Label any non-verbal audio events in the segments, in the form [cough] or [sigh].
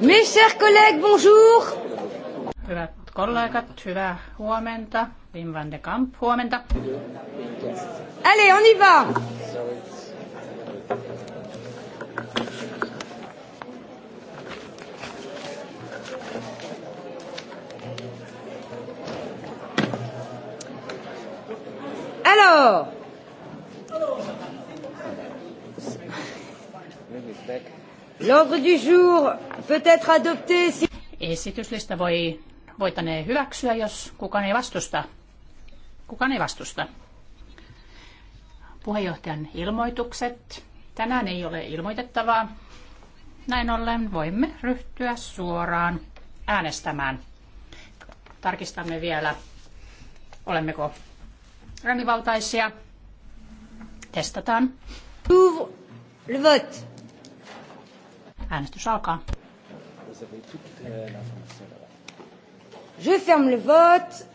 Mes chers collègues, bonjour! Hyvät kollegat, hyvää huomenta. Wim van de Kamp, huomenta. Allez, on y va! Alors, Alors. L'ordre du jour peut être adopté si... Esityslista voi voitaneen hyväksyä, jos kukaan ei vastusta. Kukaan ei vastusta. Puheenjohtajan ilmoitukset. Tänään ei ole ilmoitettavaa. Näin ollen voimme ryhtyä suoraan äänestämään. Tarkistamme vielä, olemmeko rannivaltaisia. Testataan. Ouvre le vote. Äänestys alkaa. Je ferme le vote.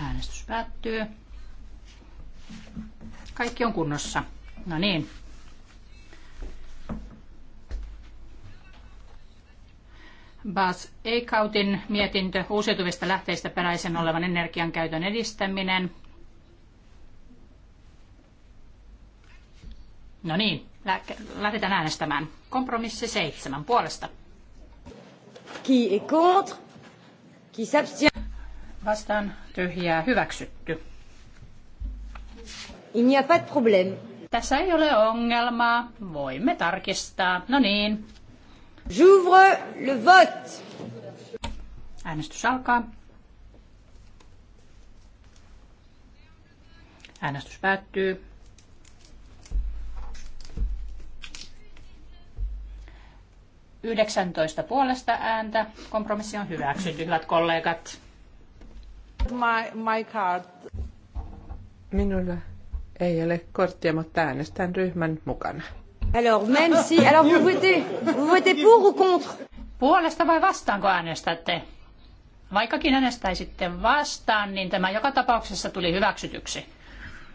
Äänestys päättyy. Kaikki on kunnossa. No niin. Bas Eikautin mietintö uusiutuvista lähteistä peräisen olevan energian käytön edistäminen. No niin lähdetään äänestämään. Kompromissi seitsemän puolesta. Qui est contre? Qui s'abstient? Vastaan tyhjää hyväksytty. Il n'y a pas de problème. Tässä ei ole ongelmaa. Voimme tarkistaa. No niin. J'ouvre le vote. Äänestys alkaa. Äänestys päättyy. 19 puolesta ääntä. Kompromissi on hyväksytty, hyvät kollegat. My, my card. Minulla ei ole korttia, mutta äänestän ryhmän mukana. Alors, même si, alors vous votez, vous votez pour ou contre? Puolesta vai vastaanko äänestätte? Vaikkakin äänestäisitte vastaan, niin tämä joka tapauksessa tuli hyväksytyksi.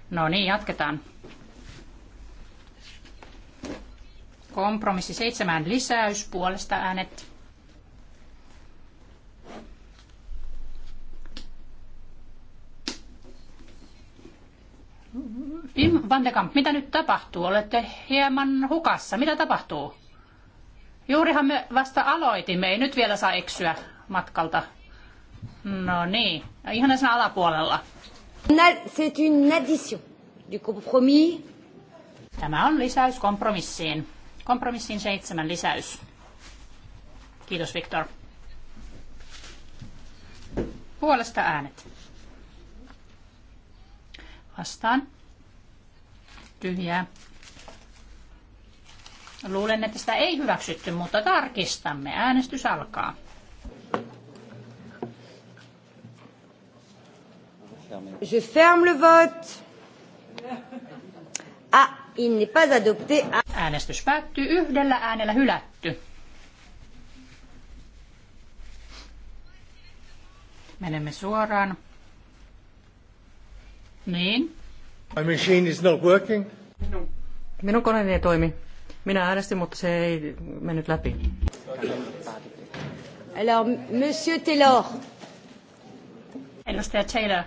No niin, jatketaan. Kompromissi seitsemän lisäys puolesta äänet. Vim van de Kamp, mitä nyt tapahtuu? Olette hieman hukassa. Mitä tapahtuu? Juurihan me vasta aloitimme. Ei nyt vielä saa eksyä matkalta. No niin, ihan sen alapuolella. C'est une addition du compromis. Tämä on lisäys kompromissiin. Kompromissin seitsemän lisäys. Kiitos Viktor. Puolesta äänet. Vastaan. Tyhjää. Luulen, että sitä ei hyväksytty, mutta tarkistamme. Äänestys alkaa. Je ferme le vote. Ah, il n'est pas adopté. Ah. Äänestys päättyy yhdellä äänellä hylätty. Menemme suoraan. Niin. My machine is not working. Minun koneeni ei toimi. Minä äänestin, mutta se ei mennyt läpi. Alors, monsieur Taylor. Edustaja Taylor,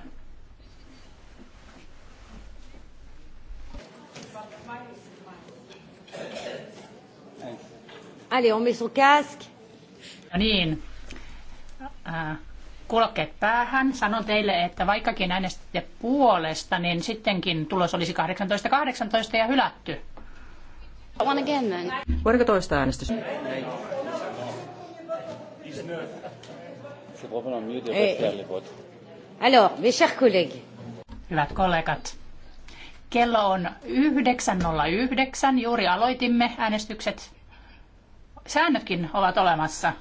Allez, on met son casque. niin. Äh, kulkeet päähän. Sanon teille, että vaikkakin äänestitte puolesta, niin sittenkin tulos olisi 18-18 ja hylätty. One again then. Voidaanko toista äänestys? Alors, mes chers collègues. Hyvät kollegat, kello on 9.09. Juuri aloitimme äänestykset säännötkin ovat olemassa.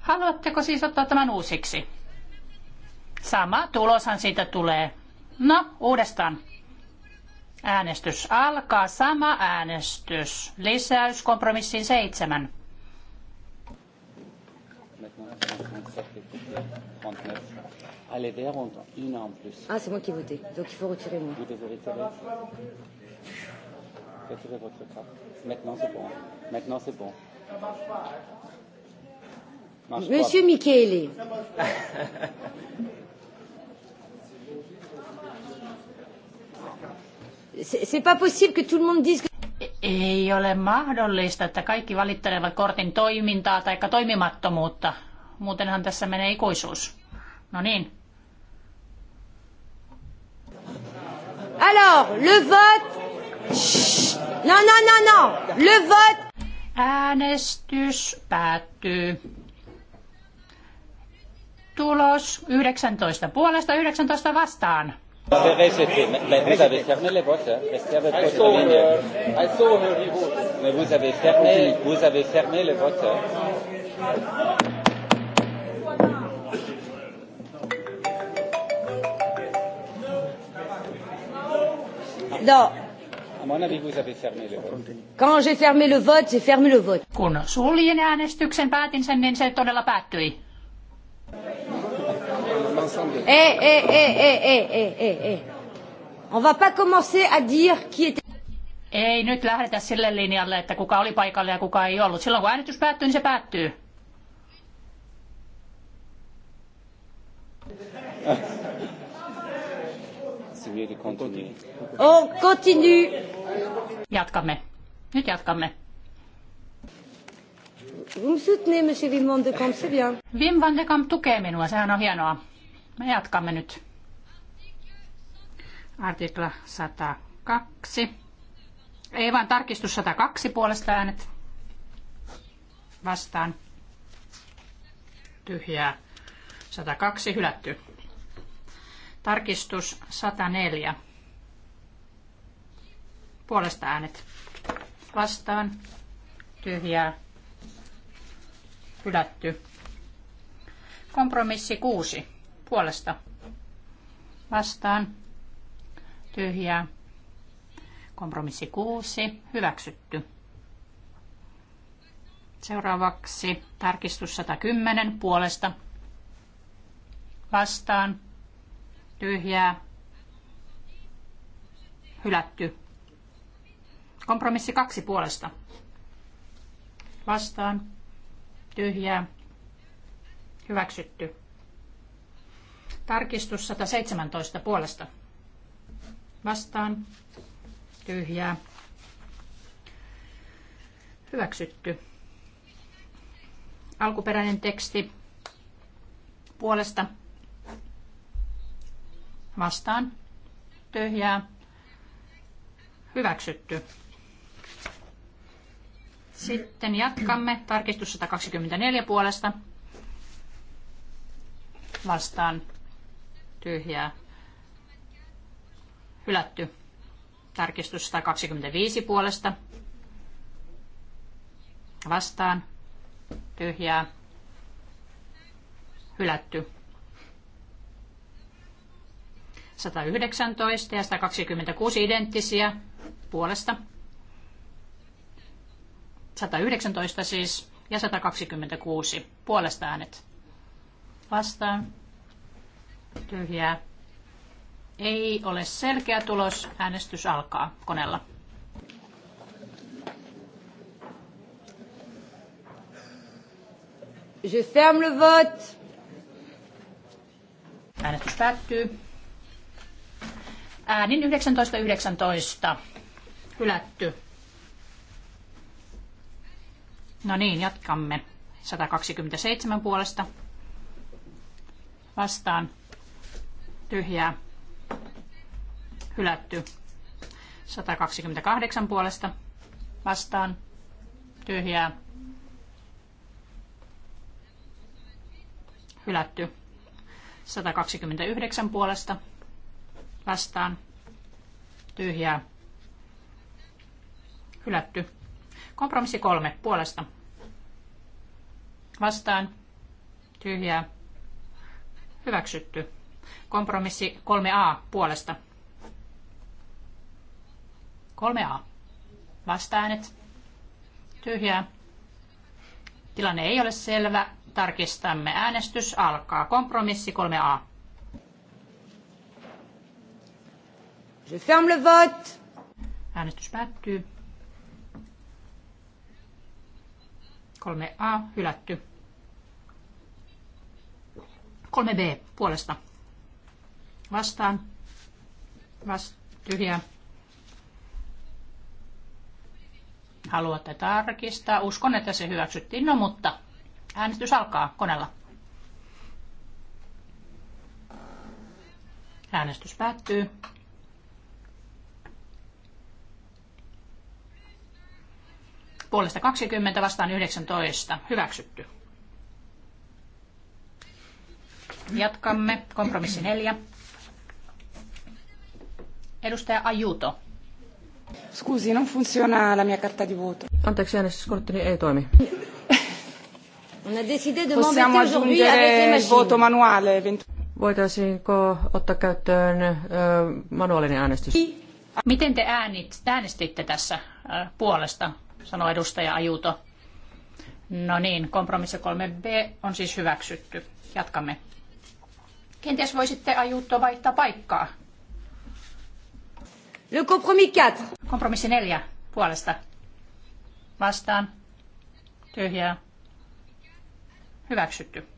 Haluatteko siis ottaa tämän uusiksi? Sama tuloshan siitä tulee. No, uudestaan. Äänestys alkaa. Sama äänestys. Lisäys kompromissiin seitsemän. Ah, les verts ont une en plus. Ah, c'est moi qui ai voté. Donc il faut retirer moi. Vous devez retirer. Retirez votre carte. Maintenant, c'est bon. Maintenant, c'est bon. Marche Monsieur Michele. C'est pas possible que tout le monde dise que... Ei ole mahdollista, että kaikki valittelevat kortin toimintaa tai toimimattomuutta. Muutenhan tässä menee ikuisuus. No niin. Alors, le vote... Shh. Non, non, non, no. Le vote... Äänestys päättyy. Tulos 19 puolesta 19 vastaan. Vous avez fermé les votes. Mais vous avez fermé, vous avez fermé les votes. Non. À mon avis, vous avez fermé le vote. Quand j'ai fermé le vote, j'ai fermé le vote. Kun suljin äänestyksen, päätin sen, niin se todella päättyi. Eh, eh, eh, eh, eh, eh, eh, eh, eh. On va pas commencer à dire qui était... Ei nyt lähdetä sille linjalle, että kuka oli paikalla ja kuka ei ollut. Silloin kun äänestys päättyy, niin se päättyy. [laughs] On continue. Jatkamme. Nyt jatkamme. Vous me soutenez, monsieur Wim van de Kamp, c'est bien. Wim van de Kamp tukee minua, sehän on hienoa. Me jatkamme nyt. Artikla 102. Ei vaan tarkistus 102 puolesta äänet. Vastaan. Tyhjää. 102 hylätty. Tarkistus 104. Puolesta äänet. Vastaan. Tyhjää. Hylätty. Kompromissi 6. Puolesta. Vastaan. Tyhjää. Kompromissi 6. Hyväksytty. Seuraavaksi tarkistus 110 puolesta vastaan tyhjää, hylätty. Kompromissi kaksi puolesta. Vastaan, tyhjää, hyväksytty. Tarkistus 117 puolesta. Vastaan, tyhjää, hyväksytty. Alkuperäinen teksti puolesta vastaan, tyhjää, hyväksytty. Sitten jatkamme. Tarkistus 124 puolesta. Vastaan. Tyhjää. Hylätty. Tarkistus 125 puolesta. Vastaan. Tyhjää. Hylätty. 119 ja 126 identtisiä puolesta. 119 siis ja 126 puolesta äänet. Vastaan. Tyhjää. Ei ole selkeä tulos. Äänestys alkaa koneella. Je ferme le vote. Äänestys päättyy äänin 19.19. Hylätty. No niin, jatkamme. 127 puolesta. Vastaan. Tyhjää. Hylätty. 128 puolesta. Vastaan. Tyhjää. Hylätty. 129 puolesta vastaan tyhjää hylätty. Kompromissi kolme puolesta vastaan tyhjää hyväksytty. Kompromissi 3a puolesta. 3a. Vastaäänet. Tyhjää. Tilanne ei ole selvä. Tarkistamme. Äänestys alkaa. Kompromissi 3a. Je ferme le vote. Äänestys päättyy. 3A hylätty. 3B puolesta. Vastaan. Vast, tyhjä. Haluatte tarkistaa. Uskon, että se hyväksyttiin. No mutta äänestys alkaa koneella. Äänestys päättyy. puolesta 20 vastaan 19. Hyväksytty. Jatkamme. Kompromissi 4. Edustaja Ajuto. Scusi, non funziona la mia carta di voto. Anteeksi, äänestyskorttini niin ei toimi. Possiamo aggiungere il voto manuale. Voitaisiinko ottaa käyttöön manuaalinen äänestys? Miten te äänit, äänestitte tässä puolesta? sanoo edustaja Ajuto. No niin, kompromissi 3b on siis hyväksytty. Jatkamme. Kenties voisitte Ajuto vaihtaa paikkaa. Le compromis 4. Kompromissi 4 puolesta. Vastaan. Tyhjää. Hyväksytty.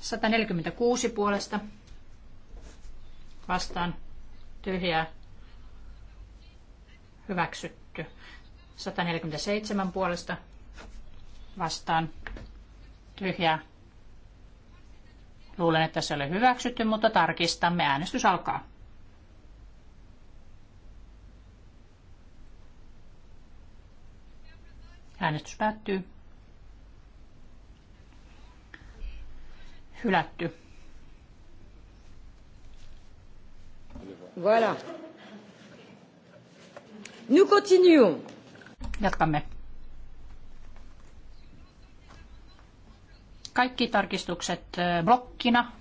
146 puolesta. Vastaan. Tyhjää. Hyväksytty. 147 puolesta vastaan tyhjää. Luulen, että se oli hyväksytty, mutta tarkistamme. Äänestys alkaa. Äänestys päättyy. Hylätty. Voilà. Nous continuons. Jatkamme. Kaikki tarkistukset blokkina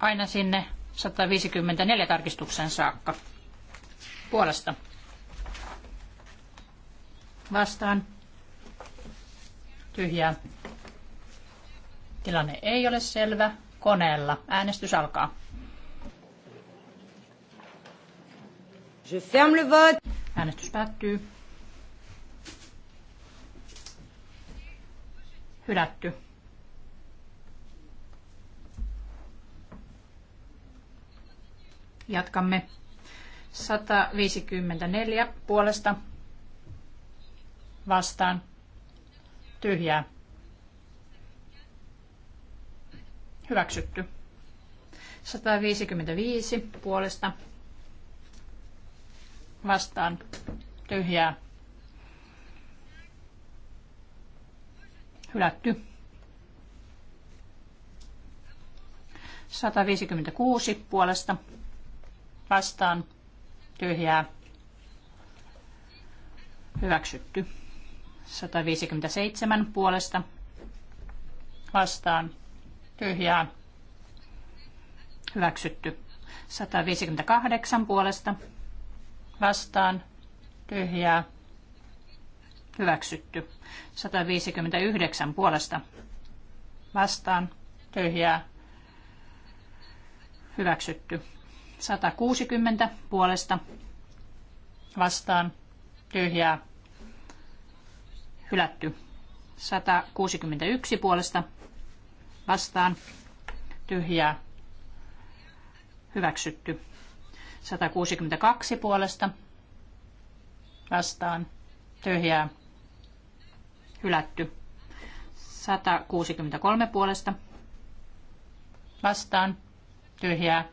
aina sinne 154 tarkistuksen saakka puolesta. Vastaan. Tyhjää. Tilanne ei ole selvä. Koneella. Äänestys alkaa. Je ferme le vote. Äänestys päättyy. Hylätty. Jatkamme. 154 puolesta vastaan tyhjää. Hyväksytty. 155 puolesta vastaan tyhjää hylätty. 156 puolesta vastaan tyhjää hyväksytty. 157 puolesta vastaan tyhjää hyväksytty. 158 puolesta vastaan tyhjää hyväksytty. 159 puolesta vastaan tyhjää hyväksytty. 160 puolesta vastaan tyhjää hylätty. 161 puolesta vastaan tyhjää hyväksytty. 162 puolesta vastaan tyhjää hylätty. 163 puolesta vastaan tyhjää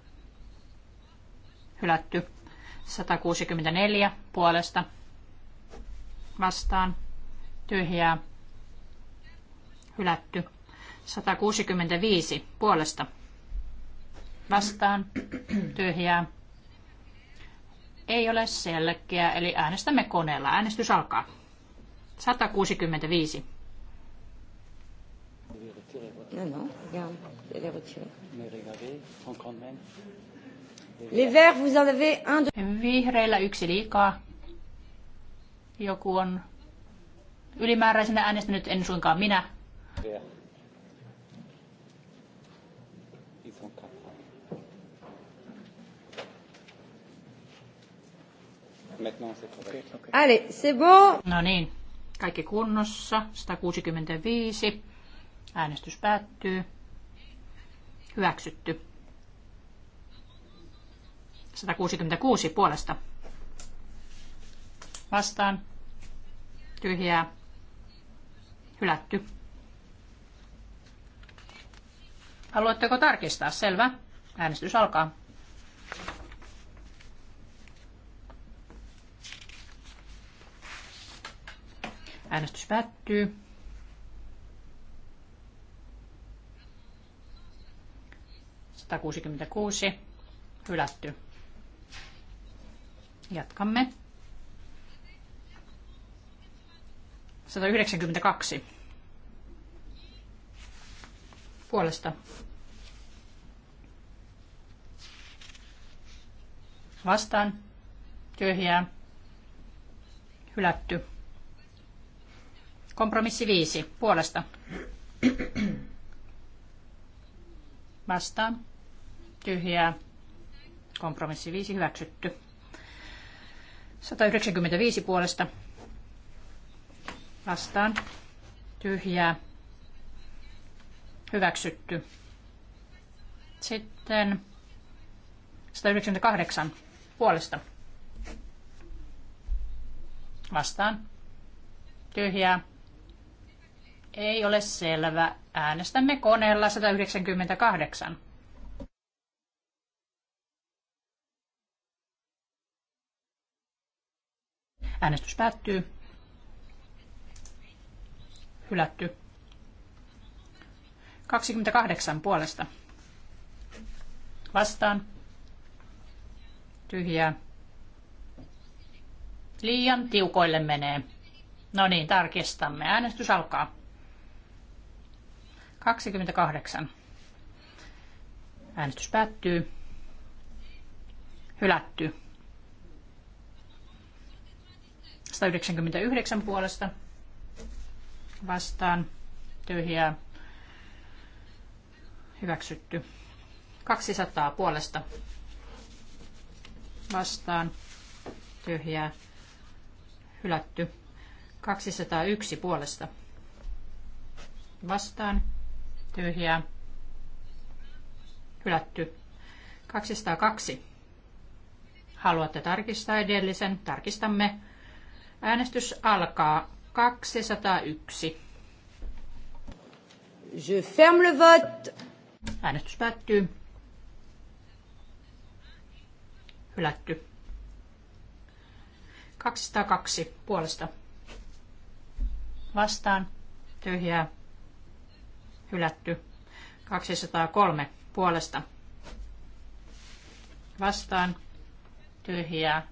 hylätty. 164 puolesta vastaan tyhjää hylätty. 165 puolesta vastaan tyhjää ei ole selkeä, eli äänestämme koneella. Äänestys alkaa. 165. No, no, Vihreillä yksi liikaa. Joku on ylimääräisenä äänestänyt, en suinkaan minä. Yeah. Allez, se voi. No niin, kaikki kunnossa. 165. Äänestys päättyy. Hyväksytty. 166 puolesta. Vastaan. Tyhjää. Hylätty. Haluatteko tarkistaa? Selvä. Äänestys alkaa. Äänestys päättyy. Satakuusikymmentäkuusi. Hylätty. Jatkamme. 192. Puolesta. Vastaan. Tyhjää. Hylätty. Kompromissi viisi puolesta. Vastaan. Tyhjää. Kompromissi viisi hyväksytty. 195 puolesta. Vastaan. Tyhjää. Hyväksytty. Sitten 198 puolesta. Vastaan. Tyhjää ei ole selvä. Äänestämme koneella 198. Äänestys päättyy. Hylätty. 28 puolesta. Vastaan. Tyhjää. Liian tiukoille menee. No niin, tarkistamme. Äänestys alkaa. 28. Äänestys päättyy. Hylätty. 199 puolesta vastaan tyhjää hyväksytty. 200 puolesta vastaan tyhjää hylätty. 201 puolesta vastaan tyhjää, hylätty. 202. Haluatte tarkistaa edellisen? Tarkistamme. Äänestys alkaa 201. Je ferme le vote. Äänestys päättyy. Hylätty. 202 puolesta. Vastaan. Tyhjää hylätty. 203 puolesta vastaan tyhjää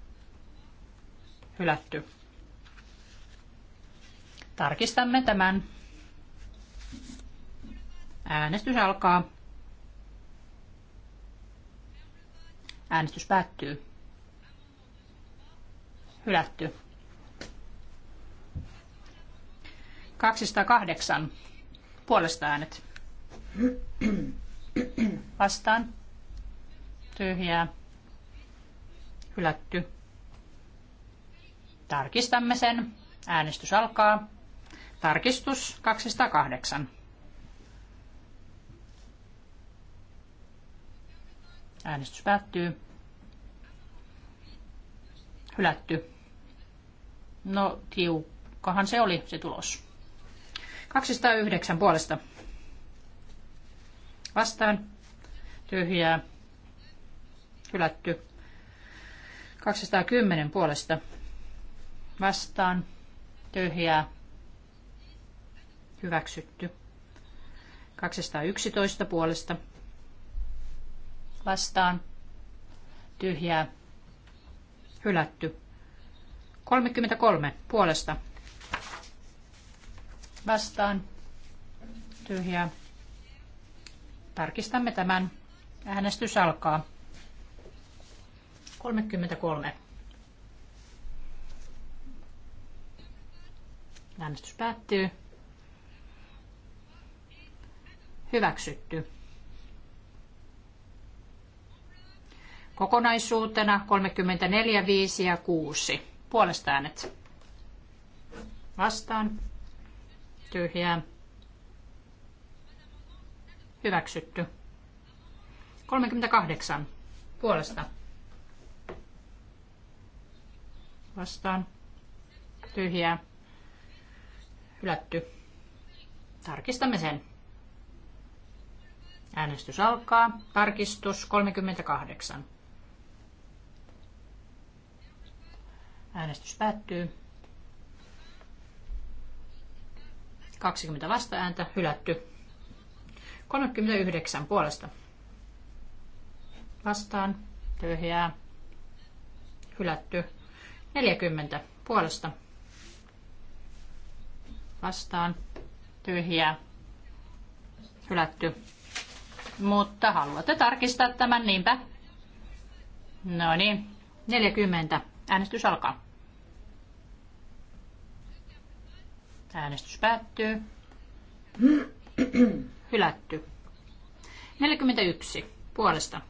hylätty. Tarkistamme tämän. Äänestys alkaa. Äänestys päättyy. Hylätty. 208 Puolesta äänet. Vastaan. Tyhjää. Hylätty. Tarkistamme sen. Äänestys alkaa. Tarkistus 208. Äänestys päättyy. Hylätty. No, tiukkahan se oli se tulos. 209 puolesta. Vastaan. Tyhjää. Hylätty. 210 puolesta. Vastaan. Tyhjää. Hyväksytty. 211 puolesta. Vastaan. Tyhjää. Hylätty. 33 puolesta vastaan tyhjää. Tarkistamme tämän. Äänestys alkaa. 33. Äänestys päättyy. Hyväksytty. Kokonaisuutena 34, 5 ja 6. Puolesta äänet. Vastaan tyhjää. Hyväksytty. 38 puolesta. Vastaan. Tyhjää. Hylätty. Tarkistamme sen. Äänestys alkaa. Tarkistus 38. Äänestys päättyy. 20 vastaääntä, hylätty. 39 puolesta. Vastaan, tyhjää, hylätty. 40 puolesta. Vastaan, tyhjää, hylätty. Mutta haluatte tarkistaa tämän, niinpä. No niin, 40. Äänestys alkaa. Äänestys päättyy. Hylätty. 41. Puolesta.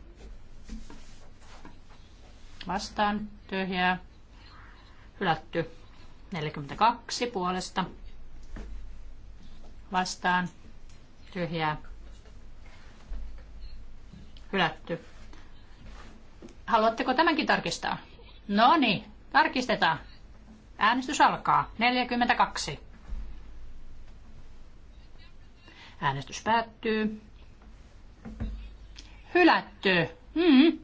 Vastaan. Tyhjää. Hylätty. 42. Puolesta. Vastaan. Tyhjää. Hylätty. Haluatteko tämänkin tarkistaa? No niin, tarkistetaan. Äänestys alkaa. 42. Äänestys päättyy. Hylätty. Mm.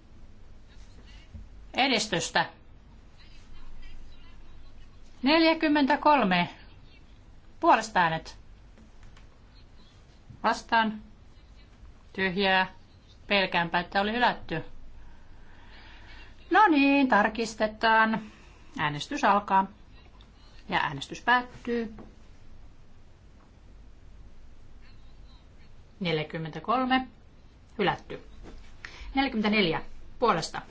Edistystä. 43. Puolesta äänet. Vastaan. Tyhjää. Pelkäänpä, että oli hylätty. No niin, tarkistetaan. Äänestys alkaa. Ja äänestys päättyy. 43. Hylätty. 44. Puolesta.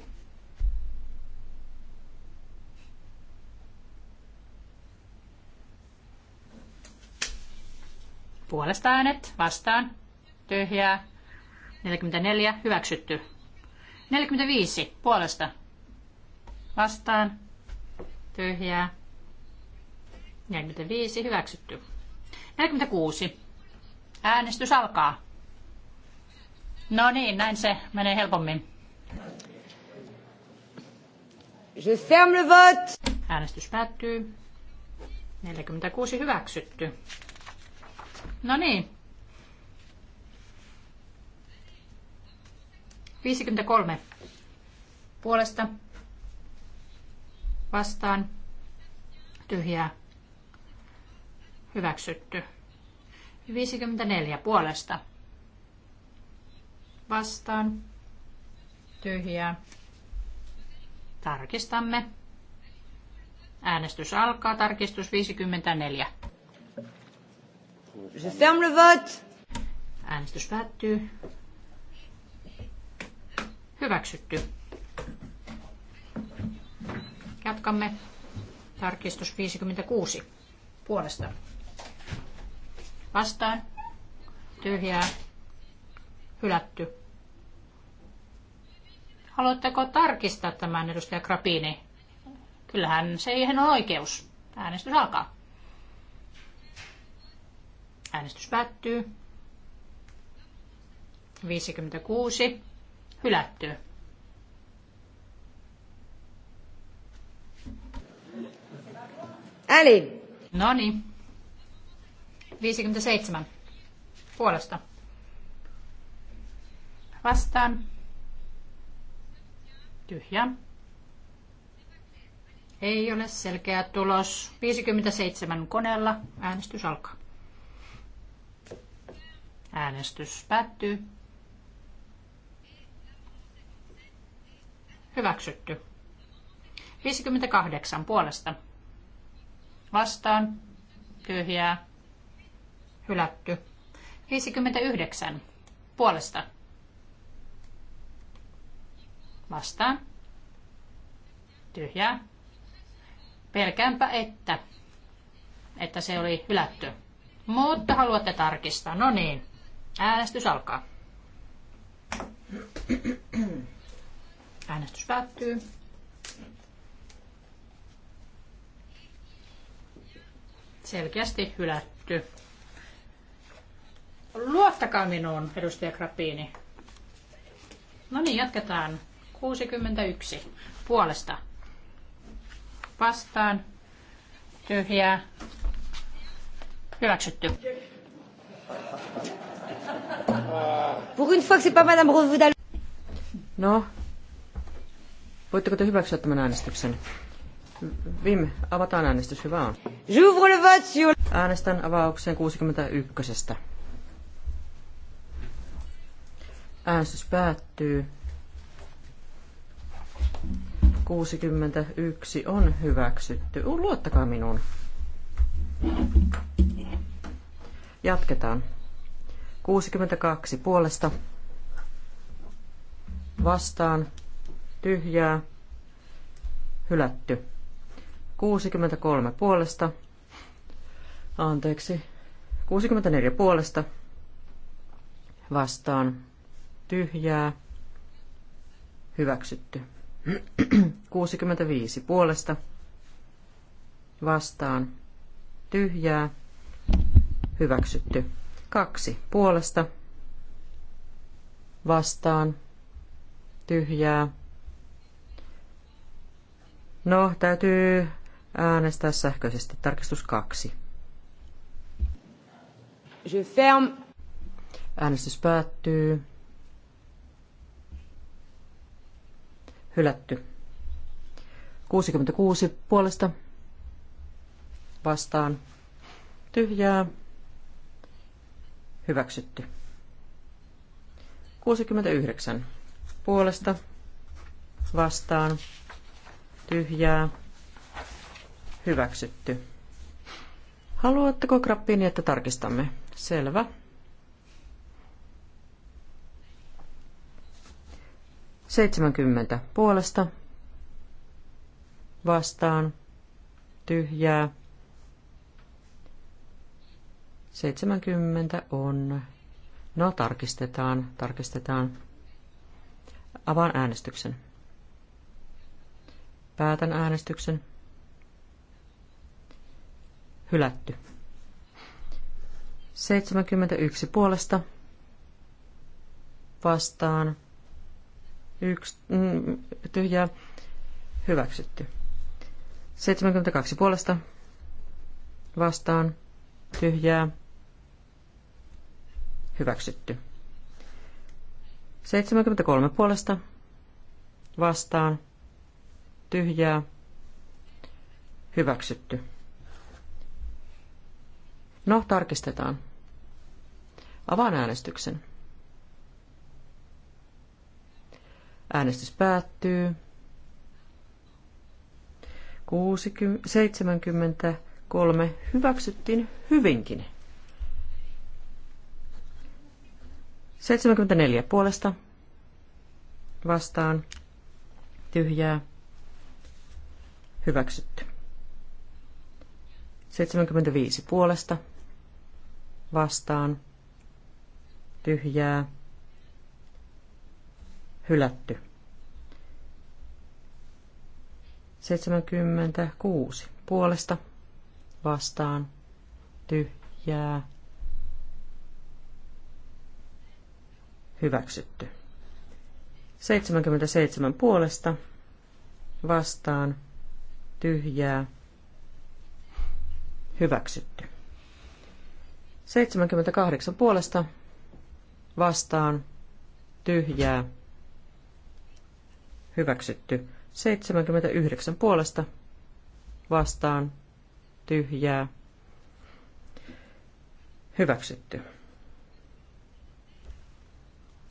Puolesta äänet. Vastaan. Tyhjää. 44. Hyväksytty. 45. Puolesta. Vastaan. Tyhjää. 45. Hyväksytty. 46. Äänestys alkaa. No niin, näin se menee helpommin. Je ferme le vote. Äänestys päättyy. 46 hyväksytty. No niin. 53 puolesta vastaan tyhjää hyväksytty. 54 puolesta. Vastaan. Tyhjää. Tarkistamme. Äänestys alkaa. Tarkistus 54. Äänestys päättyy. Hyväksytty. Jatkamme. Tarkistus 56. Puolesta. Vastaan. Tyhjää. Hylätty. Haluatteko tarkistaa tämän, edustaja Krapini? Kyllähän se ei on oikeus. Äänestys alkaa. Äänestys päättyy. 56. Hylätty. Eli. No niin. 57 puolesta. Vastaan. Tyhjä. Ei ole selkeä tulos. 57 koneella. Äänestys alkaa. Äänestys päättyy. Hyväksytty. 58 puolesta. Vastaan. Tyhjää hylätty. 59 puolesta vastaan. Tyhjää. Pelkäänpä, että, että se oli hylätty. Mutta haluatte tarkistaa. No niin, äänestys alkaa. Äänestys päättyy. Selkeästi hylätty. Luottakaa minuun, edustaja Krapiini. No niin, jatketaan. 61 puolesta. Vastaan. Tyhjää. Hyväksytty. Pour une fois c'est pas Madame Revaudal. No, voitteko te hyväksyä tämän äänestyksen? Vim, avataan äänestys, hyvä on. J'ouvre le vote sur... Äänestän avaukseen 61. Äänestys päättyy. 61 on hyväksytty. Luottakaa minuun. Jatketaan. 62 puolesta. Vastaan. Tyhjää. Hylätty. 63 puolesta. Anteeksi. 64 puolesta. Vastaan tyhjää, hyväksytty. 65 [clears throat] puolesta, vastaan, tyhjää, hyväksytty. 2 puolesta, vastaan, tyhjää. No, täytyy äänestää sähköisesti. Tarkistus 2. Je ferme. Äänestys päättyy. hylätty. 66 puolesta vastaan tyhjää hyväksytty. 69 puolesta vastaan tyhjää hyväksytty. Haluatteko krappiin, että tarkistamme? Selvä. 70 puolesta vastaan tyhjää. 70 on. No tarkistetaan, tarkistetaan. Avaan äänestyksen. Päätän äänestyksen. Hylätty. 71 puolesta vastaan Yksi mm, tyhjää hyväksytty. 72 puolesta vastaan tyhjää hyväksytty. 73 puolesta vastaan tyhjää hyväksytty. No, tarkistetaan. Avaan äänestyksen. Äänestys päättyy. 60, 73 hyväksyttiin hyvinkin. 74 puolesta vastaan tyhjää hyväksytty. 75 puolesta vastaan tyhjää hylätty. 76 puolesta vastaan tyhjää hyväksytty. 77 puolesta vastaan tyhjää hyväksytty. 78 puolesta vastaan tyhjää hyväksytty. 79 puolesta vastaan tyhjää hyväksytty.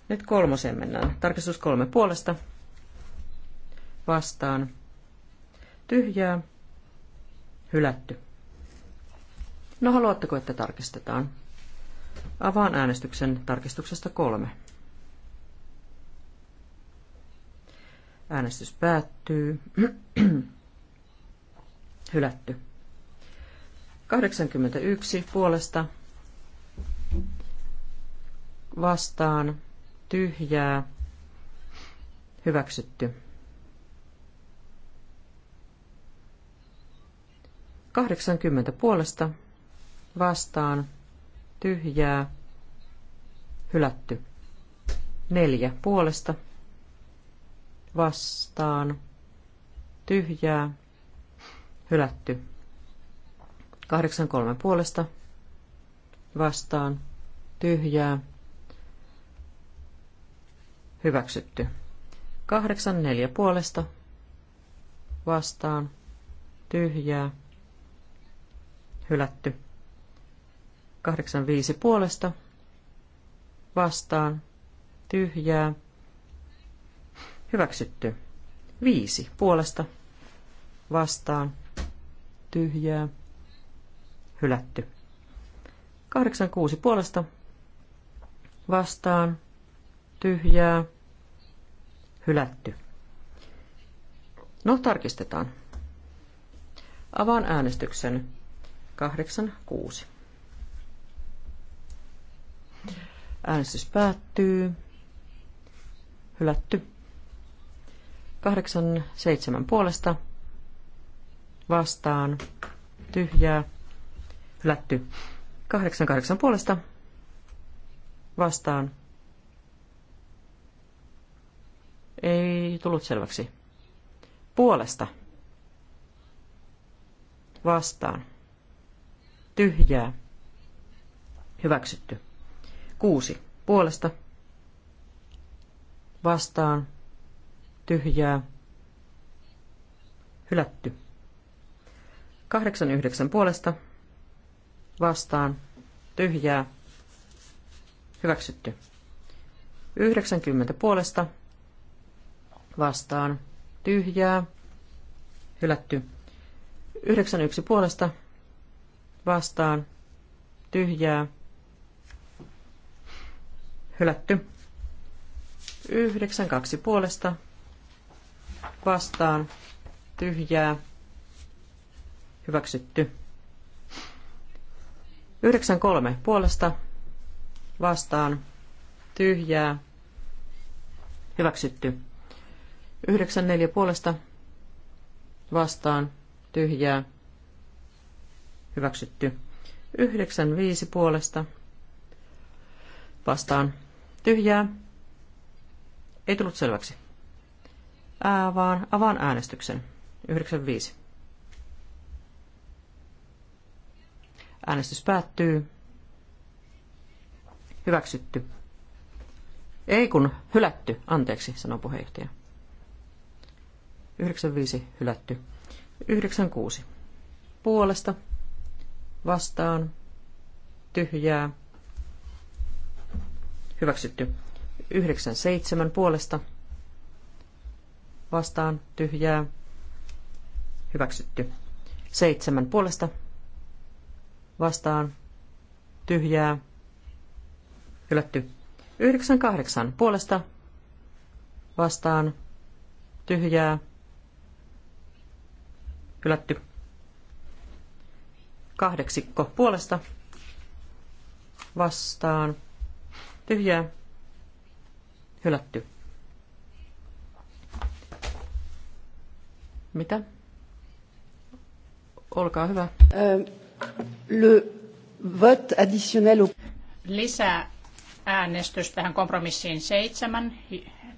Nyt kolmosen mennään. Tarkistus kolme puolesta vastaan tyhjää hylätty. No haluatteko, että tarkistetaan? Avaan äänestyksen tarkistuksesta kolme. Äänestys päättyy. [clears throat] Hylätty. 81 puolesta vastaan tyhjää hyväksytty. 80 puolesta vastaan tyhjää hylätty. 4 puolesta vastaan tyhjää hylätty. 83 puolesta vastaan tyhjää hyväksytty. 84 puolesta vastaan tyhjää hylätty. 85 puolesta vastaan tyhjää Hyväksytty. Viisi puolesta. Vastaan. Tyhjää. Hylätty. Kahdeksan kuusi puolesta. Vastaan. Tyhjää. Hylätty. No, tarkistetaan. Avaan äänestyksen. kahdeksan kuusi Äänestys päättyy. Hylätty. 87 puolesta vastaan tyhjää hylätty. 88 puolesta vastaan ei tullut selväksi. Puolesta vastaan tyhjää hyväksytty. Kuusi puolesta vastaan tyhjää, hylätty. 89 puolesta vastaan tyhjää, hyväksytty. 90 puolesta vastaan tyhjää, hylätty. 91 puolesta vastaan tyhjää, hylätty. 92 puolesta vastaan tyhjää hyväksytty. 9.3. Puolesta vastaan tyhjää hyväksytty. 9.4. Puolesta vastaan tyhjää hyväksytty. 9.5. Puolesta vastaan tyhjää ei tullut selväksi. Ää, vaan avaan äänestyksen. 95. Äänestys päättyy. Hyväksytty. Ei kun hylätty, anteeksi, sanoo puheenjohtaja. 95 hylätty. 96. Puolesta. Vastaan. Tyhjää. Hyväksytty. 97 puolesta vastaan tyhjää hyväksytty. Seitsemän puolesta vastaan tyhjää hylätty. Yhdeksän kahdeksan puolesta vastaan tyhjää hylätty. Kahdeksikko puolesta vastaan tyhjää hylätty. Mitä? Olkaa hyvä. Euh, le vote additionnel. Lisää äänestys tähän kompromissiin seitsemän.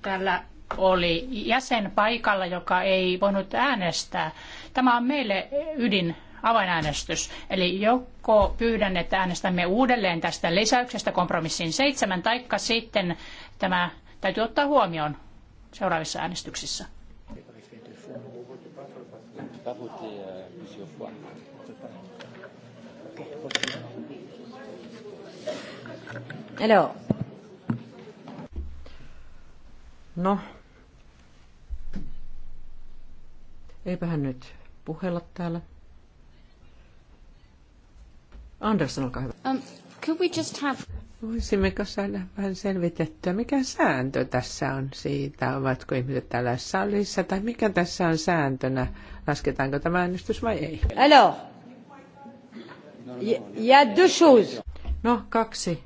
Täällä oli jäsen paikalla, joka ei voinut äänestää. Tämä on meille ydin avainäänestys. Eli joko pyydän, että äänestämme uudelleen tästä lisäyksestä kompromissiin seitsemän, taikka sitten tämä täytyy ottaa huomioon seuraavissa äänestyksissä pas voté euh, plusieurs fois. Alors. No. Eipähän nyt puhella täällä. Andersson, olkaa hyvä. Um, could we just have... Voisimmeko saada vähän selvitettyä, mikä sääntö tässä on siitä, ovatko ihmiset täällä salissa, tai mikä tässä on sääntönä, lasketaanko tämä äänestys vai ei? Alors, ja deux choses. No, kaksi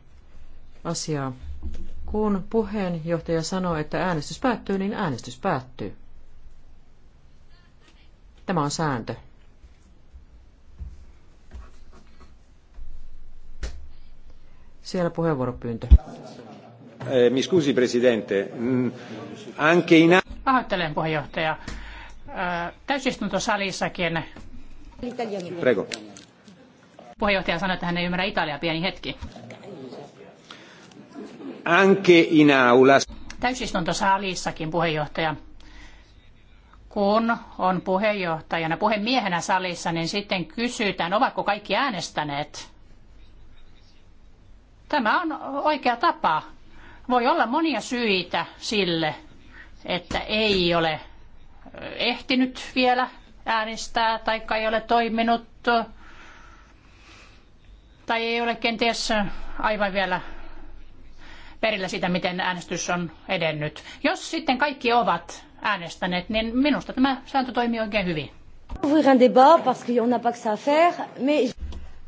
asiaa. Kun puheenjohtaja sanoo, että äänestys päättyy, niin äänestys päättyy. Tämä on sääntö. Siellä puheenvuoropyyntö. Eh, mi scusi, presidente. Mm, anche in... Pahoittelen, puheenjohtaja. Äh, salissakin. Prego. Puheenjohtaja sanoi, että hän ei ymmärrä Italiaa pieni hetki. Anche in aula. salissakin puheenjohtaja kun on puheenjohtajana, puhemiehenä salissa, niin sitten kysytään, ovatko kaikki äänestäneet. Tämä on oikea tapa. Voi olla monia syitä sille, että ei ole ehtinyt vielä äänestää tai ei ole toiminut tai ei ole kenties aivan vielä perillä siitä, miten äänestys on edennyt. Jos sitten kaikki ovat äänestäneet, niin minusta tämä sääntö toimii oikein hyvin.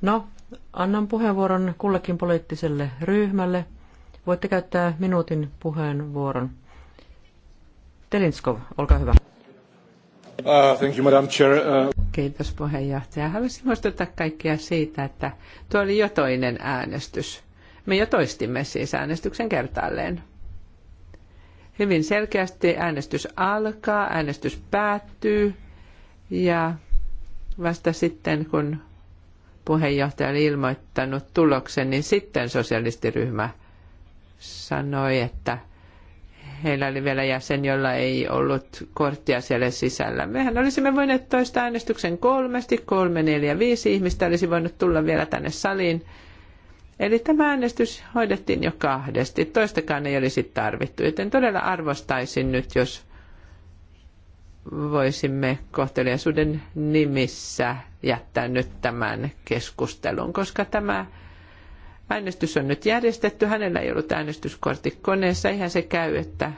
No, Annan puheenvuoron kullekin poliittiselle ryhmälle. Voitte käyttää minuutin puheenvuoron. Telinskov, olkaa hyvä. Uh, thank you, Madam Chair. Uh... Kiitos puheenjohtaja. Haluaisin muistuttaa kaikkia siitä, että tuo oli jo toinen äänestys. Me jo toistimme siis äänestyksen kertaalleen. Hyvin selkeästi äänestys alkaa, äänestys päättyy ja vasta sitten kun puheenjohtaja oli ilmoittanut tuloksen, niin sitten sosialistiryhmä sanoi, että heillä oli vielä jäsen, jolla ei ollut korttia siellä sisällä. Mehän olisimme voineet toista äänestyksen kolmesti, kolme, neljä, viisi ihmistä olisi voinut tulla vielä tänne saliin. Eli tämä äänestys hoidettiin jo kahdesti, toistakaan ei olisi tarvittu, joten todella arvostaisin nyt, jos voisimme kohteliaisuuden nimissä jättää nyt tämän keskustelun, koska tämä äänestys on nyt järjestetty. Hänellä ei ollut äänestyskortti koneessa. Eihän se käy, että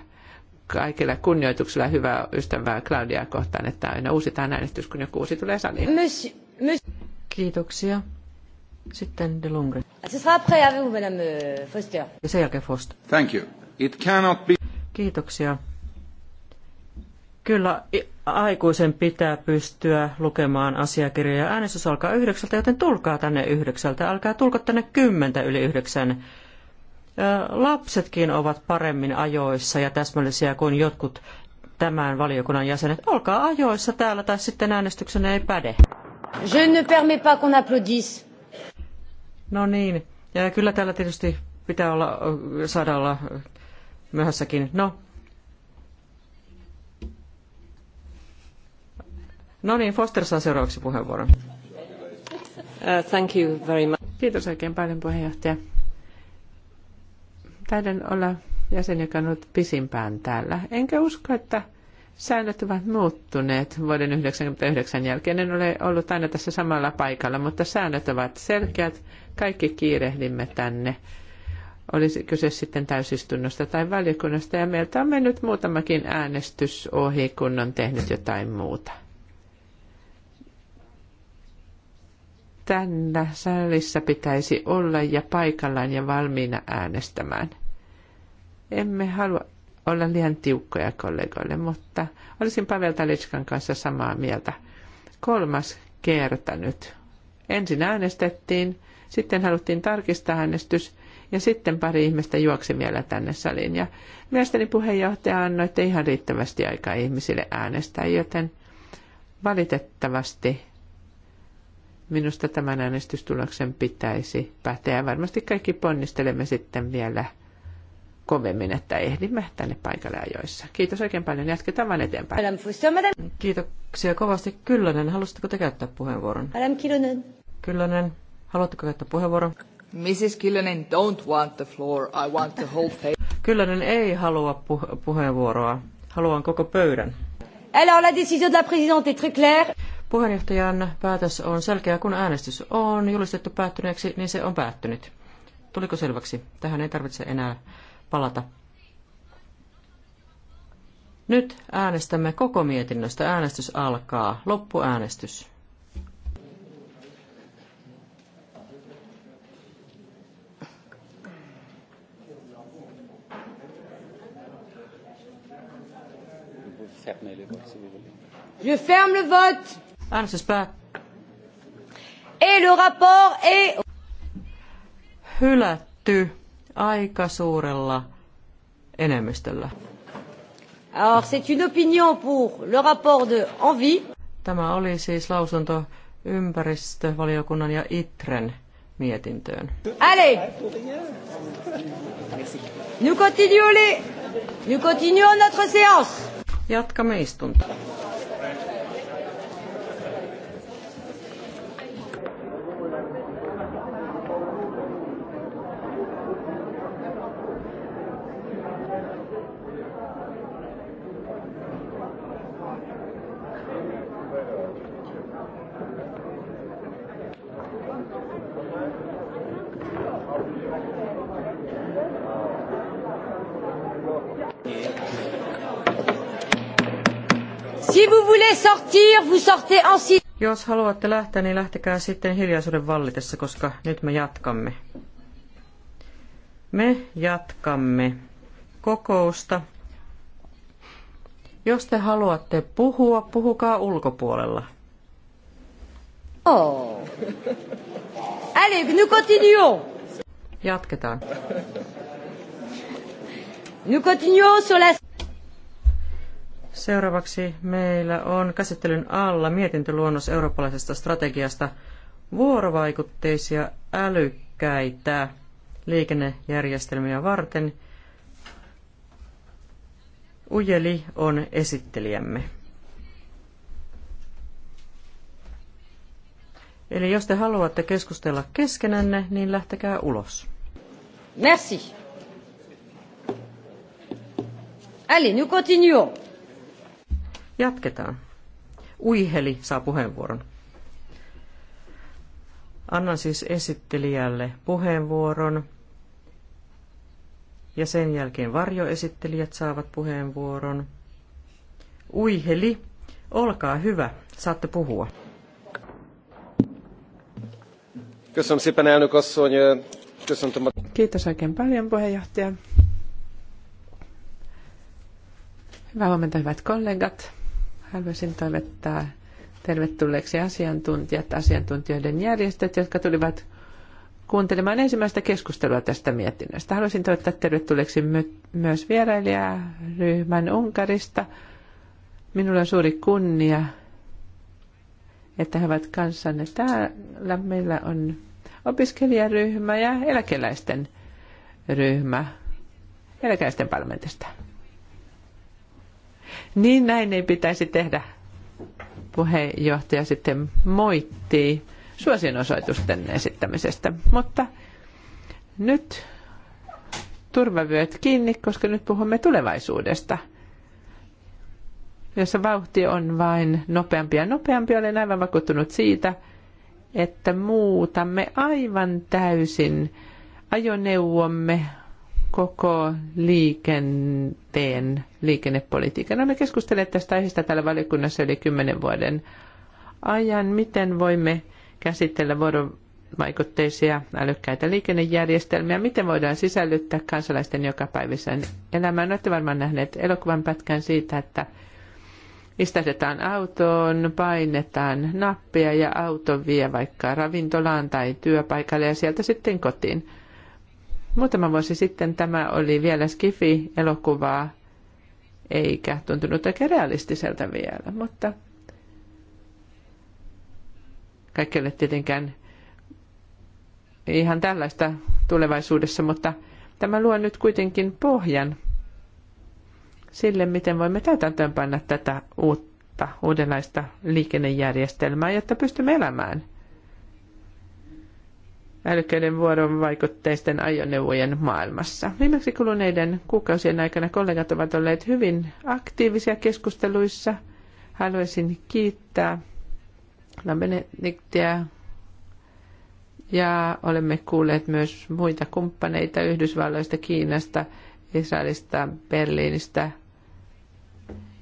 kaikilla kunnioituksella hyvää ystävää Claudia kohtaan, että aina uusitaan äänestys, kun joku uusi tulee saliin. Monsieur, monsieur. Kiitoksia. Sitten De Lundgren. Se sera après avec vous, Madame euh, Foster. Ja sen jälkeen Foster. Thank you. It cannot be... Kiitoksia. Kyllä aikuisen pitää pystyä lukemaan asiakirjoja. Äänestys alkaa yhdeksältä, joten tulkaa tänne yhdeksältä. Älkää tulko tänne kymmentä yli yhdeksän. Lapsetkin ovat paremmin ajoissa ja täsmällisiä kuin jotkut tämän valiokunnan jäsenet. Olkaa ajoissa täällä tai sitten äänestyksen ei päde. Je ne permets pas qu'on applaudisse. No niin, ja kyllä täällä tietysti pitää olla, saada olla myöhässäkin. No, No niin, Foster saa seuraavaksi puheenvuoron. Uh, thank you very much. Kiitos oikein paljon puheenjohtaja. Taidan olla jäsen, joka on ollut pisimpään täällä. Enkä usko, että säännöt ovat muuttuneet vuoden 1999 jälkeen. En ole ollut aina tässä samalla paikalla, mutta säännöt ovat selkeät. Kaikki kiirehdimme tänne. Olisi kyse sitten täysistunnosta tai valiokunnasta ja meiltä on mennyt muutamakin äänestys ohi, kun on tehnyt jotain muuta. Tänne salissa pitäisi olla ja paikallaan ja valmiina äänestämään. Emme halua olla liian tiukkoja kollegoille, mutta olisin Pavel Talitskan kanssa samaa mieltä. Kolmas kerta nyt. Ensin äänestettiin, sitten haluttiin tarkistaa äänestys ja sitten pari ihmistä juoksi vielä tänne saliin. Ja mielestäni puheenjohtaja annoitte ihan riittävästi aikaa ihmisille äänestää, joten valitettavasti Minusta tämän äänestystuloksen pitäisi päteä. Varmasti kaikki ponnistelemme sitten vielä kovemmin, että ehdimme tänne paikalle ajoissa. Kiitos oikein paljon. Jatketaan vain eteenpäin. Kiitoksia kovasti. Kyllönen, haluaisitteko te käyttää puheenvuoron? Kyllönen. Kyllönen, haluatteko käyttää puheenvuoron? Mrs. Kyllönen don't want the floor. I want the whole thing. Kyllönen ei halua pu- puheenvuoroa. Haluan koko pöydän. Alors la décision de la présidente est très claire. Puheenjohtajan päätös on selkeä, kun äänestys on julistettu päättyneeksi, niin se on päättynyt. Tuliko selväksi? Tähän ei tarvitse enää palata. Nyt äänestämme koko mietinnöstä. Äänestys alkaa. Loppuäänestys. Je ferme le vote. Äänestys päättyy. Et le rapport est... Hylätty aika suurella enemmistöllä. Alors, c'est une opinion pour le rapport de Envie. Tämä oli siis lausunto ympäristövaliokunnan ja ITREN mietintöön. Allez! Nous continuons, les... Nous continuons notre séance. Jatkamme istuntoa. Jos haluatte lähteä, niin lähtekää sitten hiljaisuuden vallitessa, koska nyt me jatkamme. Me jatkamme kokousta. Jos te haluatte puhua, puhukaa ulkopuolella. Oh. Allez, nous continuons. Jatketaan. Nous continuons sur la... Seuraavaksi meillä on käsittelyn alla mietintöluonnos eurooppalaisesta strategiasta vuorovaikutteisia älykkäitä liikennejärjestelmiä varten. Ujeli on esittelijämme. Eli jos te haluatte keskustella keskenänne, niin lähtekää ulos. Merci. Allez, nous continuons. Jatketaan. Uiheli saa puheenvuoron. Annan siis esittelijälle puheenvuoron. Ja sen jälkeen varjoesittelijät saavat puheenvuoron. Uiheli, olkaa hyvä, saatte puhua. Kiitos oikein paljon puheenjohtaja. Hyvää huomenta hyvät kollegat. Haluaisin toivottaa tervetulleeksi asiantuntijat, asiantuntijoiden järjestöt, jotka tulivat kuuntelemaan ensimmäistä keskustelua tästä mietinnöstä. Haluaisin toivottaa tervetulleeksi my- myös vierailijaryhmän Unkarista. Minulla on suuri kunnia, että he ovat kanssanne täällä. Meillä on opiskelijaryhmä ja eläkeläisten ryhmä eläkeläisten parlamentista. Niin näin ei pitäisi tehdä. Puheenjohtaja sitten moittii suosionosoitusten esittämisestä. Mutta nyt turvavyöt kiinni, koska nyt puhumme tulevaisuudesta, jossa vauhti on vain nopeampi ja nopeampi. Olen aivan vakuuttunut siitä, että muutamme aivan täysin ajoneuvomme koko liikenteen liikennepolitiikan. Olemme keskustelleet tästä aiheesta täällä valiokunnassa yli kymmenen vuoden ajan. Miten voimme käsitellä vuorovaikutteisia älykkäitä liikennejärjestelmiä? Miten voidaan sisällyttää kansalaisten jokapäiväisen elämään? Olette varmaan nähneet elokuvan pätkän siitä, että istutetaan autoon, painetaan nappia ja auto vie vaikka ravintolaan tai työpaikalle ja sieltä sitten kotiin Muutama vuosi sitten tämä oli vielä Skifi-elokuvaa, eikä tuntunut oikein realistiselta vielä, mutta kaikki ole tietenkään ihan tällaista tulevaisuudessa, mutta tämä luo nyt kuitenkin pohjan sille, miten voimme täytäntöönpanna tätä uutta, uudenlaista liikennejärjestelmää, jotta pystymme elämään – älykkäiden vuoron vaikutteisten ajoneuvojen maailmassa. Viimeksi kuluneiden kuukausien aikana kollegat ovat olleet hyvin aktiivisia keskusteluissa. Haluaisin kiittää Lambenetniktiä ja olemme kuulleet myös muita kumppaneita Yhdysvalloista, Kiinasta, Israelista, Berliinistä –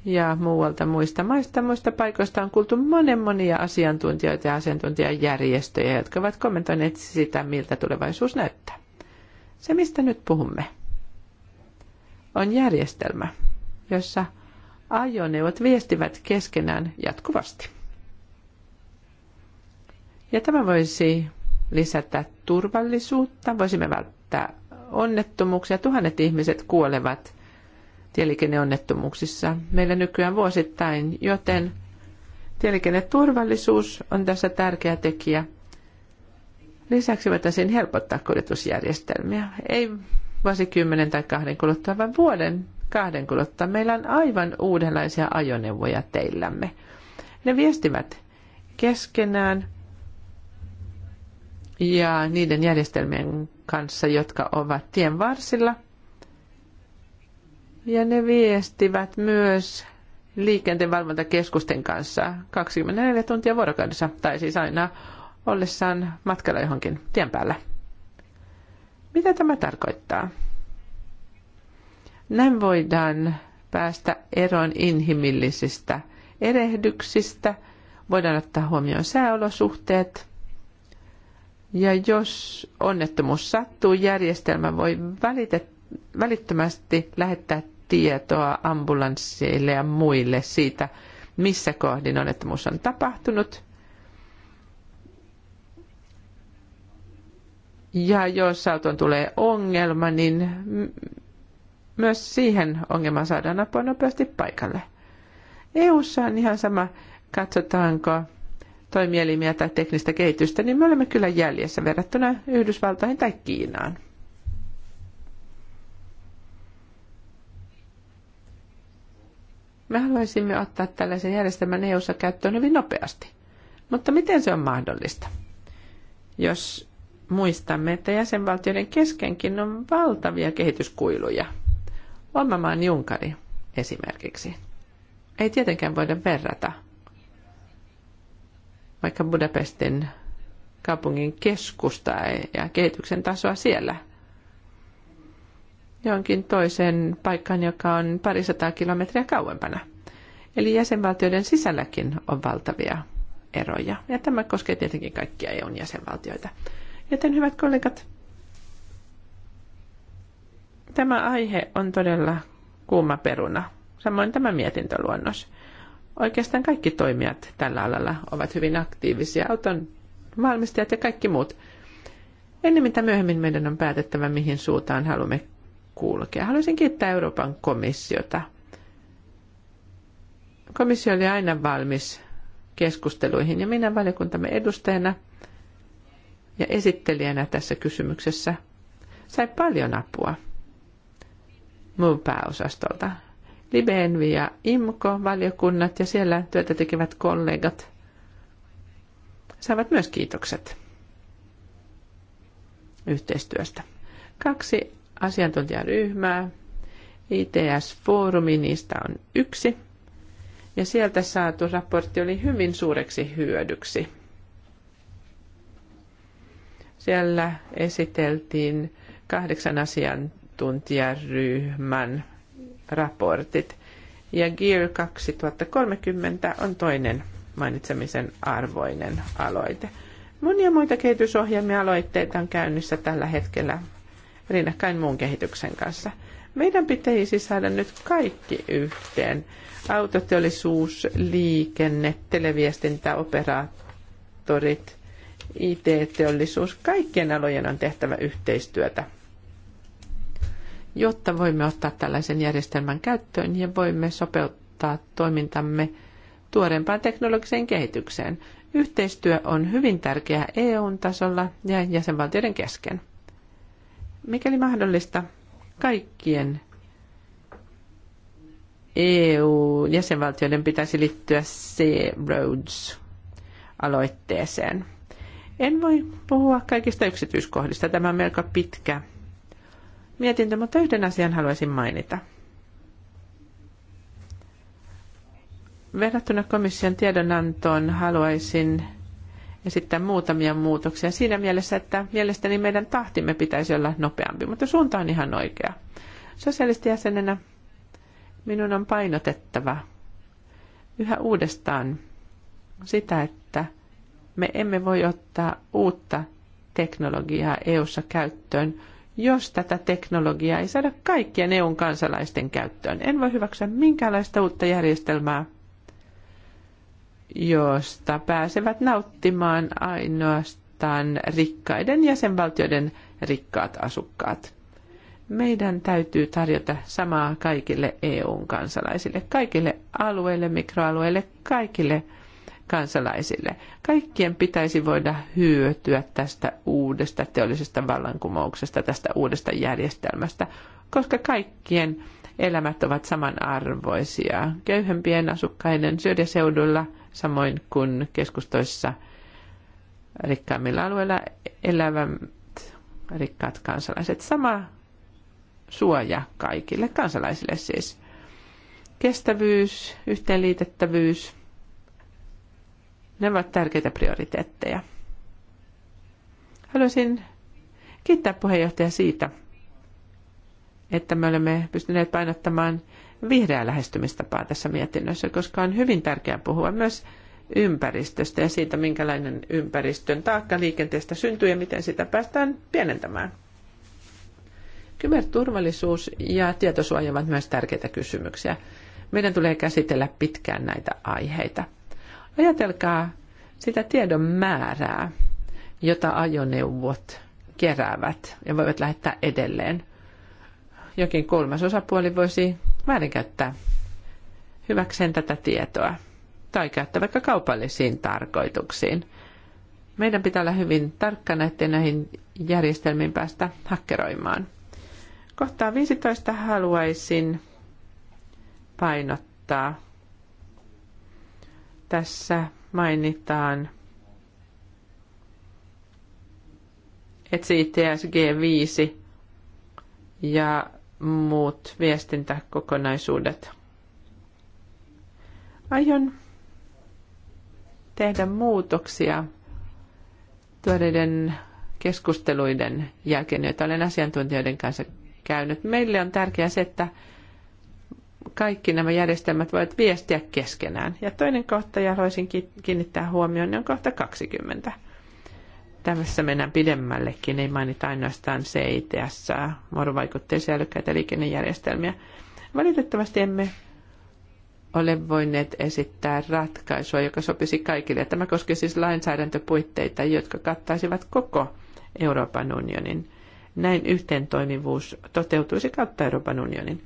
ja muualta muista maista, muista paikoista on kuultu monen monia asiantuntijoita ja asiantuntijajärjestöjä, jotka ovat kommentoineet sitä, miltä tulevaisuus näyttää. Se, mistä nyt puhumme, on järjestelmä, jossa ajoneuvot viestivät keskenään jatkuvasti. Ja tämä voisi lisätä turvallisuutta, voisimme välttää onnettomuuksia. Tuhannet ihmiset kuolevat tieliikenneonnettomuuksissa meillä nykyään vuosittain, joten tieliikenneturvallisuus on tässä tärkeä tekijä. Lisäksi voitaisiin helpottaa kuljetusjärjestelmiä. Ei vuosikymmenen tai kahden kuluttua, vaan vuoden kahden kuluttua. Meillä on aivan uudenlaisia ajoneuvoja teillämme. Ne viestivät keskenään ja niiden järjestelmien kanssa, jotka ovat tien varsilla – ja ne viestivät myös liikenteenvalvontakeskusten kanssa 24 tuntia vuorokaudessa, tai siis aina ollessaan matkalla johonkin tien päällä. Mitä tämä tarkoittaa? Näin voidaan päästä eroon inhimillisistä erehdyksistä, voidaan ottaa huomioon sääolosuhteet. Ja jos onnettomuus sattuu, järjestelmä voi välittömästi lähettää tietoa ambulansseille ja muille siitä, missä kohdin onnettomuus on tapahtunut. Ja jos auton tulee ongelma, niin myös siihen ongelmaan saadaan apua nopeasti paikalle. EU:ssa on ihan sama, katsotaanko toimielimiä tai teknistä kehitystä, niin me olemme kyllä jäljessä verrattuna Yhdysvaltoihin tai Kiinaan. Me haluaisimme ottaa tällaisen järjestelmän EU-ssa käyttöön hyvin nopeasti. Mutta miten se on mahdollista? Jos muistamme, että jäsenvaltioiden keskenkin on valtavia kehityskuiluja. Oma maan Junkari esimerkiksi. Ei tietenkään voida verrata vaikka Budapestin kaupungin keskusta ja kehityksen tasoa siellä – johonkin toiseen paikkaan, joka on parisataa kilometriä kauempana. Eli jäsenvaltioiden sisälläkin on valtavia eroja. Ja tämä koskee tietenkin kaikkia EUn jäsenvaltioita. Joten hyvät kollegat, tämä aihe on todella kuuma peruna. Samoin tämä mietintöluonnos. Oikeastaan kaikki toimijat tällä alalla ovat hyvin aktiivisia, auton valmistajat ja kaikki muut. Ennen mitä myöhemmin meidän on päätettävä, mihin suuntaan haluamme kulkea. Haluaisin kiittää Euroopan komissiota. Komissio oli aina valmis keskusteluihin ja minä valiokuntamme edustajana ja esittelijänä tässä kysymyksessä sai paljon apua muun pääosastolta. Libenvi ja IMKO-valiokunnat ja siellä työtä tekevät kollegat saavat myös kiitokset yhteistyöstä. Kaksi asiantuntijaryhmää, ITS-foorumi, niistä on yksi. Ja sieltä saatu raportti oli hyvin suureksi hyödyksi. Siellä esiteltiin kahdeksan asiantuntijaryhmän raportit. Ja Gear 2030 on toinen mainitsemisen arvoinen aloite. Monia muita kehitysohjelmia aloitteita on käynnissä tällä hetkellä rinnakkain muun kehityksen kanssa. Meidän pitäisi saada nyt kaikki yhteen. Autoteollisuus, liikenne, televiestintä, operaattorit, IT-teollisuus, kaikkien alojen on tehtävä yhteistyötä, jotta voimme ottaa tällaisen järjestelmän käyttöön ja voimme sopeuttaa toimintamme tuorempaan teknologiseen kehitykseen. Yhteistyö on hyvin tärkeää eu tasolla ja jäsenvaltioiden kesken mikäli mahdollista, kaikkien EU-jäsenvaltioiden pitäisi liittyä Sea Roads-aloitteeseen. En voi puhua kaikista yksityiskohdista, tämä on melko pitkä mietintö, mutta yhden asian haluaisin mainita. Verrattuna komission tiedonantoon haluaisin ja sitten muutamia muutoksia siinä mielessä, että mielestäni meidän tahtimme pitäisi olla nopeampi, mutta suunta on ihan oikea. jäsenenä minun on painotettava yhä uudestaan sitä, että me emme voi ottaa uutta teknologiaa EU:ssa käyttöön, jos tätä teknologiaa ei saada kaikkien eu kansalaisten käyttöön. En voi hyväksyä minkäänlaista uutta järjestelmää, josta pääsevät nauttimaan ainoastaan rikkaiden jäsenvaltioiden rikkaat asukkaat. Meidän täytyy tarjota samaa kaikille eu kansalaisille, kaikille alueille, mikroalueille, kaikille kansalaisille. Kaikkien pitäisi voida hyötyä tästä uudesta teollisesta vallankumouksesta, tästä uudesta järjestelmästä, koska kaikkien elämät ovat samanarvoisia. Köyhempien asukkaiden syrjäseudulla – samoin kuin keskustoissa rikkaimmilla alueilla elävät rikkaat kansalaiset. Sama suoja kaikille kansalaisille siis. Kestävyys, yhteenliitettävyys, ne ovat tärkeitä prioriteetteja. Haluaisin kiittää puheenjohtaja siitä, että me olemme pystyneet painottamaan vihreää lähestymistapaa tässä mietinnössä, koska on hyvin tärkeää puhua myös ympäristöstä ja siitä, minkälainen ympäristön taakka liikenteestä syntyy ja miten sitä päästään pienentämään. Kyberturvallisuus ja tietosuoja ovat myös tärkeitä kysymyksiä. Meidän tulee käsitellä pitkään näitä aiheita. Ajatelkaa sitä tiedon määrää, jota ajoneuvot keräävät ja voivat lähettää edelleen. Jokin kolmas osapuoli voisi väärinkäyttää hyväkseen tätä tietoa tai käyttää vaikka kaupallisiin tarkoituksiin. Meidän pitää olla hyvin tarkkana, ettei näihin järjestelmiin päästä hakkeroimaan. Kohtaa 15 haluaisin painottaa. Tässä mainitaan ETS G5 ja muut viestintäkokonaisuudet. Aion tehdä muutoksia tuoreiden keskusteluiden jälkeen, joita olen asiantuntijoiden kanssa käynyt. Meille on tärkeää se, että kaikki nämä järjestelmät voivat viestiä keskenään. Ja toinen kohta, ja haluaisin kiinnittää huomioon, niin on kohta 20. Tässä mennään pidemmällekin, ei mainita ainoastaan CITS, vuorovaikutteisia älykkäitä liikennejärjestelmiä. Valitettavasti emme ole voineet esittää ratkaisua, joka sopisi kaikille. Tämä koskee siis lainsäädäntöpuitteita, jotka kattaisivat koko Euroopan unionin. Näin toimivuus toteutuisi kautta Euroopan unionin.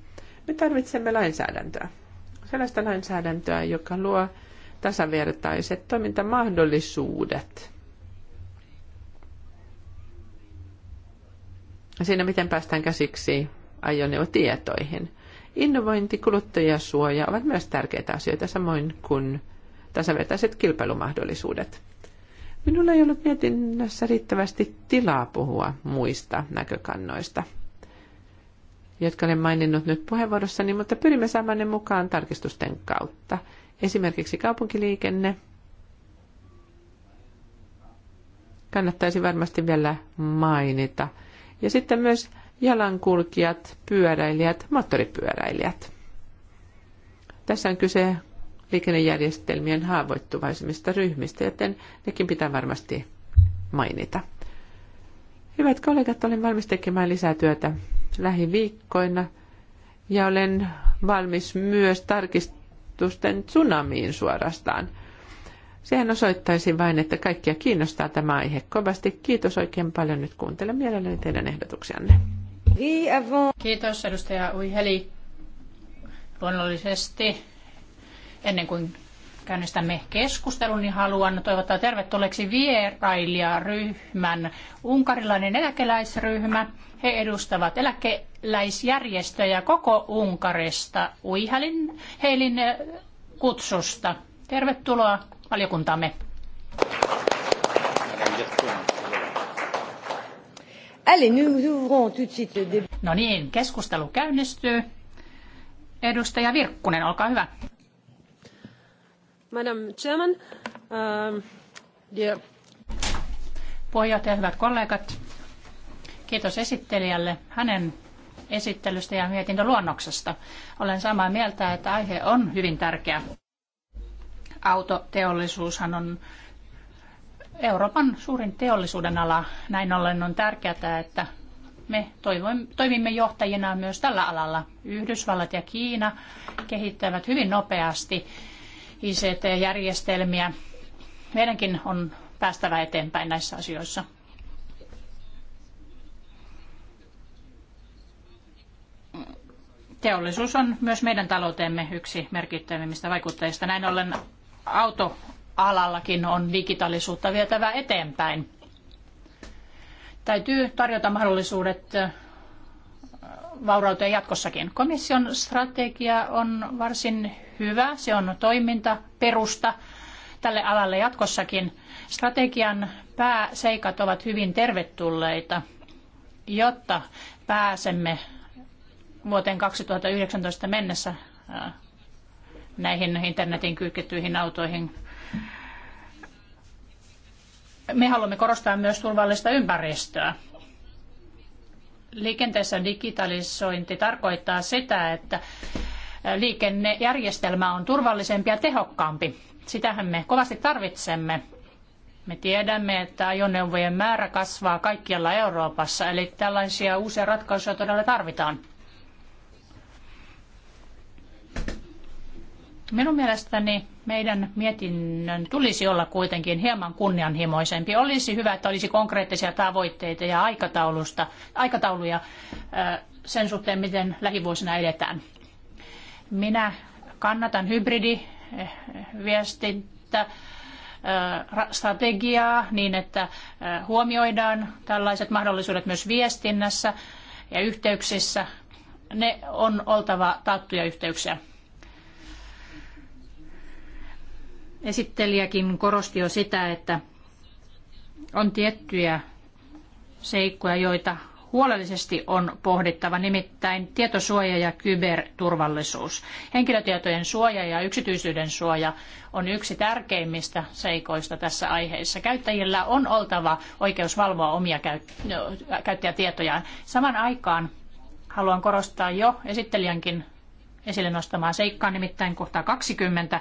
Me tarvitsemme lainsäädäntöä. Sellaista lainsäädäntöä, joka luo tasavertaiset toimintamahdollisuudet siinä, miten päästään käsiksi ajoneuvotietoihin. Innovointi, kuluttajasuoja ovat myös tärkeitä asioita, samoin kuin tasavertaiset kilpailumahdollisuudet. Minulla ei ollut mietinnässä riittävästi tilaa puhua muista näkökannoista, jotka olen maininnut nyt puheenvuorossani, mutta pyrimme saamaan ne mukaan tarkistusten kautta. Esimerkiksi kaupunkiliikenne kannattaisi varmasti vielä mainita – ja sitten myös jalankulkijat, pyöräilijät, moottoripyöräilijät. Tässä on kyse liikennejärjestelmien haavoittuvaisimmista ryhmistä, joten nekin pitää varmasti mainita. Hyvät kollegat, olen valmis tekemään lisää työtä lähiviikkoina ja olen valmis myös tarkistusten tsunamiin suorastaan – Sehän osoittaisi vain, että kaikkia kiinnostaa tämä aihe kovasti. Kiitos oikein paljon. Nyt kuuntelen mielelläni teidän ehdotuksianne. Kiitos edustaja Uiheli. Luonnollisesti ennen kuin käynnistämme keskustelun, niin haluan toivottaa tervetulleeksi vierailijaryhmän, unkarilainen eläkeläisryhmä. He edustavat eläkeläisjärjestöjä koko Unkarista Uihelin, heilin kutsusta. Tervetuloa valiokuntaamme. No niin, keskustelu käynnistyy. Edustaja Virkkunen, olkaa hyvä. Madam Chairman, uh, dear. Puheenjohtaja, hyvät kollegat. Kiitos esittelijälle hänen esittelystä ja mietintöluonnoksesta. Olen samaa mieltä, että aihe on hyvin tärkeä. Autoteollisuushan on Euroopan suurin teollisuuden ala. Näin ollen on tärkeää, että me toimimme johtajina myös tällä alalla. Yhdysvallat ja Kiina kehittävät hyvin nopeasti ICT-järjestelmiä. Meidänkin on päästävä eteenpäin näissä asioissa. Teollisuus on myös meidän talouteemme yksi merkittävimmistä vaikuttajista. Näin ollen autoalallakin on digitaalisuutta vietävä eteenpäin. Täytyy tarjota mahdollisuudet vaurauteen jatkossakin. Komission strategia on varsin hyvä, se on toiminta perusta tälle alalle jatkossakin. Strategian pääseikat ovat hyvin tervetulleita, jotta pääsemme vuoteen 2019 mennessä näihin internetin kytkettyihin autoihin. Me haluamme korostaa myös turvallista ympäristöä. Liikenteessä digitalisointi tarkoittaa sitä, että liikennejärjestelmä on turvallisempi ja tehokkaampi. Sitähän me kovasti tarvitsemme. Me tiedämme, että ajoneuvojen määrä kasvaa kaikkialla Euroopassa, eli tällaisia uusia ratkaisuja todella tarvitaan. Minun mielestäni meidän mietinnön tulisi olla kuitenkin hieman kunnianhimoisempi. Olisi hyvä, että olisi konkreettisia tavoitteita ja aikataulusta, aikatauluja sen suhteen, miten lähivuosina edetään. Minä kannatan hybridiviestintä eh, strategiaa niin, että huomioidaan tällaiset mahdollisuudet myös viestinnässä ja yhteyksissä. Ne on oltava taattuja yhteyksiä. Esittelijäkin korosti jo sitä, että on tiettyjä seikkoja, joita huolellisesti on pohdittava, nimittäin tietosuoja ja kyberturvallisuus. Henkilötietojen suoja ja yksityisyyden suoja on yksi tärkeimmistä seikoista tässä aiheessa. Käyttäjillä on oltava oikeus valvoa omia no, käyttäjätietojaan. Saman aikaan haluan korostaa jo esittelijänkin esille nostamaa seikkaa, nimittäin kohtaa 20,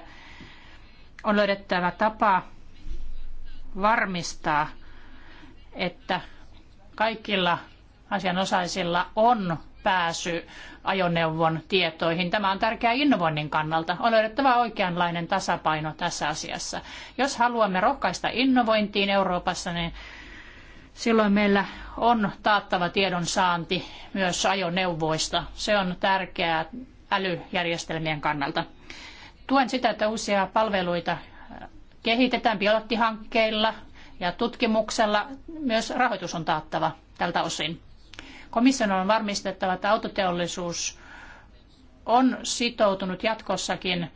on löydettävä tapa varmistaa, että kaikilla asianosaisilla on pääsy ajoneuvon tietoihin. Tämä on tärkeää innovoinnin kannalta. On löydettävä oikeanlainen tasapaino tässä asiassa. Jos haluamme rohkaista innovointiin Euroopassa, niin silloin meillä on taattava tiedon saanti myös ajoneuvoista. Se on tärkeää älyjärjestelmien kannalta. Tuen sitä, että uusia palveluita äh, kehitetään pilottihankkeilla ja tutkimuksella. Myös rahoitus on taattava tältä osin. Komission on varmistettava, että autoteollisuus on sitoutunut jatkossakin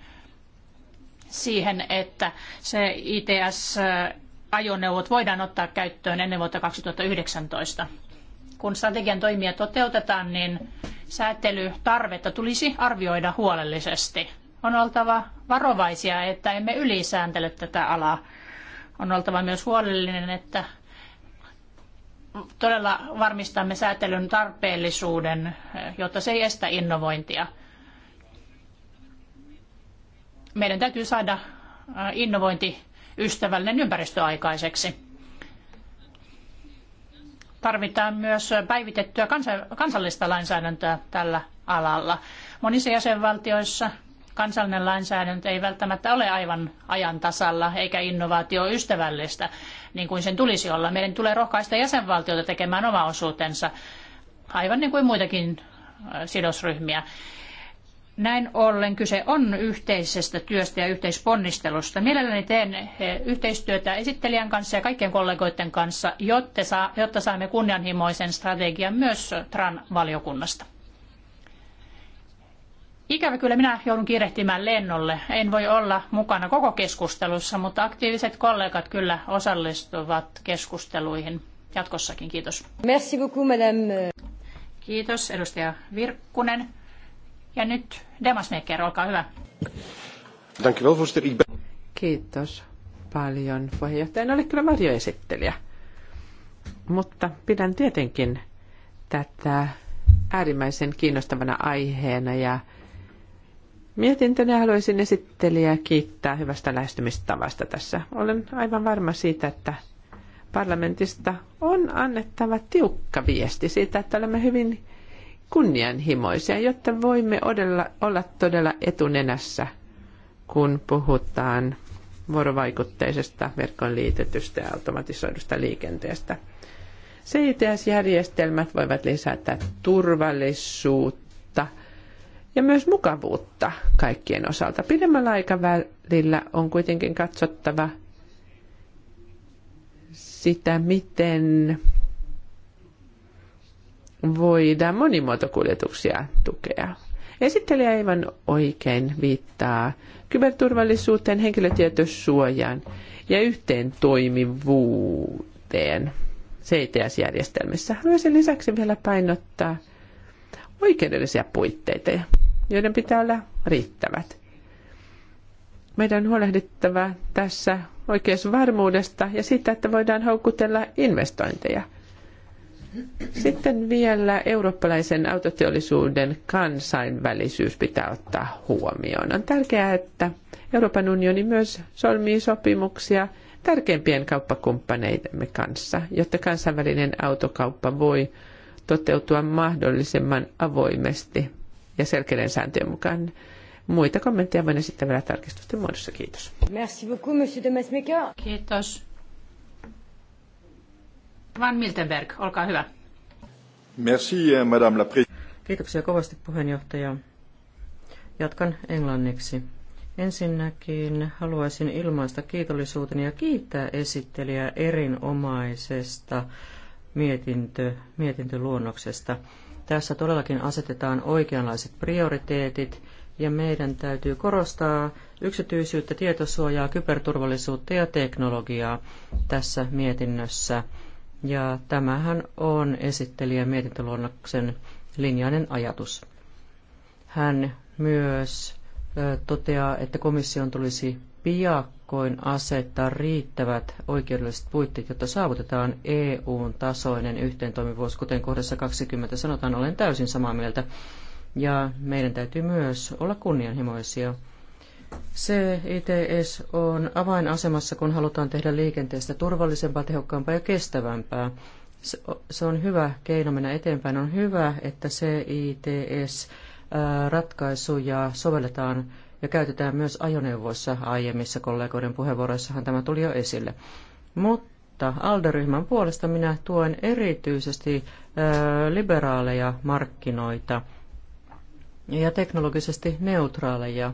siihen, että se ITS-ajoneuvot voidaan ottaa käyttöön ennen vuotta 2019. Kun strategian toimia toteutetaan, niin säätelytarvetta tulisi arvioida huolellisesti. On oltava varovaisia, että emme ylisääntele tätä alaa. On oltava myös huolellinen, että todella varmistamme säätelyn tarpeellisuuden, jotta se ei estä innovointia. Meidän täytyy saada innovointi ystävällinen ympäristö aikaiseksi. Tarvitaan myös päivitettyä kansallista lainsäädäntöä tällä alalla. Monissa jäsenvaltioissa kansallinen lainsäädäntö ei välttämättä ole aivan ajan tasalla eikä innovaatioystävällistä, niin kuin sen tulisi olla. Meidän tulee rohkaista jäsenvaltioita tekemään oma osuutensa, aivan niin kuin muitakin sidosryhmiä. Näin ollen kyse on yhteisestä työstä ja yhteisponnistelusta. Mielelläni teen yhteistyötä esittelijän kanssa ja kaikkien kollegoiden kanssa, jotta, saamme kunnianhimoisen strategian myös TRAN-valiokunnasta. Ikävä kyllä minä joudun kiirehtimään lennolle. En voi olla mukana koko keskustelussa, mutta aktiiviset kollegat kyllä osallistuvat keskusteluihin jatkossakin. Kiitos. Merci beaucoup, madame. Kiitos, edustaja Virkkunen. Ja nyt Demas Mekker, olkaa hyvä. Kiitos paljon puheenjohtaja. En ole kyllä varjoesittelijä, mutta pidän tietenkin tätä äärimmäisen kiinnostavana aiheena ja mietintöni ja haluaisin esittelijä kiittää hyvästä lähestymistavasta tässä. Olen aivan varma siitä, että parlamentista on annettava tiukka viesti siitä, että olemme hyvin kunnianhimoisia, jotta voimme odella, olla todella etunenässä, kun puhutaan vuorovaikutteisesta verkon liitetystä ja automatisoidusta liikenteestä. CITS-järjestelmät voivat lisätä turvallisuutta ja myös mukavuutta kaikkien osalta. Pidemmällä aikavälillä on kuitenkin katsottava sitä, miten voidaan monimuotokuljetuksia tukea. Esittelijä aivan oikein viittaa kyberturvallisuuteen, henkilötietosuojaan ja yhteen toimivuuteen CTS-järjestelmissä. Haluaisin lisäksi vielä painottaa oikeudellisia puitteita joiden pitää olla riittävät. Meidän on huolehdittava tässä oikeusvarmuudesta ja siitä, että voidaan houkutella investointeja. Sitten vielä eurooppalaisen autoteollisuuden kansainvälisyys pitää ottaa huomioon. On tärkeää, että Euroopan unioni myös solmii sopimuksia tärkeimpien kauppakumppaneidemme kanssa, jotta kansainvälinen autokauppa voi toteutua mahdollisimman avoimesti ja selkeiden sääntöjen mukaan. Muita kommentteja voin esittää vielä tarkistusten muodossa. Kiitos. Merci beaucoup, monsieur de Masmaker. Kiitos. Van Miltenberg, olkaa hyvä. Merci, eh, madame la Kiitoksia kovasti puheenjohtaja. Jatkan englanniksi. Ensinnäkin haluaisin ilmaista kiitollisuuteni ja kiittää esittelijää erinomaisesta mietintö, mietintöluonnoksesta. Tässä todellakin asetetaan oikeanlaiset prioriteetit ja meidän täytyy korostaa yksityisyyttä, tietosuojaa, kyberturvallisuutta ja teknologiaa tässä mietinnössä. Ja tämähän on esittelijä mietintöluonnoksen linjainen ajatus. Hän myös toteaa, että komission tulisi piakkoin tarkoin asettaa riittävät oikeudelliset puitteet, jotta saavutetaan EUn tasoinen yhteentoimivuus, kuten kohdassa 20 sanotaan, olen täysin samaa mieltä. Ja meidän täytyy myös olla kunnianhimoisia. CITS on avainasemassa, kun halutaan tehdä liikenteestä turvallisempaa, tehokkaampaa ja kestävämpää. Se on hyvä keino mennä eteenpäin. On hyvä, että CITS-ratkaisuja sovelletaan ja käytetään myös ajoneuvoissa. Aiemmissa kollegoiden puheenvuoroissahan tämä tuli jo esille. Mutta Alderyhmän ryhmän puolesta minä tuen erityisesti liberaaleja markkinoita ja teknologisesti neutraaleja.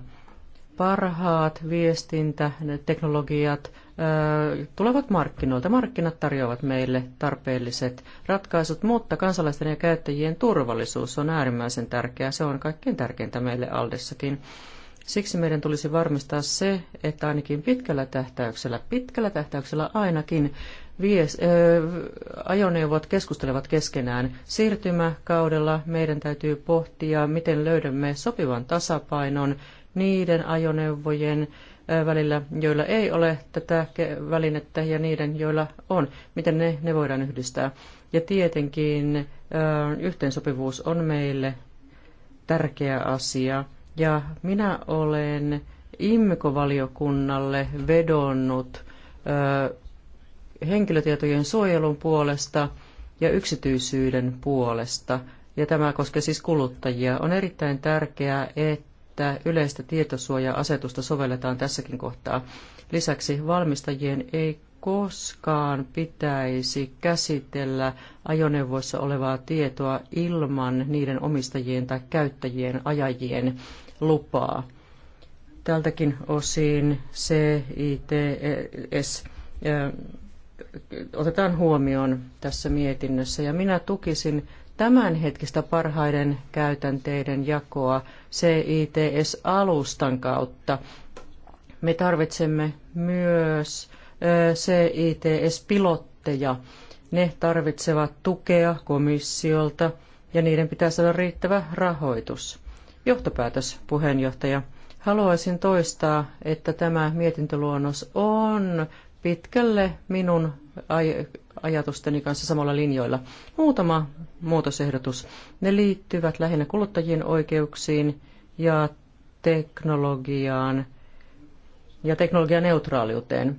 Parhaat viestintäteknologiat tulevat markkinoilta. Markkinat tarjoavat meille tarpeelliset ratkaisut, mutta kansalaisten ja käyttäjien turvallisuus on äärimmäisen tärkeää. Se on kaikkein tärkeintä meille Aldessakin. Siksi meidän tulisi varmistaa se, että ainakin pitkällä tähtäyksellä, pitkällä tähtäyksellä ainakin vies, ö, ajoneuvot keskustelevat keskenään. Siirtymäkaudella meidän täytyy pohtia, miten löydämme sopivan tasapainon niiden ajoneuvojen välillä, joilla ei ole tätä välinettä ja niiden, joilla on. Miten ne, ne voidaan yhdistää? Ja tietenkin ö, yhteensopivuus on meille tärkeä asia ja minä olen IMKO-valiokunnalle vedonnut ö, henkilötietojen suojelun puolesta ja yksityisyyden puolesta. Ja tämä koskee siis kuluttajia. On erittäin tärkeää, että yleistä tietosuoja-asetusta sovelletaan tässäkin kohtaa. Lisäksi valmistajien ei koskaan pitäisi käsitellä ajoneuvoissa olevaa tietoa ilman niiden omistajien tai käyttäjien ajajien lupaa. Tältäkin osin CITS e otetaan huomioon tässä mietinnössä ja minä tukisin tämänhetkistä parhaiden käytänteiden jakoa CITS-alustan e kautta. Me tarvitsemme myös CITS-pilotteja. E ne tarvitsevat tukea komissiolta ja niiden pitää saada riittävä rahoitus. Johtopäätös, puheenjohtaja. Haluaisin toistaa, että tämä mietintöluonnos on pitkälle minun aj- ajatusteni kanssa samalla linjoilla. Muutama muutosehdotus. Ne liittyvät lähinnä kuluttajien oikeuksiin ja teknologiaan ja teknologianeutraaliuteen.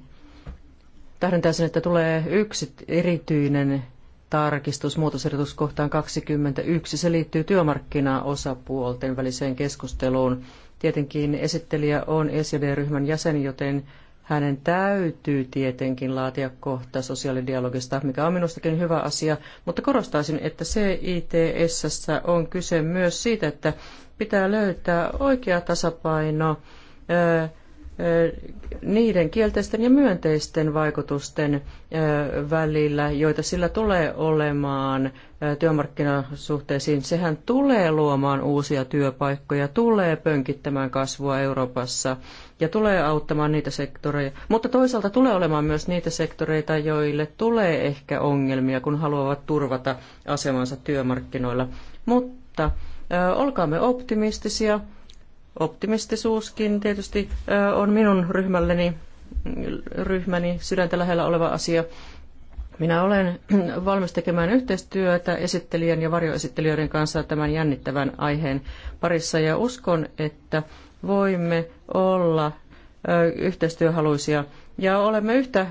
Tähdentäisin, että tulee yksi erityinen tarkistus muutosehdotuskohtaan 21. Se liittyy työmarkkinaosapuolten väliseen keskusteluun. Tietenkin esittelijä on SJD-ryhmän jäsen, joten hänen täytyy tietenkin laatia kohta sosiaalidialogista, mikä on minustakin hyvä asia, mutta korostaisin, että CITS on kyse myös siitä, että pitää löytää oikea tasapaino niiden kielteisten ja myönteisten vaikutusten välillä, joita sillä tulee olemaan työmarkkinasuhteisiin. Sehän tulee luomaan uusia työpaikkoja, tulee pönkittämään kasvua Euroopassa ja tulee auttamaan niitä sektoreja. Mutta toisaalta tulee olemaan myös niitä sektoreita, joille tulee ehkä ongelmia, kun haluavat turvata asemansa työmarkkinoilla. Mutta olkaamme optimistisia optimistisuuskin tietysti on minun ryhmälleni, ryhmäni sydäntä lähellä oleva asia. Minä olen [clears throat] valmis tekemään yhteistyötä esittelijän ja varjoesittelijöiden kanssa tämän jännittävän aiheen parissa ja uskon, että voimme olla yhteistyöhaluisia ja olemme yhtä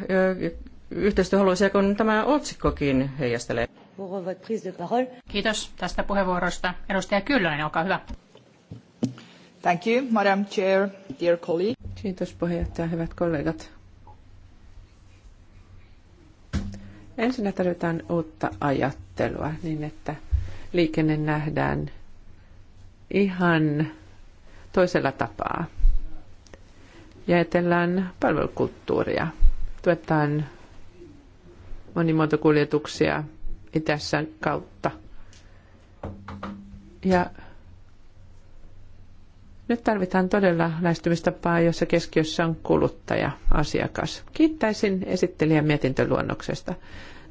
yhteistyöhaluisia kuin tämä otsikkokin heijastelee. Kiitos tästä puheenvuorosta. Edustaja Kyllönen, olkaa hyvä. Thank you, Madam Chair, dear colleague. Kiitos puheenjohtaja, hyvät kollegat. Ensinnä tarvitaan uutta ajattelua niin, että liikenne nähdään ihan toisella tapaa. Ja ajatellaan palvelukulttuuria. Tuetaan monimuotokuljetuksia itässä kautta. Ja nyt tarvitaan todella lähestymistapaa, jossa keskiössä on kuluttaja, asiakas. Kiittäisin esittelijän mietintöluonnoksesta.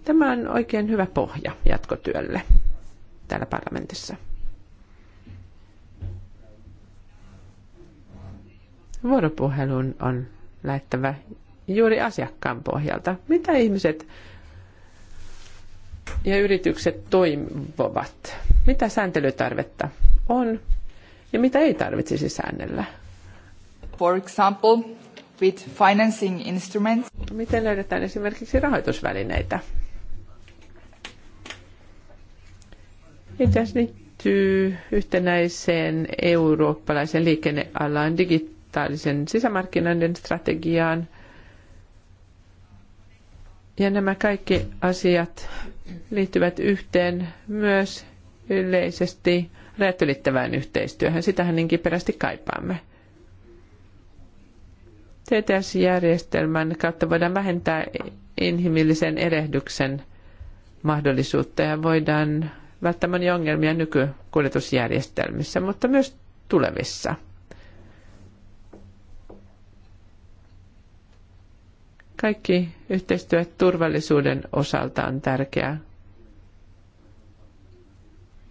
Tämä on oikein hyvä pohja jatkotyölle täällä parlamentissa. Vuoropuhelun on lähettävä juuri asiakkaan pohjalta. Mitä ihmiset ja yritykset toimivat? Mitä sääntelytarvetta on? ja mitä ei tarvitsisi säännellä. For example, with financing instruments. Miten löydetään esimerkiksi rahoitusvälineitä? Mitäs liittyy yhtenäiseen eurooppalaisen liikennealan digitaalisen sisämarkkinoiden strategiaan. Ja nämä kaikki asiat liittyvät yhteen myös yleisesti rajat ylittävään yhteistyöhön. Sitähän niin kiperästi kaipaamme. TTS-järjestelmän kautta voidaan vähentää inhimillisen erehdyksen mahdollisuutta ja voidaan välttää monia ongelmia nykykuljetusjärjestelmissä, mutta myös tulevissa. Kaikki yhteistyö turvallisuuden osalta on tärkeää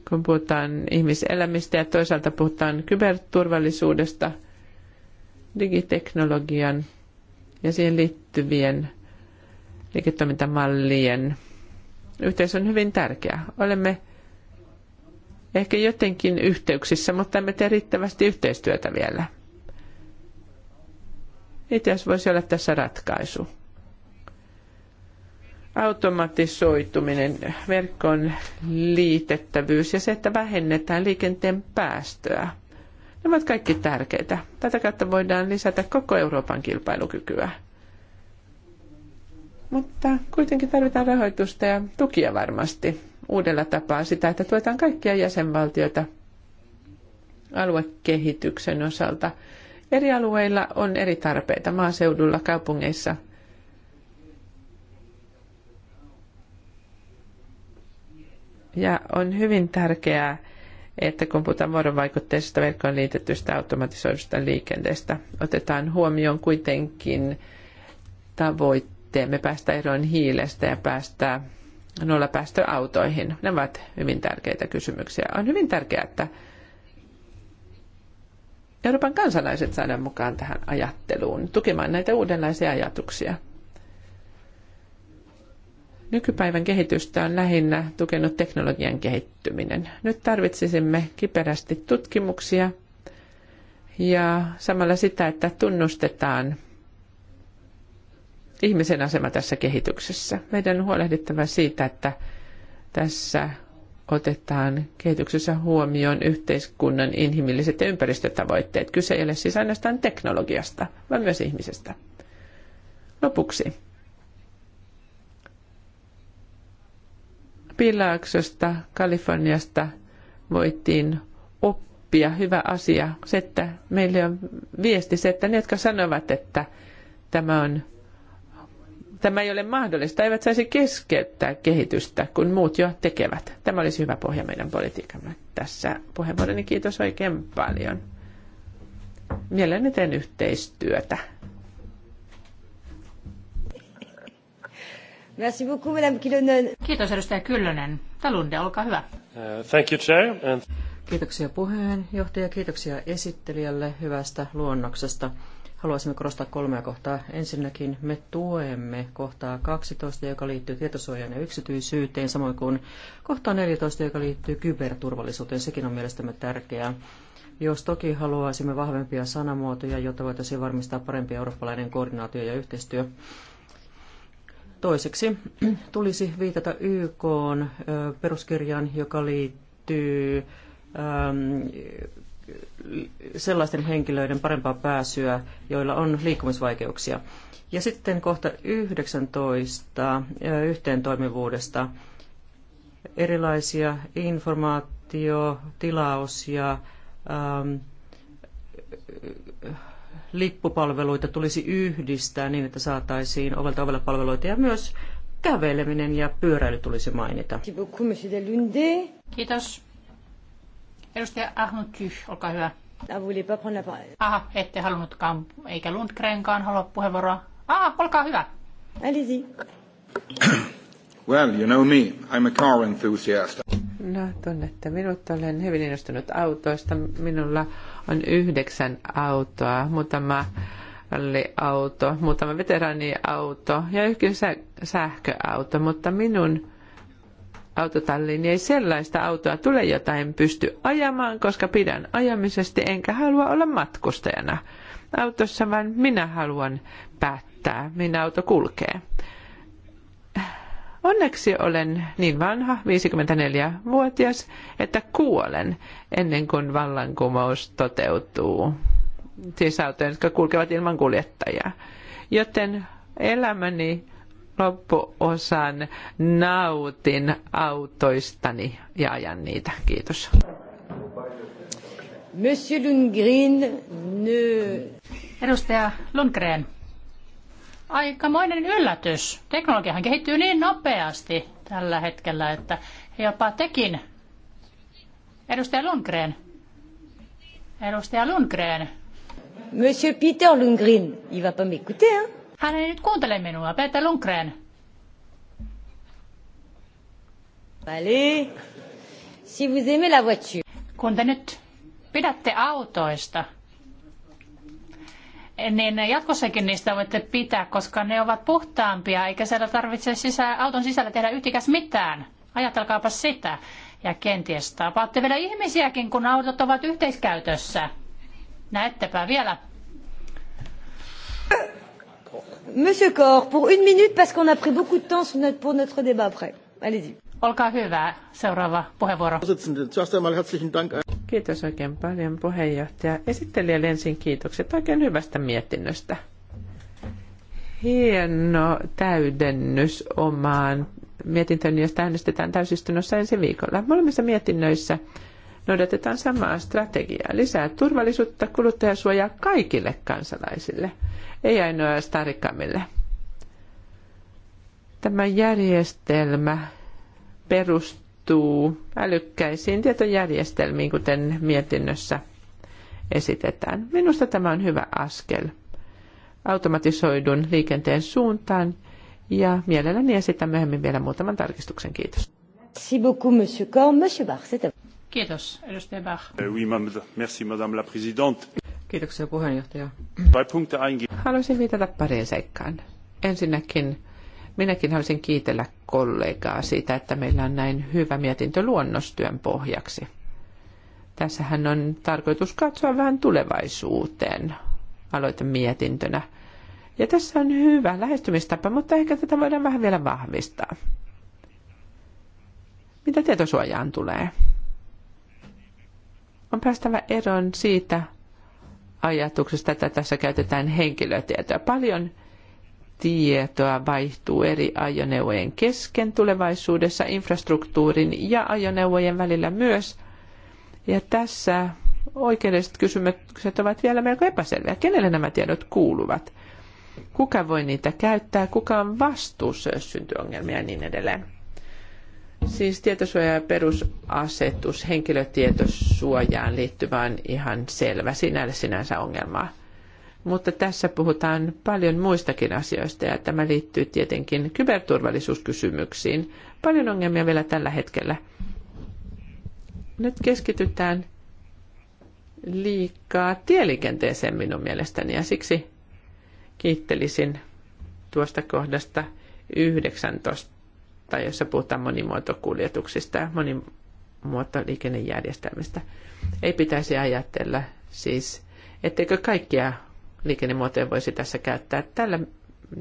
kun puhutaan ihmiselämistä ja toisaalta puhutaan kyberturvallisuudesta, digiteknologian ja siihen liittyvien liiketoimintamallien yhteys on hyvin tärkeä. Olemme ehkä jotenkin yhteyksissä, mutta emme tee riittävästi yhteistyötä vielä. Itse asiassa voisi olla tässä ratkaisu automatisoituminen, verkon liitettävyys ja se, että vähennetään liikenteen päästöä. Ne ovat kaikki tärkeitä. Tätä kautta voidaan lisätä koko Euroopan kilpailukykyä. Mutta kuitenkin tarvitaan rahoitusta ja tukia varmasti uudella tapaa sitä, että tuetaan kaikkia jäsenvaltioita aluekehityksen osalta. Eri alueilla on eri tarpeita maaseudulla, kaupungeissa – Ja on hyvin tärkeää, että kun puhutaan vuorovaikutteisesta verkkoon liitetystä automatisoidusta liikenteestä, otetaan huomioon kuitenkin tavoitteemme päästä eroon hiilestä ja päästä nolla päästöautoihin. Nämä ovat hyvin tärkeitä kysymyksiä. On hyvin tärkeää, että Euroopan kansalaiset saadaan mukaan tähän ajatteluun, tukemaan näitä uudenlaisia ajatuksia. Nykypäivän kehitystä on lähinnä tukenut teknologian kehittyminen. Nyt tarvitsisimme kiperästi tutkimuksia ja samalla sitä, että tunnustetaan ihmisen asema tässä kehityksessä. Meidän on huolehdittava siitä, että tässä otetaan kehityksessä huomioon yhteiskunnan inhimilliset ja ympäristötavoitteet. Kyse ei ole siis ainoastaan teknologiasta, vaan myös ihmisestä. Lopuksi Pilaaksosta, Kaliforniasta voitiin oppia. Hyvä asia. Se, että meille on viesti se, että ne, jotka sanovat, että tämä, on, tämä ei ole mahdollista, eivät saisi keskeyttää kehitystä, kun muut jo tekevät. Tämä olisi hyvä pohja meidän politiikamme tässä puheenvuoroni. Kiitos oikein paljon. Mielelläni teen yhteistyötä Merci beaucoup, Madame Kilonen. Kiitos, edustaja Kyllönen. Talunde, olkaa hyvä. Uh, thank you, Chair. And... Kiitoksia puheenjohtaja, kiitoksia esittelijälle hyvästä luonnoksesta. Haluaisimme korostaa kolmea kohtaa. Ensinnäkin me tuemme kohtaa 12, joka liittyy tietosuojaan ja yksityisyyteen, samoin kuin kohtaa 14, joka liittyy kyberturvallisuuteen. Sekin on mielestämme tärkeää. Jos toki haluaisimme vahvempia sanamuotoja, jotta voitaisiin varmistaa parempi eurooppalainen koordinaatio ja yhteistyö. Toiseksi [clears throat] tulisi viitata YK peruskirjaan, joka liittyy sellaisten henkilöiden parempaa pääsyä, joilla on liikkumisvaikeuksia. Ja sitten kohta 19 toimivuudesta erilaisia informaatio, tilaus ja ähm, lippupalveluita tulisi yhdistää niin, että saataisiin ovelta ovelle palveluita ja myös käveleminen ja pyöräily tulisi mainita. Kiitos. Edustaja Ahmut Tyh, olkaa hyvä. Ah, Aha, ette halunnutkaan, eikä Lundgrenkaan halua puheenvuoroa. Aha, olkaa hyvä. Allez-y. Well, you know me, I'm a car enthusiast. No, tunnette minut, olen hyvin innostunut autoista. Minulla on yhdeksän autoa, muutama auto, muutama veteraaniauto ja yksi sähköauto, mutta minun autotalliin ei sellaista autoa tule, jota en pysty ajamaan, koska pidän ajamisesti enkä halua olla matkustajana autossa, vaan minä haluan päättää, minä auto kulkee. Onneksi olen niin vanha, 54-vuotias, että kuolen ennen kuin vallankumous toteutuu. Siis autojen, jotka kulkevat ilman kuljettajaa. Joten elämäni loppuosan nautin autoistani ja ajan niitä. Kiitos. Monsieur Lundgren, ne... Edustaja Lundgren, aikamoinen yllätys. Teknologiahan kehittyy niin nopeasti tällä hetkellä, että jopa tekin, edustaja Lundgren, edustaja Lundgren. Monsieur Peter Lundgren, il va pas m'écouter, hein? Hän ei nyt kuuntele minua, Peter Lundgren. Allez, si vous aimez la voiture. Kun te nyt pidätte autoista, niin jatkossakin niistä voitte pitää, koska ne ovat puhtaampia, eikä siellä tarvitse sisä, auton sisällä tehdä yhtikäs mitään. Ajatelkaapa sitä. Ja kenties tapaatte vielä ihmisiäkin, kun autot ovat yhteiskäytössä. Näettepä vielä. Monsieur Cor, pour une minute, parce qu'on a pris beaucoup de temps pour notre débat après. Allez-y. Olkaa hyvä. Seuraava puheenvuoro. Kiitos oikein paljon puheenjohtaja. Esittelijä ensin kiitokset oikein hyvästä mietinnöstä. Hieno täydennys omaan mietintöön, josta äänestetään täysistunnossa ensi viikolla. Molemmissa mietinnöissä noudatetaan samaa strategiaa. Lisää turvallisuutta, kuluttajasuojaa kaikille kansalaisille, ei ainoastaan rikkaamille. Tämä järjestelmä perustuu perustuu älykkäisiin tietojärjestelmiin, kuten mietinnössä esitetään. Minusta tämä on hyvä askel automatisoidun liikenteen suuntaan ja mielelläni esitän myöhemmin vielä muutaman tarkistuksen. Kiitos. Merci beaucoup, monsieur Korn. Monsieur Bach, Kiitos, edustaja Bach. Eh oui, merci, madame la présidente. Kiitoksia, puheenjohtaja. Haluaisin viitata pariin seikkaan. Ensinnäkin Minäkin haluaisin kiitellä kollegaa siitä, että meillä on näin hyvä mietintö luonnostyön pohjaksi. Tässähän on tarkoitus katsoa vähän tulevaisuuteen mietintönä. Ja tässä on hyvä lähestymistapa, mutta ehkä tätä voidaan vähän vielä vahvistaa. Mitä tietosuojaan tulee? On päästävä eroon siitä ajatuksesta, että tässä käytetään henkilötietoa. Paljon tietoa vaihtuu eri ajoneuvojen kesken tulevaisuudessa infrastruktuurin ja ajoneuvojen välillä myös. Ja tässä oikeudelliset kysymykset ovat vielä melko epäselviä. Kenelle nämä tiedot kuuluvat? Kuka voi niitä käyttää? Kuka on vastuussa, jos syntyy ongelmia ja niin edelleen? Siis tietosuoja- ja perusasetus henkilötietosuojaan liittyvä on ihan selvä. Sinällä sinänsä ongelmaa mutta tässä puhutaan paljon muistakin asioista ja tämä liittyy tietenkin kyberturvallisuuskysymyksiin. Paljon ongelmia vielä tällä hetkellä. Nyt keskitytään liikaa tieliikenteeseen minun mielestäni ja siksi kiittelisin tuosta kohdasta 19, jossa puhutaan monimuotokuljetuksista ja monimuotoliikennejärjestelmistä. Ei pitäisi ajatella siis etteikö kaikkia liikennemuotoja voisi tässä käyttää. Tällä,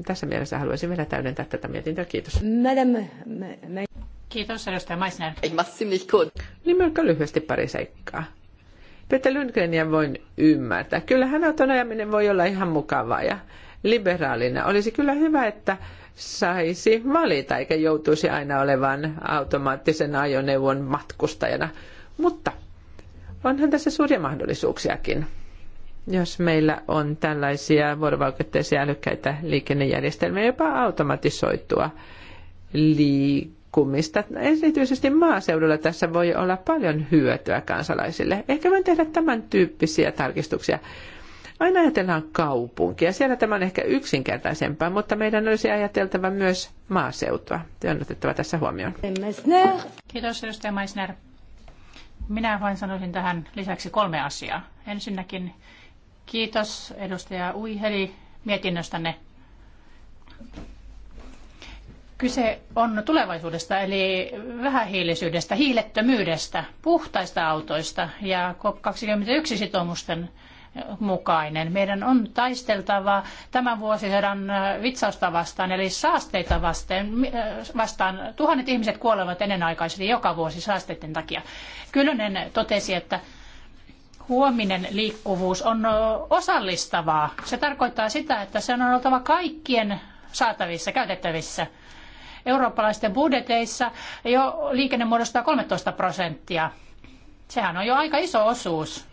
tässä mielessä haluaisin vielä täydentää tätä mietintöä. Kiitos. Madame, Kiitos, edustaja Maisner. Ei massiivinen Niin melko lyhyesti pari seikkaa. Peter Lundgrenia voin ymmärtää. Kyllähän auton ajaminen voi olla ihan mukavaa ja liberaalina. Olisi kyllä hyvä, että saisi valita eikä joutuisi aina olevan automaattisen ajoneuvon matkustajana. Mutta onhan tässä suuria mahdollisuuksiakin jos meillä on tällaisia vuorovaikutteisia älykkäitä liikennejärjestelmiä, jopa automatisoitua liikkumista. Erityisesti maaseudulla tässä voi olla paljon hyötyä kansalaisille. Ehkä voin tehdä tämän tyyppisiä tarkistuksia. Aina ajatellaan kaupunkia. Siellä tämä on ehkä yksinkertaisempaa, mutta meidän olisi ajateltava myös maaseutua. te on otettava tässä huomioon. Kiitos edustaja Meissner. Minä vain sanoisin tähän lisäksi kolme asiaa. Ensinnäkin Kiitos edustaja Uiheli mietinnöstänne. Kyse on tulevaisuudesta eli vähähiilisyydestä, hiilettömyydestä, puhtaista autoista ja COP21-sitoumusten mukainen. Meidän on taisteltava tämän vuosisadan vitsausta vastaan, eli saasteita vastaan. vastaan. Tuhannet ihmiset kuolevat ennenaikaisesti joka vuosi saasteiden takia. Kyllönen totesi, että huominen liikkuvuus on osallistavaa. Se tarkoittaa sitä, että sen on oltava kaikkien saatavissa, käytettävissä. Eurooppalaisten budjeteissa jo liikenne muodostaa 13 prosenttia. Sehän on jo aika iso osuus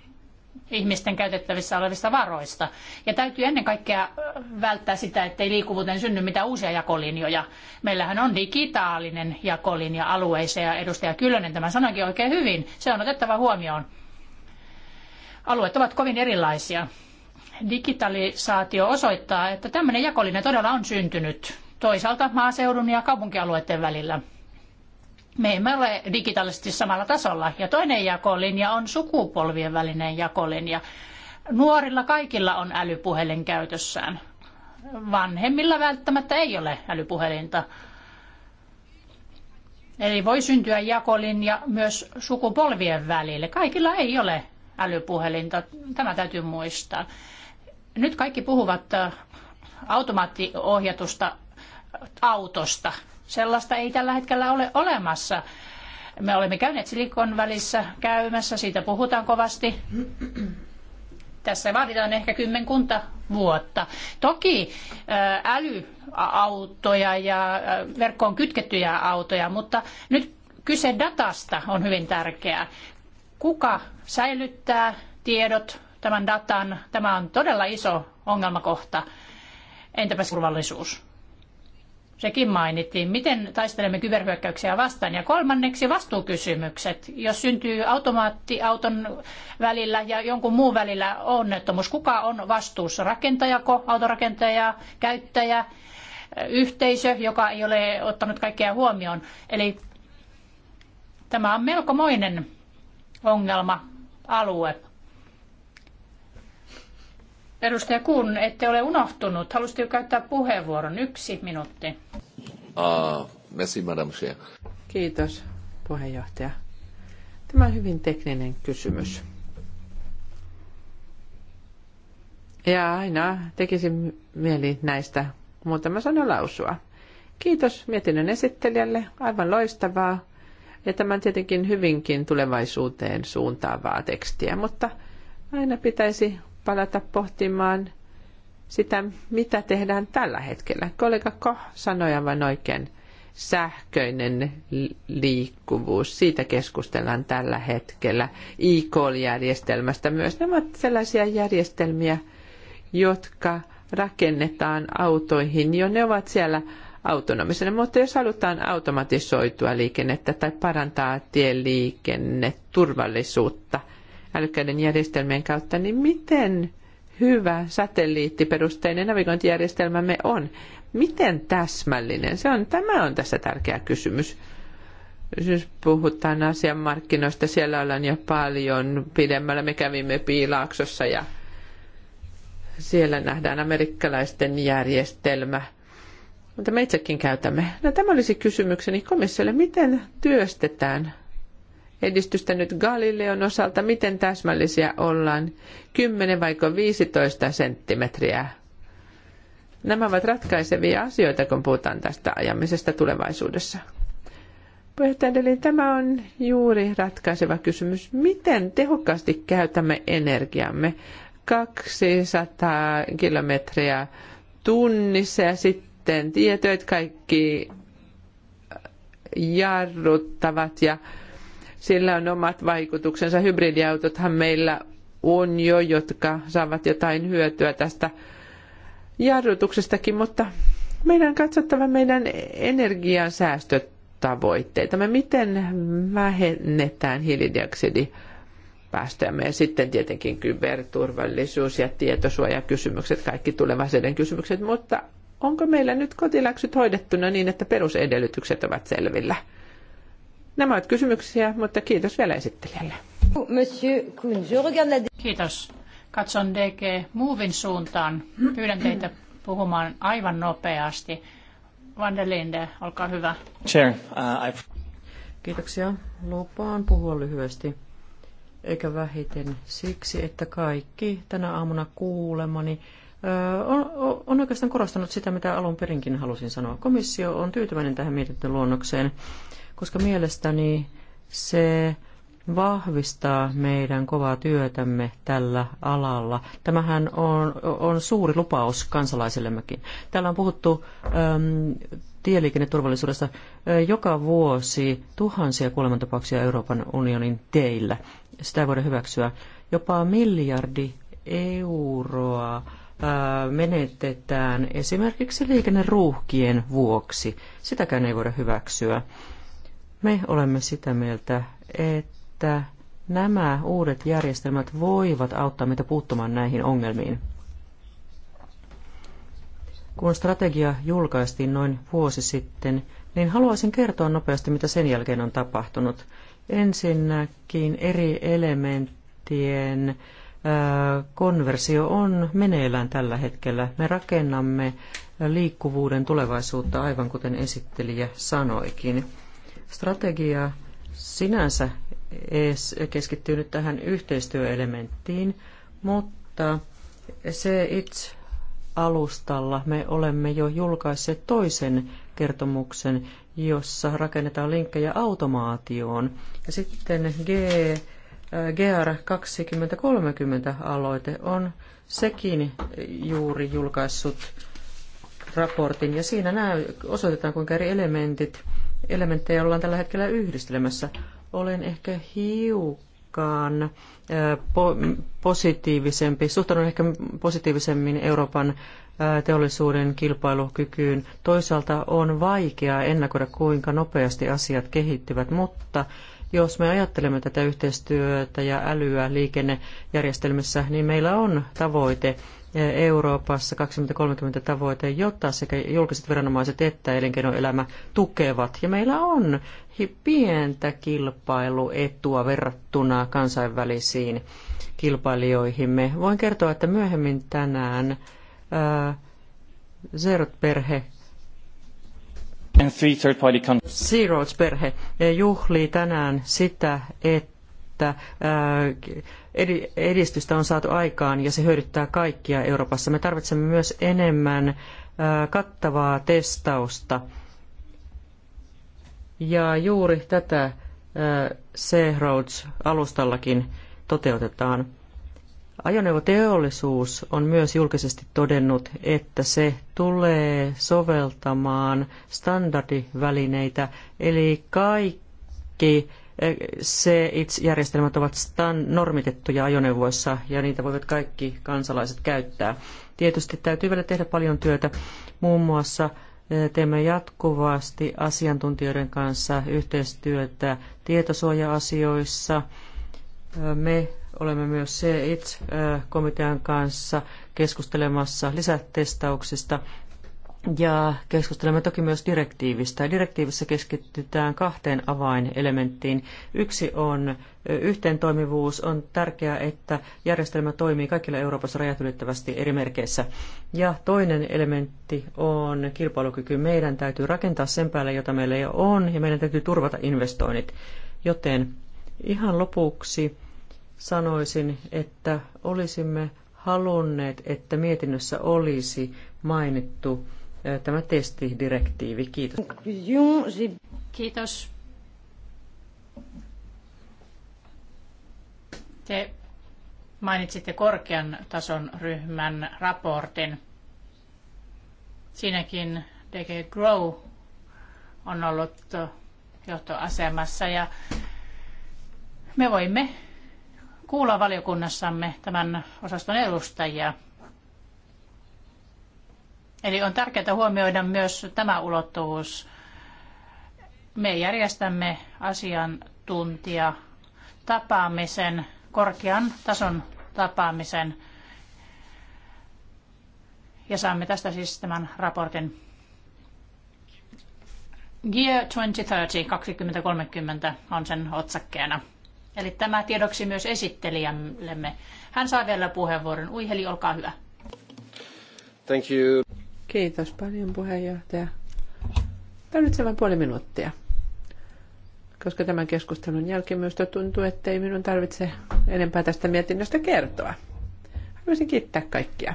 ihmisten käytettävissä olevista varoista. Ja täytyy ennen kaikkea välttää sitä, ettei liikkuvuuteen synny mitään uusia jakolinjoja. Meillähän on digitaalinen jakolinja alueeseen ja edustaja Kyllönen tämän sanoikin oikein hyvin. Se on otettava huomioon alueet ovat kovin erilaisia. Digitalisaatio osoittaa, että tämmöinen jakolinja todella on syntynyt toisaalta maaseudun ja kaupunkialueiden välillä. Me emme ole digitaalisesti samalla tasolla. Ja toinen jakolinja on sukupolvien välinen jakolinja. Nuorilla kaikilla on älypuhelin käytössään. Vanhemmilla välttämättä ei ole älypuhelinta. Eli voi syntyä jakolinja myös sukupolvien välille. Kaikilla ei ole älypuhelinta. Tämä täytyy muistaa. Nyt kaikki puhuvat äh, automaattiohjatusta autosta. Sellaista ei tällä hetkellä ole olemassa. Me olemme käyneet Silikon välissä käymässä, siitä puhutaan kovasti. Tässä vaaditaan ehkä kymmenkunta vuotta. Toki äh, älyautoja ja äh, verkkoon kytkettyjä autoja, mutta nyt kyse datasta on hyvin tärkeää kuka säilyttää tiedot, tämän datan. Tämä on todella iso ongelmakohta. Entäpä turvallisuus? Sekin mainittiin. Miten taistelemme kyberhyökkäyksiä vastaan? Ja kolmanneksi vastuukysymykset. Jos syntyy automaattiauton välillä ja jonkun muun välillä onnettomuus, kuka on vastuussa? Rakentajako, autorakentaja, käyttäjä, yhteisö, joka ei ole ottanut kaikkea huomioon? Eli tämä on melkomoinen ongelma-alue. Edustaja Kun, ette ole unohtunut. Halusitte käyttää puheenvuoron. Yksi minuutti. Uh, merci, madame Kiitos, puheenjohtaja. Tämä on hyvin tekninen kysymys. Ja aina tekisin mieli näistä muutama sana lausua. Kiitos mietinnön esittelijälle. Aivan loistavaa ja tämä on tietenkin hyvinkin tulevaisuuteen suuntaavaa tekstiä, mutta aina pitäisi palata pohtimaan sitä, mitä tehdään tällä hetkellä. Kollega Koh sanoi aivan oikein, sähköinen liikkuvuus, siitä keskustellaan tällä hetkellä, e-call-järjestelmästä myös. Nämä ovat sellaisia järjestelmiä, jotka rakennetaan autoihin jo. Ne ovat siellä autonomisena, mutta jos halutaan automatisoitua liikennettä tai parantaa tieliikenneturvallisuutta älykkäiden järjestelmien kautta, niin miten hyvä satelliittiperusteinen navigointijärjestelmämme on? Miten täsmällinen se on? Tämä on tässä tärkeä kysymys jos puhutaan asianmarkkinoista, siellä ollaan jo paljon pidemmällä. Me kävimme Piilaaksossa ja siellä nähdään amerikkalaisten järjestelmä, mutta me itsekin käytämme. No, tämä olisi kysymykseni komissiolle, miten työstetään edistystä nyt Galileon osalta, miten täsmällisiä ollaan, 10 vai 15 senttimetriä. Nämä ovat ratkaisevia asioita, kun puhutaan tästä ajamisesta tulevaisuudessa. Puheenjohtaja, eli tämä on juuri ratkaiseva kysymys. Miten tehokkaasti käytämme energiamme? 200 kilometriä tunnissa ja sitten sitten tietöt kaikki jarruttavat ja sillä on omat vaikutuksensa. Hybridiautothan meillä on jo, jotka saavat jotain hyötyä tästä jarrutuksestakin, mutta meidän on katsottava meidän energiansäästötavoitteita. Me miten vähennetään hiilidioksidipäästöjä. Ja sitten tietenkin kyberturvallisuus ja tietosuojakysymykset, kaikki tulevaisuuden kysymykset, mutta Onko meillä nyt kotiläksyt hoidettuna niin, että perusedellytykset ovat selvillä? Nämä ovat kysymyksiä, mutta kiitos vielä esittelijälle. Kiitos. Katson DG Movin suuntaan. Pyydän teitä puhumaan aivan nopeasti. Van der Linde, olkaa hyvä. Chair, uh, I've... Kiitoksia. Lupaan puhua lyhyesti. Eikä vähiten siksi, että kaikki tänä aamuna kuulemani on, on oikeastaan korostanut sitä, mitä alun perinkin halusin sanoa. Komissio on tyytyväinen tähän mietintöluonnokseen, koska mielestäni se vahvistaa meidän kovaa työtämme tällä alalla. Tämähän on, on suuri lupaus kansalaisillemmekin. Täällä on puhuttu äm, tieliikenneturvallisuudesta joka vuosi tuhansia kuolemantapauksia Euroopan unionin teillä. Sitä ei voida hyväksyä. Jopa miljardi euroa äh, menetetään esimerkiksi liikenneruuhkien vuoksi. Sitäkään ei voida hyväksyä. Me olemme sitä mieltä, että nämä uudet järjestelmät voivat auttaa meitä puuttumaan näihin ongelmiin. Kun strategia julkaistiin noin vuosi sitten, niin haluaisin kertoa nopeasti, mitä sen jälkeen on tapahtunut. Ensinnäkin eri elementtien konversio on meneillään tällä hetkellä. Me rakennamme liikkuvuuden tulevaisuutta, aivan kuten esittelijä sanoikin. Strategia sinänsä keskittyy nyt tähän yhteistyöelementtiin, mutta se itse alustalla me olemme jo julkaisseet toisen kertomuksen, jossa rakennetaan linkkejä automaatioon. Ja sitten G GR 2030 aloite on sekin juuri julkaissut raportin ja siinä näy, osoitetaan kuinka eri elementit, elementtejä ollaan tällä hetkellä yhdistelemässä. Olen ehkä hiukan positiivisempi, suhtaudun ehkä positiivisemmin Euroopan teollisuuden kilpailukykyyn. Toisaalta on vaikeaa ennakoida, kuinka nopeasti asiat kehittyvät, mutta jos me ajattelemme tätä yhteistyötä ja älyä liikennejärjestelmissä, niin meillä on tavoite eh, Euroopassa 2030 tavoite, jotta sekä julkiset viranomaiset että elinkeinoelämä tukevat. Ja meillä on pientä kilpailuetua verrattuna kansainvälisiin kilpailijoihimme. Voin kertoa, että myöhemmin tänään eh, Zerot-perhe Sea Roads-perhe juhlii tänään sitä, että äh, edistystä on saatu aikaan ja se hyödyttää kaikkia Euroopassa. Me tarvitsemme myös enemmän äh, kattavaa testausta. Ja juuri tätä äh, Sea alustallakin toteutetaan. Ajoneuvoteollisuus on myös julkisesti todennut, että se tulee soveltamaan standardivälineitä, eli kaikki eh, se itse järjestelmät ovat normitettuja ajoneuvoissa ja niitä voivat kaikki kansalaiset käyttää. Tietysti täytyy vielä tehdä paljon työtä. Muun muassa eh, teemme jatkuvasti asiantuntijoiden kanssa yhteistyötä tietosuoja-asioissa. Eh, me Olemme myös CEIT-komitean kanssa keskustelemassa lisätestauksista ja keskustelemme toki myös direktiivistä. Direktiivissä keskitytään kahteen avainelementtiin. Yksi on yhteentoimivuus. On tärkeää, että järjestelmä toimii kaikilla Euroopassa rajat ylittävästi eri merkeissä. Ja toinen elementti on kilpailukyky. Meidän täytyy rakentaa sen päälle, jota meillä jo on, ja meidän täytyy turvata investoinnit. Joten ihan lopuksi sanoisin, että olisimme halunneet, että mietinnössä olisi mainittu tämä testidirektiivi. Kiitos. Kiitos. Te mainitsitte korkean tason ryhmän raportin. Siinäkin DG Grow on ollut johtoasemassa ja me voimme kuulla valiokunnassamme tämän osaston edustajia. Eli on tärkeää huomioida myös tämä ulottuvuus. Me järjestämme asiantuntija tapaamisen, korkean tason tapaamisen ja saamme tästä siis tämän raportin. Year 2030, 2030 on sen otsakkeena. Eli tämä tiedoksi myös esittelijämme. Hän saa vielä puheenvuoron. Uiheli, olkaa hyvä. Thank you. Kiitos paljon puheenjohtaja. Tarvitsen vain puoli minuuttia, koska tämän keskustelun jälkeen myös tuntuu, että ei minun tarvitse enempää tästä mietinnöstä kertoa. Haluaisin kiittää kaikkia.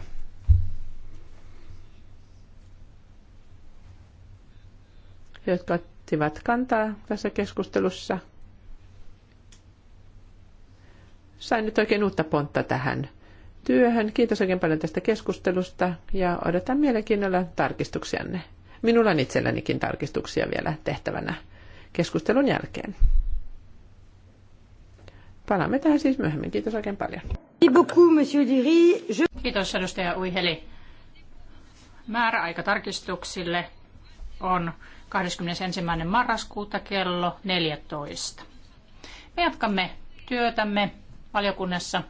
jotka ottivat kantaa tässä keskustelussa – sain nyt oikein uutta pontta tähän työhön. Kiitos oikein paljon tästä keskustelusta ja odotan mielenkiinnolla tarkistuksianne. Minulla on itsellänikin tarkistuksia vielä tehtävänä keskustelun jälkeen. Palaamme tähän siis myöhemmin. Kiitos oikein paljon. Kiitos edustaja Uiheli. Määräaika tarkistuksille on 21. marraskuuta kello 14. Me jatkamme työtämme valiokunnassa.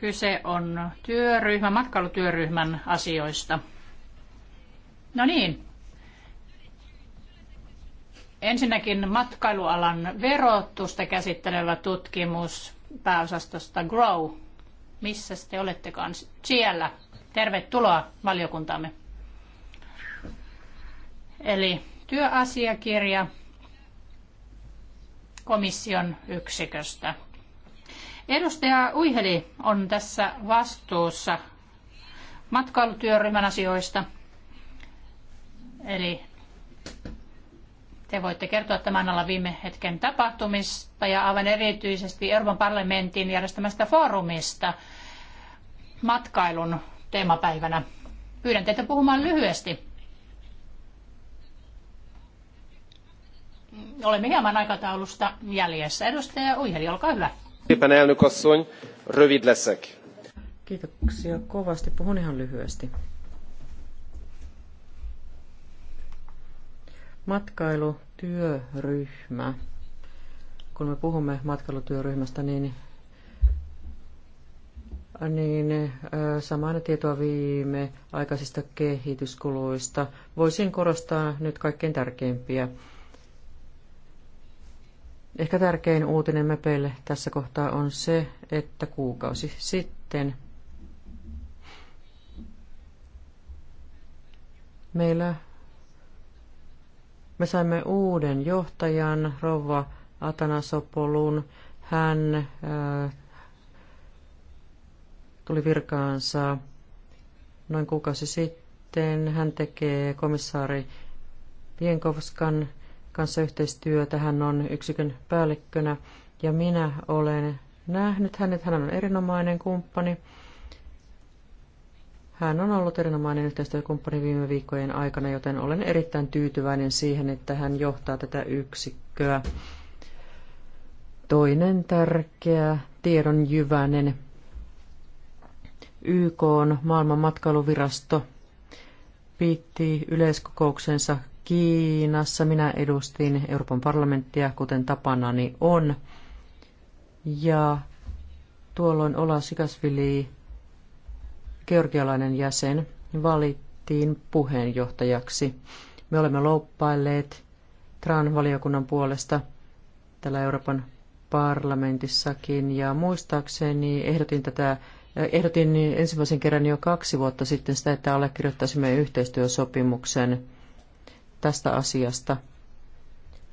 Kyse on työryhmä, matkailutyöryhmän asioista. No niin. Ensinnäkin matkailualan verotusta käsittelevä tutkimus pääosastosta Grow. Missä te olettekaan siellä? Tervetuloa valiokuntaamme. Eli työasiakirja komission yksiköstä. Edustaja Uiheli on tässä vastuussa matkailutyöryhmän asioista. Eli te voitte kertoa tämän alla viime hetken tapahtumista ja aivan erityisesti Euroopan parlamentin järjestämästä foorumista matkailun teemapäivänä. Pyydän teitä puhumaan lyhyesti olemme hieman aikataulusta jäljessä. Edustaja Uiheli, olkaa hyvä. Kiitän elnök asszony, rövid leszek. Kiitoksia kovasti. Puhun ihan lyhyesti. Matkailutyöryhmä. Kun me puhumme matkailutyöryhmästä, niin niin samaa tietoa viime aikaisista kehityskuluista. Voisin korostaa nyt kaikkein tärkeimpiä Ehkä tärkein uutinen mepeille tässä kohtaa on se, että kuukausi sitten meillä me saimme uuden johtajan, Rova Atanasopolun. Hän äh, tuli virkaansa noin kuukausi sitten. Hän tekee komissaari Pienkovskan kanssa yhteistyötä. Hän on yksikön päällikkönä ja minä olen nähnyt hänet. Hän on erinomainen kumppani. Hän on ollut erinomainen yhteistyökumppani viime viikkojen aikana, joten olen erittäin tyytyväinen siihen, että hän johtaa tätä yksikköä. Toinen tärkeä tiedonjyväinen YK on maailman matkailuvirasto piti yleiskokouksensa Kiinassa minä edustin Euroopan parlamenttia, kuten tapanani on. Ja tuolloin Ola Sikasvili, georgialainen jäsen, valittiin puheenjohtajaksi. Me olemme louppailleet TRAN-valiokunnan puolesta täällä Euroopan parlamentissakin ja muistaakseni ehdotin tätä äh, Ehdotin ensimmäisen kerran jo kaksi vuotta sitten sitä, että allekirjoittaisimme yhteistyösopimuksen tästä asiasta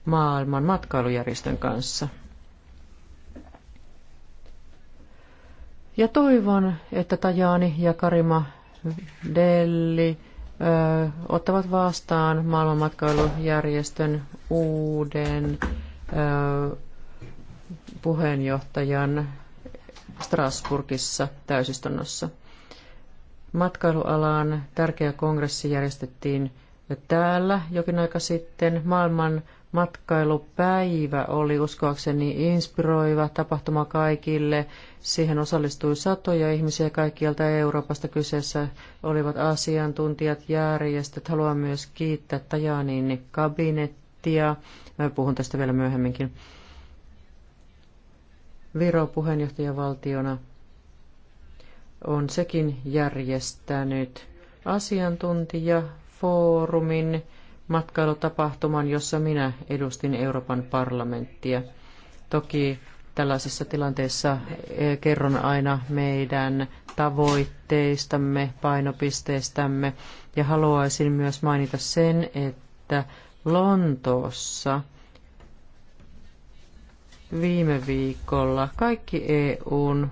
maailman matkailujärjestön kanssa. Ja toivon, että Tajani ja Karima Delli ö, ottavat vastaan maailmanmatkailujärjestön uuden ö, puheenjohtajan Strasburgissa täysistunnossa. Matkailualan tärkeä kongressi järjestettiin täällä jokin aika sitten. Maailman matkailupäivä oli uskoakseni inspiroiva tapahtuma kaikille. Siihen osallistui satoja ihmisiä kaikkialta Euroopasta. Kyseessä olivat asiantuntijat, järjestöt. Haluan myös kiittää Tajanin kabinettia. Mä puhun tästä vielä myöhemminkin. Viro puheenjohtajavaltiona on sekin järjestänyt asiantuntija foorumin matkailutapahtuman, jossa minä edustin Euroopan parlamenttia. Toki tällaisessa tilanteessa eh, kerron aina meidän tavoitteistamme, painopisteistämme ja haluaisin myös mainita sen, että Lontoossa viime viikolla kaikki EUn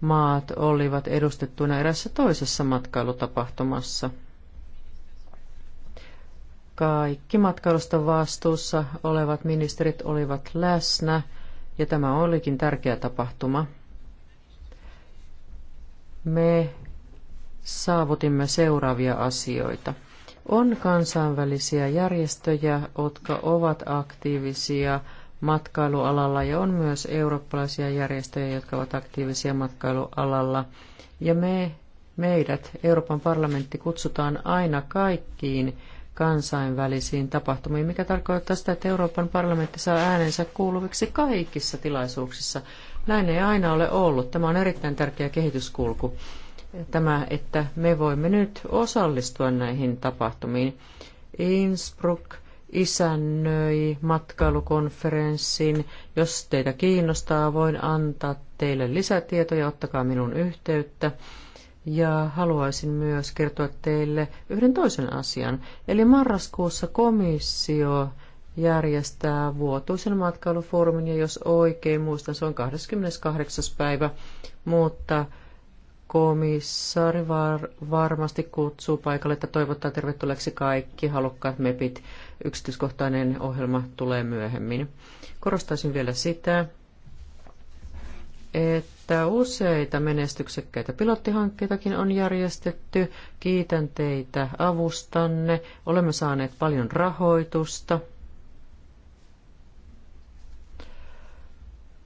maat olivat edustettuina erässä toisessa matkailutapahtumassa – kaikki matkailusta vastuussa olevat ministerit olivat läsnä ja tämä olikin tärkeä tapahtuma. Me saavutimme seuraavia asioita. On kansainvälisiä järjestöjä, jotka ovat aktiivisia matkailualalla ja on myös eurooppalaisia järjestöjä, jotka ovat aktiivisia matkailualalla. Ja me, meidät, Euroopan parlamentti, kutsutaan aina kaikkiin kansainvälisiin tapahtumiin, mikä tarkoittaa sitä, että Euroopan parlamentti saa äänensä kuuluviksi kaikissa tilaisuuksissa. Näin ei aina ole ollut. Tämä on erittäin tärkeä kehityskulku. Tämä, että me voimme nyt osallistua näihin tapahtumiin. Innsbruck isännöi matkailukonferenssin. Jos teitä kiinnostaa, voin antaa teille lisätietoja. Ottakaa minun yhteyttä. Ja haluaisin myös kertoa teille yhden toisen asian. Eli marraskuussa komissio järjestää vuotuisen matkailufoorumin, ja jos oikein muistan, se on 28. päivä, mutta komissaari var- varmasti kutsuu paikalle, että toivottaa tervetulleeksi kaikki halukkaat mepit. Yksityiskohtainen ohjelma tulee myöhemmin. Korostaisin vielä sitä, että että useita menestyksekkäitä pilottihankkeitakin on järjestetty. Kiitän teitä avustanne. Olemme saaneet paljon rahoitusta.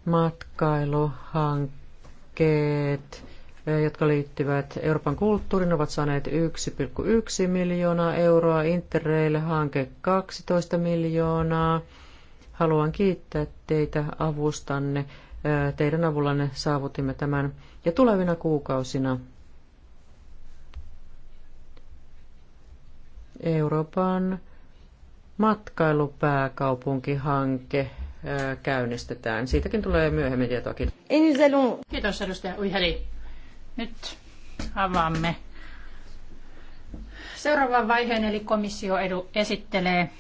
Matkailuhankkeet, eh, jotka liittyvät Euroopan kulttuuriin, ovat saaneet 1,1 miljoonaa euroa, Interrail-hanke 12 miljoonaa. Haluan kiittää teitä avustanne Teidän avullanne saavutimme tämän. Ja tulevina kuukausina Euroopan matkailupääkaupunkihanke käynnistetään. Siitäkin tulee myöhemmin tietoakin. Kiitos edustaja Uiheli. Nyt avaamme seuraavan vaiheen, eli komissio edu, esittelee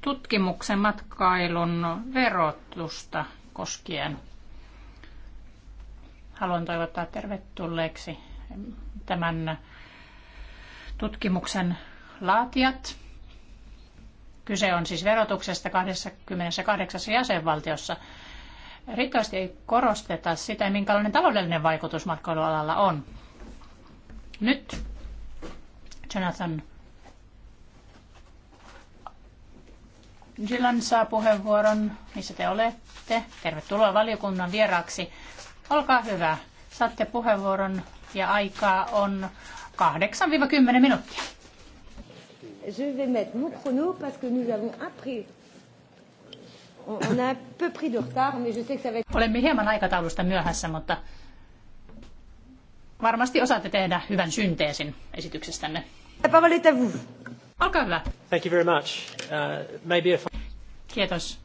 tutkimuksen matkailun verotusta koskien. Haluan toivottaa tervetulleeksi tämän tutkimuksen laatijat. Kyse on siis verotuksesta 28 jäsenvaltiossa. Riittävästi ei korosteta sitä, minkälainen taloudellinen vaikutus matkailualalla on. Nyt Jonathan Dylan saa puheenvuoron, missä te olette. Tervetuloa valiokunnan vieraaksi. Olkaa hyvä. Saatte puheenvuoron ja aikaa on 8-10 minuuttia. Je vais mettre mon chrono parce que nous avons appris. On a un peu pris de retard, mais je sais que ça va être... Olemme hieman aikataulusta myöhässä, mutta varmasti osaatte tehdä hyvän synteesin esityksestänne. La parole est à vous. Olkaa hyvä. Thank you very much. Uh, maybe if Kiitos.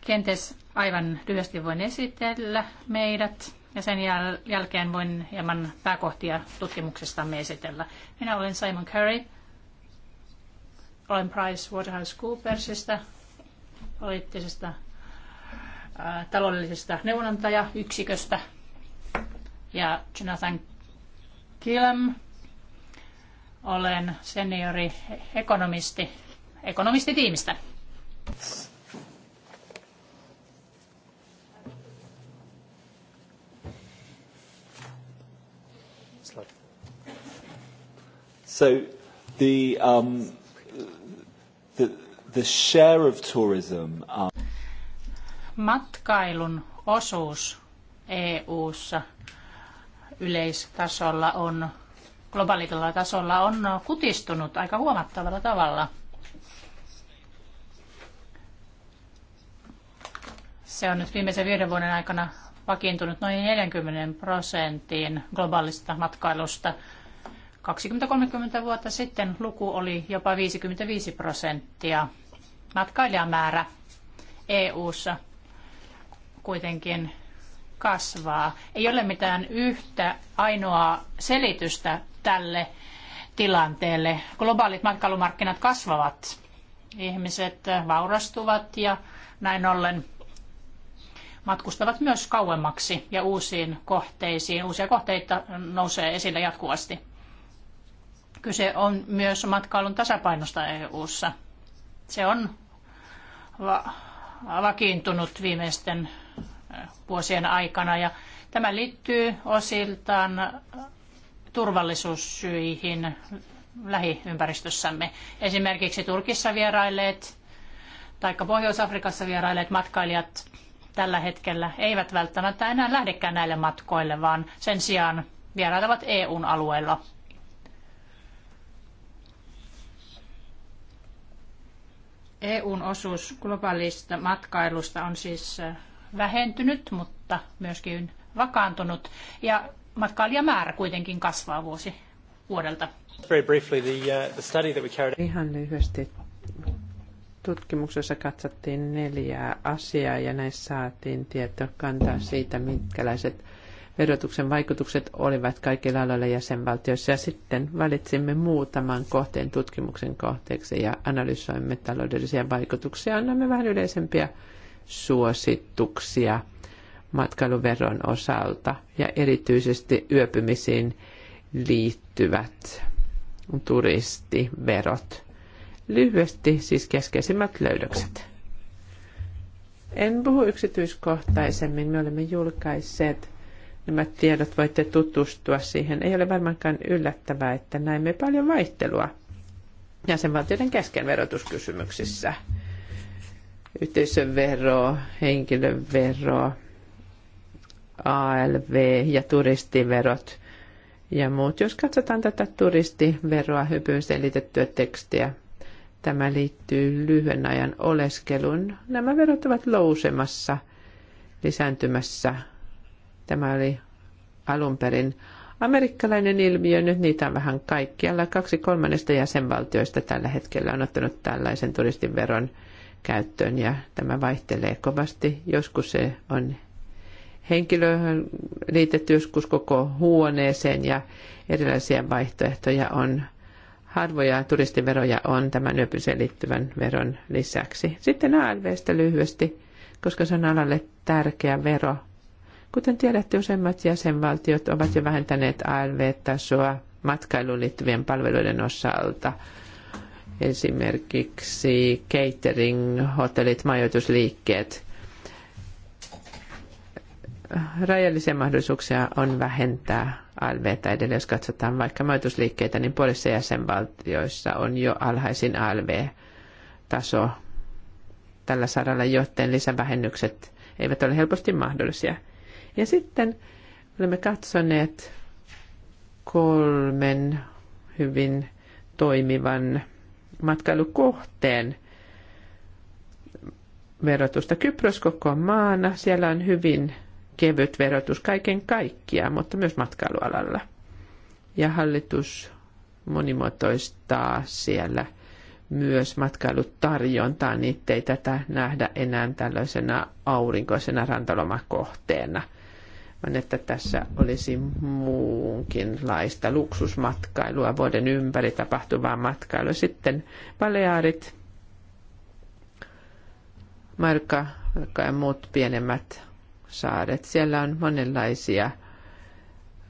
Kenties aivan lyhyesti voin esitellä meidät ja sen jäl- jälkeen voin hieman pääkohtia tutkimuksestamme esitellä. Minä olen Simon Curry. Olen Price Waterhouse Coopersista, poliittisesta taloudellisesta neuvonantajayksiköstä ja Jonathan Killam. Olen seniori ekonomisti ekonomistitiimistä. So the, um, the, the share of tourism, um... Matkailun osuus EU:ssa yleistasolla on globaalitella tasolla on kutistunut aika huomattavalla tavalla. Se on nyt viimeisen viiden vuoden aikana vakiintunut noin 40 prosenttiin globaalista matkailusta. 20-30 vuotta sitten luku oli jopa 55 prosenttia. Matkailijamäärä EU-ssa kuitenkin kasvaa. Ei ole mitään yhtä ainoaa selitystä tälle tilanteelle. Globaalit matkailumarkkinat kasvavat. Ihmiset vaurastuvat ja näin ollen matkustavat myös kauemmaksi ja uusiin kohteisiin. Uusia kohteita nousee esille jatkuvasti. Kyse on myös matkailun tasapainosta EU:ssa. Se on va- vakiintunut viimeisten vuosien aikana ja tämä liittyy osiltaan turvallisuussyihin lähiympäristössämme. Esimerkiksi Turkissa vierailleet tai Pohjois-Afrikassa vierailleet matkailijat tällä hetkellä eivät välttämättä enää lähdekään näille matkoille, vaan sen sijaan vierailevat EUn alueella. EUn osuus globaalista matkailusta on siis vähentynyt, mutta myöskin vakaantunut. Ja matkailijamäärä kuitenkin kasvaa vuosi vuodelta. Ihan lyhyesti tutkimuksessa katsottiin neljää asiaa ja näissä saatiin tietokantaa siitä, mitkälaiset verotuksen vaikutukset olivat kaikilla aloilla jäsenvaltioissa. Ja sitten valitsimme muutaman kohteen tutkimuksen kohteeksi ja analysoimme taloudellisia vaikutuksia. Annamme vähän yleisempiä suosituksia matkailuveron osalta ja erityisesti yöpymisiin liittyvät turistiverot. Lyhyesti siis keskeisimmät löydökset. En puhu yksityiskohtaisemmin. Me olemme julkaisseet nämä tiedot, voitte tutustua siihen. Ei ole varmaankaan yllättävää, että näemme paljon vaihtelua jäsenvaltioiden kesken verotuskysymyksissä. Yhteisövero, henkilövero, ALV ja turistiverot ja muut. Jos katsotaan tätä turistiveroa, hypyyn selitettyä tekstiä, tämä liittyy lyhyen ajan oleskeluun. Nämä verot ovat lousemassa, lisääntymässä Tämä oli alun perin amerikkalainen ilmiö, nyt niitä on vähän kaikkialla. Kaksi kolmannesta jäsenvaltioista tällä hetkellä on ottanut tällaisen turistiveron käyttöön ja tämä vaihtelee kovasti. Joskus se on henkilöön liitetty joskus koko huoneeseen ja erilaisia vaihtoehtoja on. Harvoja turistiveroja on tämän yöpymiseen liittyvän veron lisäksi. Sitten ALVstä lyhyesti, koska se on alalle tärkeä vero – Kuten tiedätte, useimmat jäsenvaltiot ovat jo vähentäneet ALV-tasoa matkailuun liittyvien palveluiden osalta. Esimerkiksi catering, hotellit, majoitusliikkeet. Rajallisia mahdollisuuksia on vähentää ALVtä edelleen. Jos katsotaan vaikka majoitusliikkeitä, niin puolissa jäsenvaltioissa on jo alhaisin ALV-taso tällä saralla, joten lisävähennykset eivät ole helposti mahdollisia – ja sitten olemme katsoneet kolmen hyvin toimivan matkailukohteen verotusta. Kypros koko maana, siellä on hyvin kevyt verotus kaiken kaikkiaan, mutta myös matkailualalla. Ja hallitus monimuotoistaa siellä myös matkailutarjontaa, niin ettei tätä nähdä enää tällaisena aurinkoisena rantalomakohteena – vaan että tässä olisi muunkinlaista luksusmatkailua, vuoden ympäri tapahtuvaa matkailua. Sitten Balearit, Marka, Marka ja muut pienemmät saaret. Siellä on monenlaisia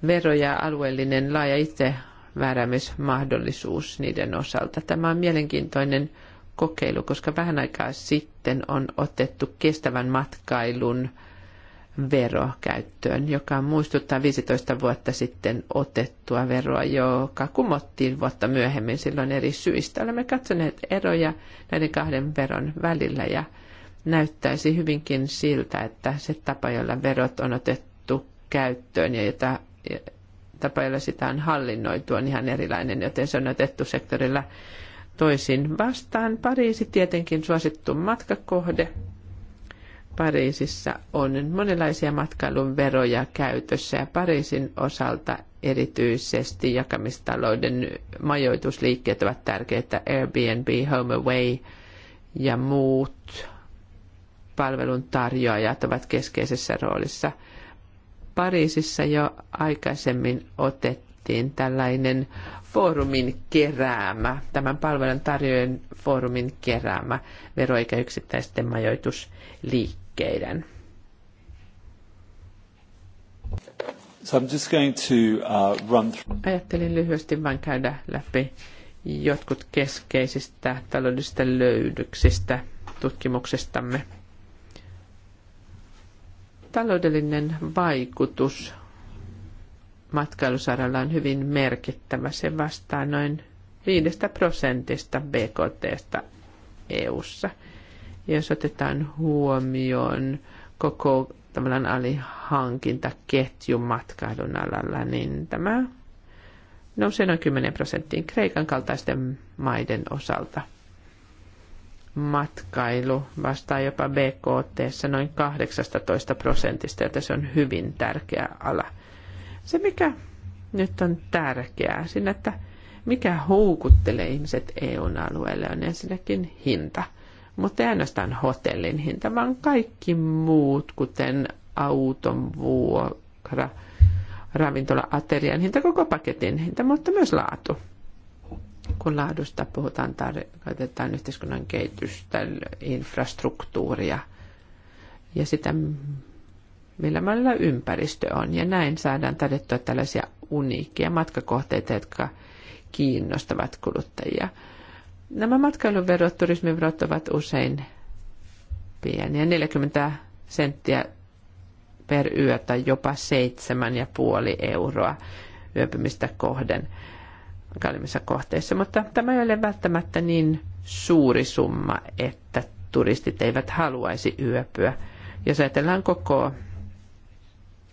veroja, alueellinen laaja itsemääräämismahdollisuus niiden osalta. Tämä on mielenkiintoinen kokeilu, koska vähän aikaa sitten on otettu kestävän matkailun – verokäyttöön, joka muistuttaa 15 vuotta sitten otettua veroa, joka kumottiin vuotta myöhemmin silloin eri syistä. Olemme katsoneet eroja näiden kahden veron välillä ja näyttäisi hyvinkin siltä, että se tapa, jolla verot on otettu käyttöön ja jota, tapa, jolla sitä on hallinnoitu, on ihan erilainen, joten se on otettu sektorilla toisin vastaan. Pariisi tietenkin suosittu matkakohde Pariisissa on monenlaisia matkailun veroja käytössä ja Pariisin osalta erityisesti jakamistalouden majoitusliikkeet ovat tärkeitä, Airbnb, Home Away ja muut palveluntarjoajat ovat keskeisessä roolissa. Pariisissa jo aikaisemmin otettiin tällainen foorumin keräämä, tämän palvelun tarjoajien foorumin keräämä vero eikä yksittäisten majoitusliikkeet liikkeiden. So I'm just going to, uh, run through. Ajattelin lyhyesti vain käydä läpi jotkut keskeisistä taloudellisista löydöksistä tutkimuksestamme. Taloudellinen vaikutus matkailusaralla on hyvin merkittävä. Se vastaa noin 5 prosentista BKTstä EU:ssa. ssa jos otetaan huomioon koko tavallaan alihankintaketju matkailun alalla, niin tämä nousee noin 10 prosenttiin Kreikan kaltaisten maiden osalta. Matkailu vastaa jopa BKT noin 18 prosentista, joten se on hyvin tärkeä ala. Se, mikä nyt on tärkeää siinä, että mikä houkuttelee ihmiset eu alueelle, on ensinnäkin hinta – mutta ei ainoastaan hotellin hinta, vaan kaikki muut, kuten auton vuokra, ravintola aterian hinta, koko paketin hinta, mutta myös laatu. Kun laadusta puhutaan, tarkoitetaan yhteiskunnan kehitystä, infrastruktuuria ja sitä, millä mallilla ympäristö on. Ja näin saadaan tarjottua tällaisia uniikkia matkakohteita, jotka kiinnostavat kuluttajia. Nämä matkailuverot, turismiverot ovat usein pieniä, 40 senttiä per yö tai jopa 7,5 euroa yöpymistä kohden kalliimmissa kohteissa, mutta tämä ei ole välttämättä niin suuri summa, että turistit eivät haluaisi yöpyä, jos ajatellaan koko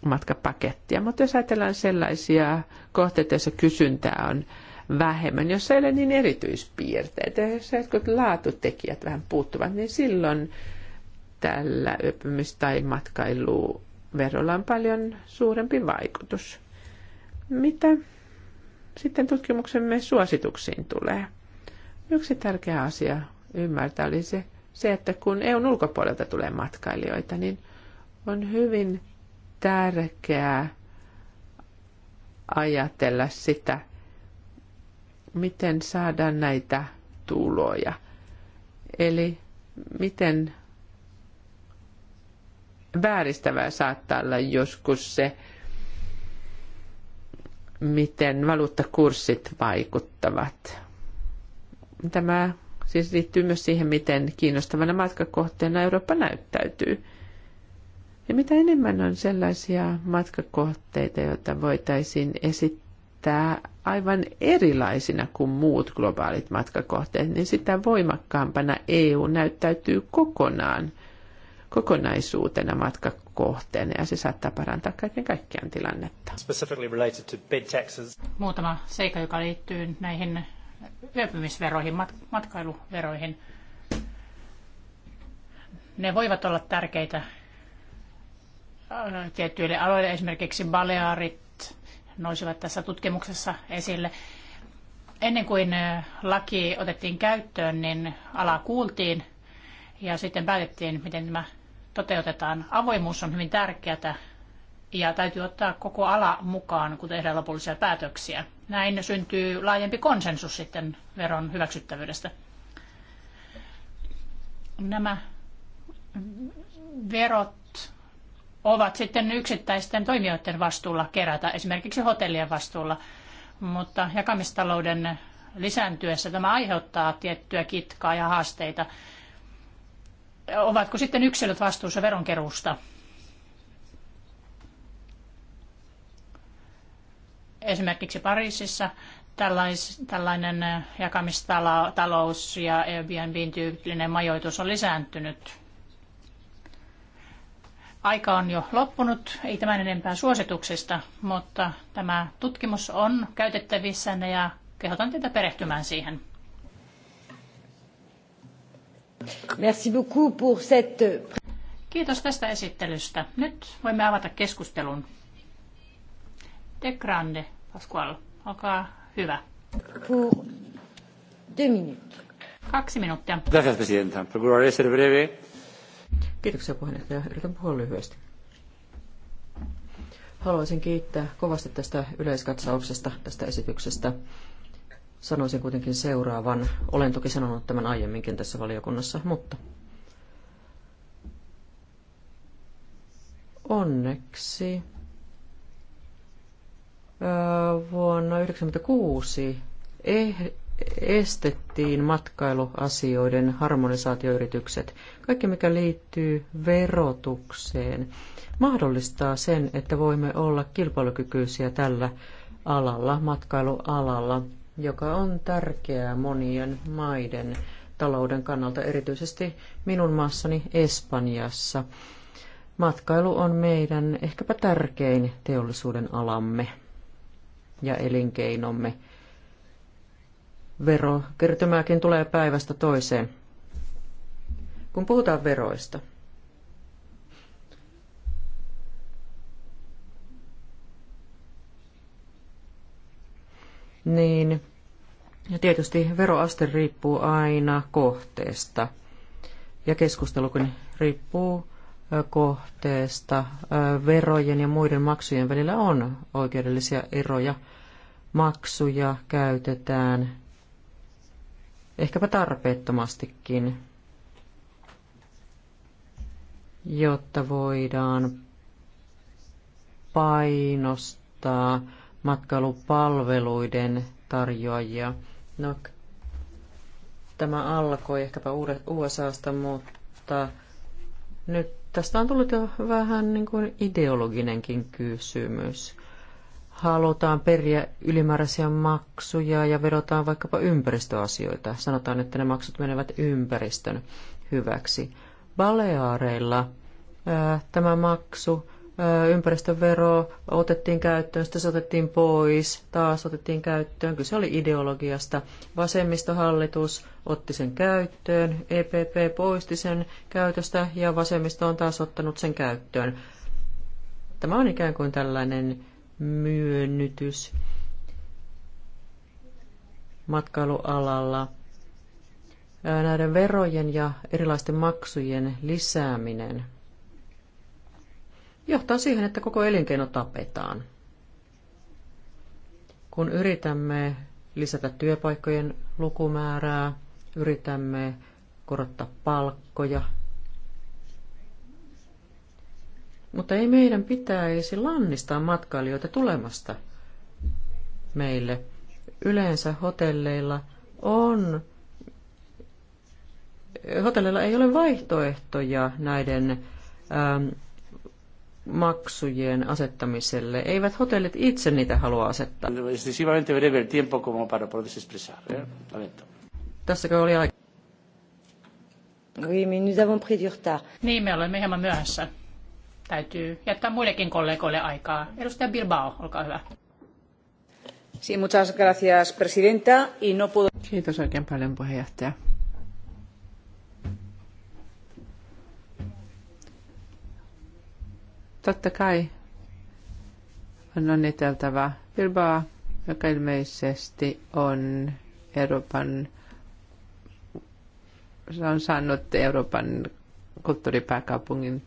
matkapakettia. Mutta jos ajatellaan sellaisia kohteita, joissa kysyntää on vähemmän. Jos ei ole niin erityispiirteitä, jos jotkut laatutekijät vähän puuttuvat, niin silloin tällä yöpymis- tai matkailuverolla on paljon suurempi vaikutus. Mitä sitten tutkimuksemme suosituksiin tulee? Yksi tärkeä asia ymmärtää oli se, se, että kun EUn ulkopuolelta tulee matkailijoita, niin on hyvin tärkeää ajatella sitä, miten saada näitä tuloja. Eli miten vääristävää saattaa olla joskus se, miten valuuttakurssit vaikuttavat. Tämä siis liittyy myös siihen, miten kiinnostavana matkakohteena Eurooppa näyttäytyy. Ja mitä enemmän on sellaisia matkakohteita, joita voitaisiin esittää aivan erilaisina kuin muut globaalit matkakohteet, niin sitä voimakkaampana EU näyttäytyy kokonaan kokonaisuutena matkakohteena ja se saattaa parantaa kaiken kaikkiaan tilannetta. Muutama seikka, joka liittyy näihin yöpymisveroihin, matkailuveroihin. Ne voivat olla tärkeitä äh, tiettyille aloille, esimerkiksi Balearit, nousivat tässä tutkimuksessa esille. Ennen kuin laki otettiin käyttöön, niin ala kuultiin ja sitten päätettiin, miten tämä toteutetaan. Avoimuus on hyvin tärkeää ja täytyy ottaa koko ala mukaan, kun tehdään lopullisia päätöksiä. Näin syntyy laajempi konsensus sitten veron hyväksyttävyydestä. Nämä verot ovat sitten yksittäisten toimijoiden vastuulla kerätä, esimerkiksi hotellien vastuulla. Mutta jakamistalouden lisääntyessä tämä aiheuttaa tiettyä kitkaa ja haasteita. Ovatko sitten yksilöt vastuussa veronkeruusta? Esimerkiksi Pariisissa tällais, tällainen jakamistalous ja airbnb tyyppinen majoitus on lisääntynyt Aika on jo loppunut, ei tämän enempää suosituksista, mutta tämä tutkimus on käytettävissä, ja kehotan teitä perehtymään siihen. Merci beaucoup pour cette... Kiitos tästä esittelystä. Nyt voimme avata keskustelun. De Grande, Pasquale, olkaa hyvä. Pour deux minutes. Kaksi minuuttia. Gracias, presidenta. Procuraré ser breve. Kiitoksia puheenjohtaja. Yritän puhua lyhyesti. Haluaisin kiittää kovasti tästä yleiskatsauksesta, tästä esityksestä. Sanoisin kuitenkin seuraavan. Olen toki sanonut tämän aiemminkin tässä valiokunnassa, mutta onneksi vuonna 1996 estettiin matkailuasioiden harmonisaatioyritykset. Kaikki, mikä liittyy verotukseen, mahdollistaa sen, että voimme olla kilpailukykyisiä tällä alalla, matkailualalla, joka on tärkeää monien maiden talouden kannalta, erityisesti minun maassani Espanjassa. Matkailu on meidän ehkäpä tärkein teollisuuden alamme ja elinkeinomme. Vero kertymäkin tulee päivästä toiseen. Kun puhutaan veroista, niin ja tietysti veroaste riippuu aina kohteesta. Ja keskustelukin riippuu kohteesta. Verojen ja muiden maksujen välillä on oikeudellisia eroja. Maksuja käytetään ehkäpä tarpeettomastikin, jotta voidaan painostaa matkailupalveluiden tarjoajia. No, tämä alkoi ehkäpä USAsta, mutta nyt tästä on tullut jo vähän niin kuin ideologinenkin kysymys halutaan periä ylimääräisiä maksuja ja vedotaan vaikkapa ympäristöasioita. Sanotaan, että ne maksut menevät ympäristön hyväksi. Baleareilla ää, tämä maksu, ää, ympäristövero otettiin käyttöön, sitten se otettiin pois, taas otettiin käyttöön. Kyse oli ideologiasta. Vasemmistohallitus otti sen käyttöön, EPP poisti sen käytöstä ja vasemmisto on taas ottanut sen käyttöön. Tämä on ikään kuin tällainen myönnytys matkailualalla. Näiden verojen ja erilaisten maksujen lisääminen johtaa siihen, että koko elinkeino tapetaan. Kun yritämme lisätä työpaikkojen lukumäärää, yritämme korottaa palkkoja Mutta ei meidän pitäisi lannistaa matkailijoita tulemasta meille. Yleensä hotelleilla on hotelleilla ei ole vaihtoehtoja näiden ähm, maksujen asettamiselle. Eivät hotellit itse niitä halua asettaa. ¿eh? Tässäkö oli aika? Niin, me olemme hieman myöhässä. Täytyy jättää muillekin kollegoille aikaa. Edustaja Bilbao, olkaa hyvä. Sí, muchas gracias, presidenta. Y no puedo... Kiitos oikein paljon, puheenjohtaja. Totta kai on onniteltava Bilbao, joka ilmeisesti on Euroopan on saanut Euroopan kulttuuripääkaupungin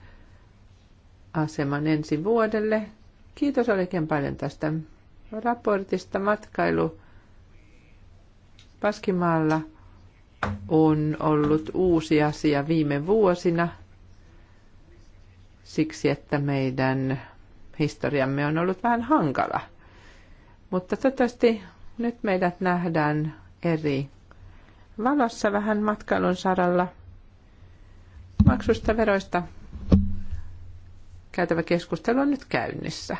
aseman ensi vuodelle. Kiitos oikein paljon tästä raportista. Matkailu Paskimaalla on ollut uusi asia viime vuosina siksi, että meidän historiamme on ollut vähän hankala. Mutta toivottavasti nyt meidät nähdään eri valossa vähän matkailun saralla maksusta veroista käytävä keskustelu on nyt käynnissä.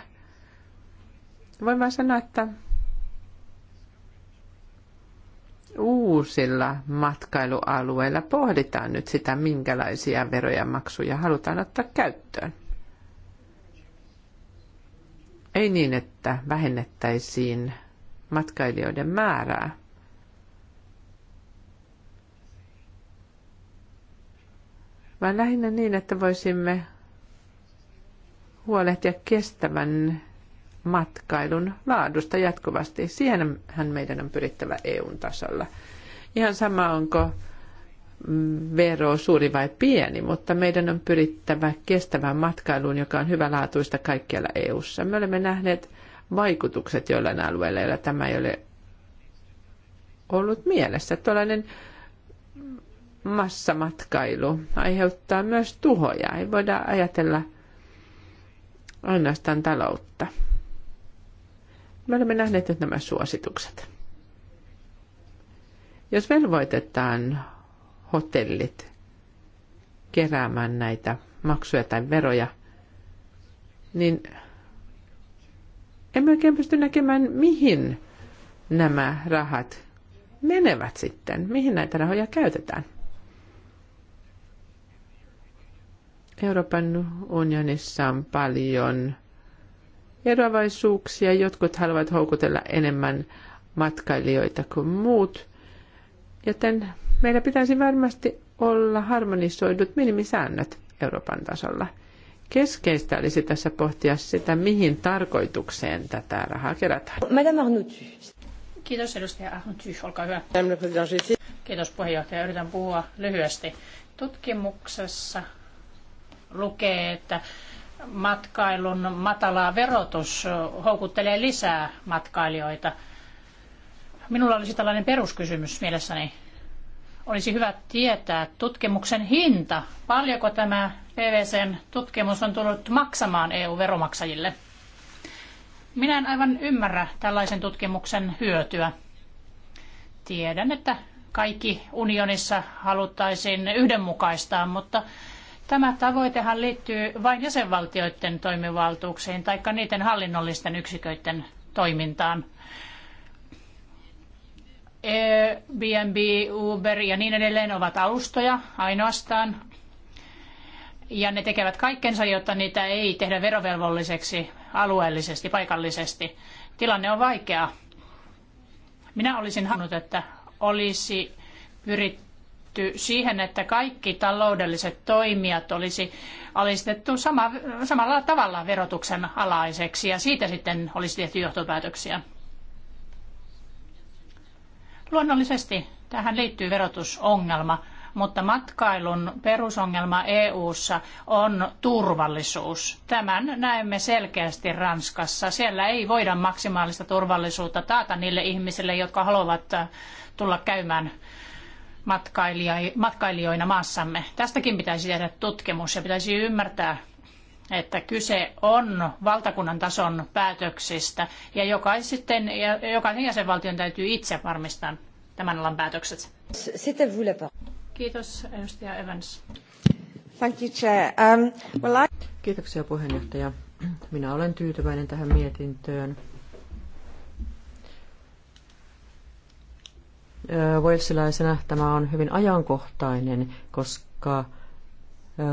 Voin vain sanoa, että uusilla matkailualueilla pohditaan nyt sitä, minkälaisia veroja maksuja halutaan ottaa käyttöön. Ei niin, että vähennettäisiin matkailijoiden määrää, vaan lähinnä niin, että voisimme huolehtia kestävän matkailun laadusta jatkuvasti. Siihenhän meidän on pyrittävä eu tasolla. Ihan sama onko vero suuri vai pieni, mutta meidän on pyrittävä kestävään matkailuun, joka on hyvälaatuista kaikkialla EU:ssa. Me olemme nähneet vaikutukset joillain alueilla, joilla tämä ei ole ollut mielessä. Tuollainen massamatkailu aiheuttaa myös tuhoja. Ei voida ajatella – ainoastaan taloutta. Me olemme nähneet nyt nämä suositukset. Jos velvoitetaan hotellit keräämään näitä maksuja tai veroja, niin emme oikein pysty näkemään, mihin nämä rahat menevät sitten, mihin näitä rahoja käytetään. Euroopan unionissa on paljon eroavaisuuksia. Jotkut haluavat houkutella enemmän matkailijoita kuin muut. Joten meillä pitäisi varmasti olla harmonisoidut minimisäännöt Euroopan tasolla. Keskeistä olisi tässä pohtia sitä, mihin tarkoitukseen tätä rahaa kerätään. Madame Arnouty. Kiitos edustaja Arnouty, olkaa hyvä. Kiitos puheenjohtaja, yritän puhua lyhyesti. Tutkimuksessa lukee, että matkailun matala verotus houkuttelee lisää matkailijoita. Minulla olisi tällainen peruskysymys mielessäni. Olisi hyvä tietää tutkimuksen hinta. Paljonko tämä PVCn tutkimus on tullut maksamaan EU-veromaksajille? Minä en aivan ymmärrä tällaisen tutkimuksen hyötyä. Tiedän, että kaikki unionissa haluttaisiin yhdenmukaistaa, mutta Tämä tavoitehan liittyy vain jäsenvaltioiden toimivaltuuksiin tai niiden hallinnollisten yksiköiden toimintaan. Airbnb, Uber ja niin edelleen ovat alustoja ainoastaan. Ja ne tekevät kaikkensa, jotta niitä ei tehdä verovelvolliseksi alueellisesti, paikallisesti. Tilanne on vaikea. Minä olisin halunnut, että olisi pyritty pyritty siihen, että kaikki taloudelliset toimijat olisi alistettu sama, samalla tavalla verotuksen alaiseksi ja siitä sitten olisi tehty johtopäätöksiä. Luonnollisesti tähän liittyy verotusongelma, mutta matkailun perusongelma EU:ssa on turvallisuus. Tämän näemme selkeästi Ranskassa. Siellä ei voida maksimaalista turvallisuutta taata niille ihmisille, jotka haluavat tulla käymään matkailijoina maassamme. Tästäkin pitäisi tehdä tutkimus ja pitäisi ymmärtää, että kyse on valtakunnan tason päätöksistä ja jokaisen, jokaisen jäsenvaltion täytyy itse varmistaa tämän alan päätökset. Kiitos, edustaja Evans. Thank you, Chair. Um, well, I... Kiitoksia puheenjohtaja. Minä olen tyytyväinen tähän mietintöön. Walesilaisena tämä on hyvin ajankohtainen, koska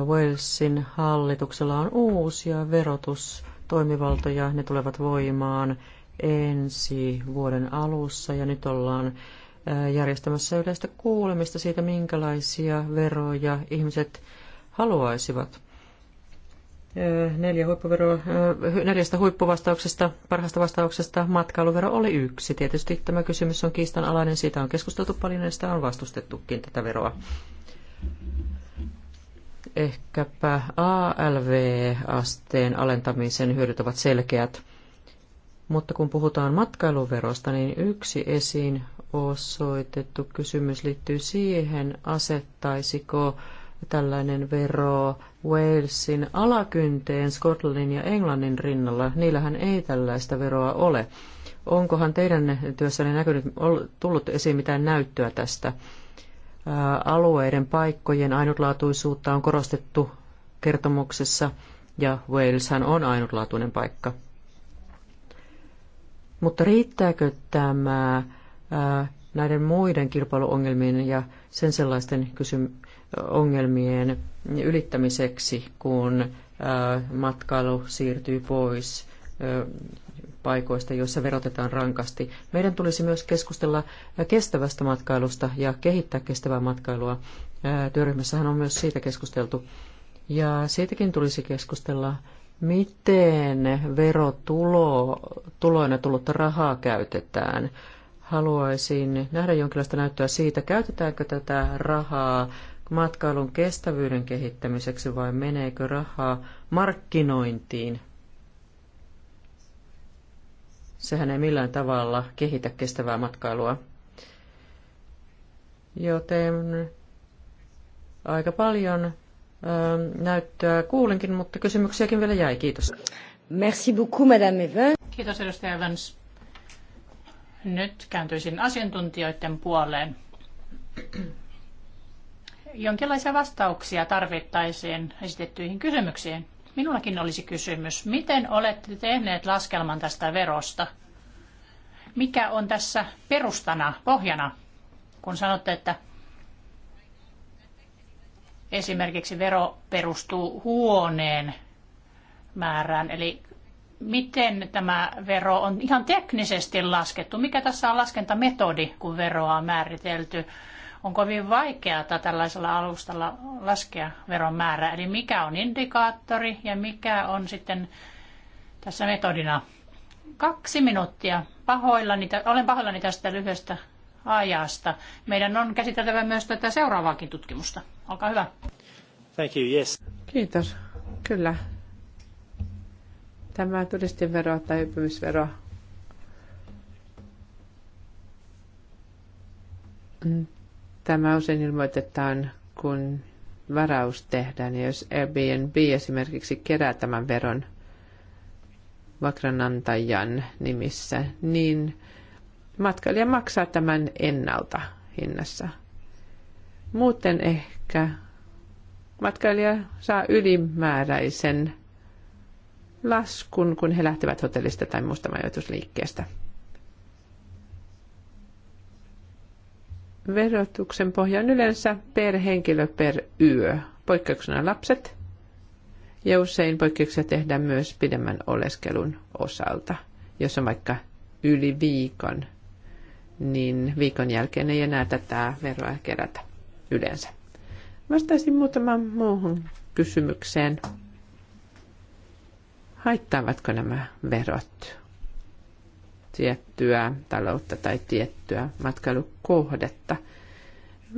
Walesin hallituksella on uusia verotustoimivaltoja. Ne tulevat voimaan ensi vuoden alussa ja nyt ollaan järjestämässä yleistä kuulemista siitä, minkälaisia veroja ihmiset haluaisivat neljä huippuvero, neljästä huippuvastauksesta, parhaasta vastauksesta matkailuvero oli yksi. Tietysti tämä kysymys on kiistanalainen, siitä on keskusteltu paljon ja sitä on vastustettukin tätä veroa. Ehkäpä ALV-asteen alentamisen hyödyt ovat selkeät, mutta kun puhutaan matkailuverosta, niin yksi esiin osoitettu kysymys liittyy siihen, asettaisiko tällainen vero Walesin alakynteen Skotlannin ja Englannin rinnalla. Niillähän ei tällaista veroa ole. Onkohan teidän työssänne näkynyt, tullut esiin mitään näyttöä tästä? Alueiden paikkojen ainutlaatuisuutta on korostettu kertomuksessa ja Waleshan on ainutlaatuinen paikka. Mutta riittääkö tämä näiden muiden kilpailuongelmien ja sen sellaisten kysymyksiin? ongelmien ylittämiseksi, kun matkailu siirtyy pois paikoista, joissa verotetaan rankasti. Meidän tulisi myös keskustella kestävästä matkailusta ja kehittää kestävää matkailua. Työryhmässähän on myös siitä keskusteltu. Ja siitäkin tulisi keskustella, miten verotuloina tullutta rahaa käytetään. Haluaisin nähdä jonkinlaista näyttöä siitä, käytetäänkö tätä rahaa matkailun kestävyyden kehittämiseksi vai meneekö rahaa markkinointiin? Sehän ei millään tavalla kehitä kestävää matkailua. Joten aika paljon ö, näyttöä kuulinkin, mutta kysymyksiäkin vielä jäi. Kiitos. Merci beaucoup, Madame Evans. Kiitos, edustaja Evans. Nyt kääntyisin asiantuntijoiden puoleen jonkinlaisia vastauksia tarvittaisiin esitettyihin kysymyksiin. Minullakin olisi kysymys. Miten olette tehneet laskelman tästä verosta? Mikä on tässä perustana, pohjana, kun sanotte, että esimerkiksi vero perustuu huoneen määrään? Eli miten tämä vero on ihan teknisesti laskettu? Mikä tässä on laskentametodi, kun veroa on määritelty? on kovin vaikeaa tällaisella alustalla laskea veron määrää. Eli mikä on indikaattori ja mikä on sitten tässä metodina. Kaksi minuuttia. Pahoillani, olen pahoillani tästä lyhyestä ajasta. Meidän on käsiteltävä myös tätä seuraavaakin tutkimusta. Olkaa hyvä. Thank you, yes. Kiitos. Kyllä. Tämä turistivero tai mm. Tämä usein ilmoitetaan, kun varaus tehdään. Ja jos Airbnb esimerkiksi kerää tämän veron vakranantajan nimissä, niin matkailija maksaa tämän ennalta hinnassa. Muuten ehkä matkailija saa ylimääräisen laskun, kun he lähtevät hotellista tai muusta majoitusliikkeestä. Verotuksen pohja on yleensä per henkilö per yö, poikkeuksena lapset, ja usein poikkeuksia tehdään myös pidemmän oleskelun osalta. Jos on vaikka yli viikon, niin viikon jälkeen ei enää tätä veroa kerätä yleensä. Vastaisin muutamaan muuhun kysymykseen. Haittaavatko nämä verot tiettyä taloutta tai tiettyä matkailukohdetta.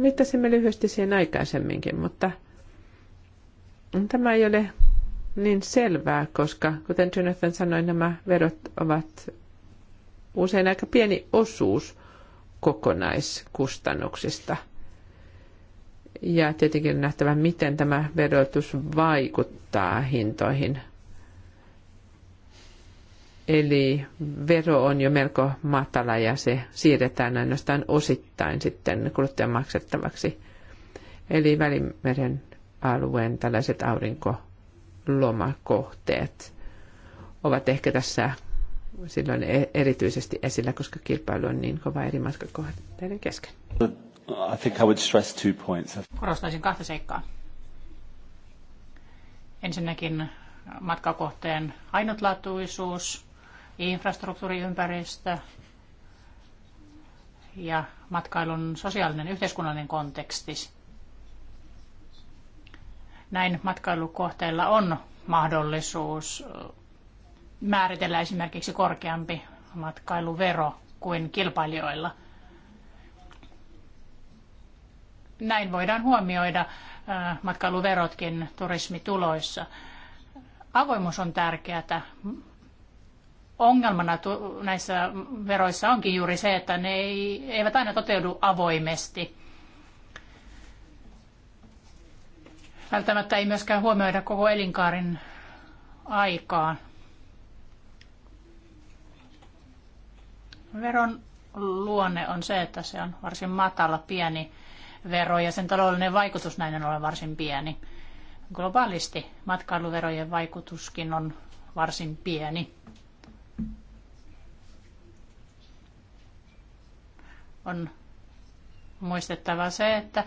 Viittasimme lyhyesti siihen aikaisemminkin, mutta tämä ei ole niin selvää, koska kuten Jonathan sanoi, nämä verot ovat usein aika pieni osuus kokonaiskustannuksista. Ja tietenkin on nähtävä, miten tämä verotus vaikuttaa hintoihin Eli vero on jo melko matala ja se siirretään ainoastaan osittain sitten kuluttajan maksettavaksi. Eli Välimeren alueen tällaiset aurinkolomakohteet ovat ehkä tässä silloin e- erityisesti esillä, koska kilpailu on niin kova eri matkakohteiden kesken. I think I would stress two points. Korostaisin kahta seikkaa. Ensinnäkin matkakohteen ainutlaatuisuus infrastruktuuriympäristö ja matkailun sosiaalinen yhteiskunnallinen konteksti. Näin matkailukohteilla on mahdollisuus määritellä esimerkiksi korkeampi matkailuvero kuin kilpailijoilla. Näin voidaan huomioida matkailuverotkin turismituloissa. Avoimuus on tärkeää ongelmana näissä veroissa onkin juuri se, että ne eivät aina toteudu avoimesti. Välttämättä ei myöskään huomioida koko elinkaarin aikaa. Veron luonne on se, että se on varsin matala, pieni vero ja sen taloudellinen vaikutus näin on varsin pieni. Globaalisti matkailuverojen vaikutuskin on varsin pieni. on muistettava se, että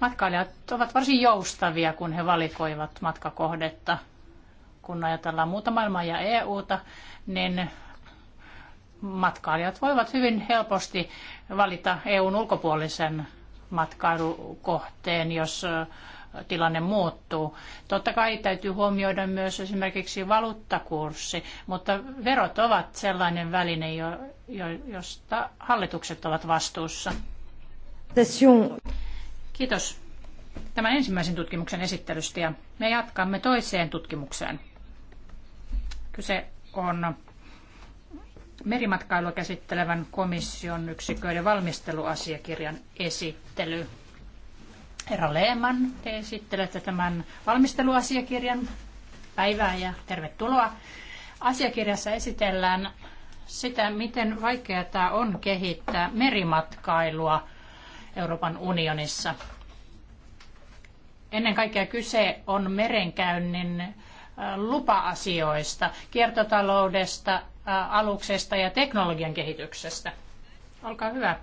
matkailijat ovat varsin joustavia, kun he valikoivat matkakohdetta. Kun ajatellaan muuta maailmaa ja EUta, niin matkailijat voivat hyvin helposti valita EUn ulkopuolisen matkailukohteen, jos tilanne muuttuu. Totta kai täytyy huomioida myös esimerkiksi valuuttakurssi, mutta verot ovat sellainen väline, jo, jo, josta hallitukset ovat vastuussa. Kiitos tämän ensimmäisen tutkimuksen esittelystä ja me jatkamme toiseen tutkimukseen. Kyse on merimatkailua käsittelevän komission yksiköiden valmisteluasiakirjan esittely. Herra Leeman, te esittelette tämän valmisteluasiakirjan. Päivää ja tervetuloa. Asiakirjassa esitellään sitä, miten vaikeaa on kehittää merimatkailua Euroopan unionissa. Ennen kaikkea kyse on merenkäynnin äh, lupa-asioista, kiertotaloudesta, äh, aluksesta ja teknologian kehityksestä. Olkaa hyvä,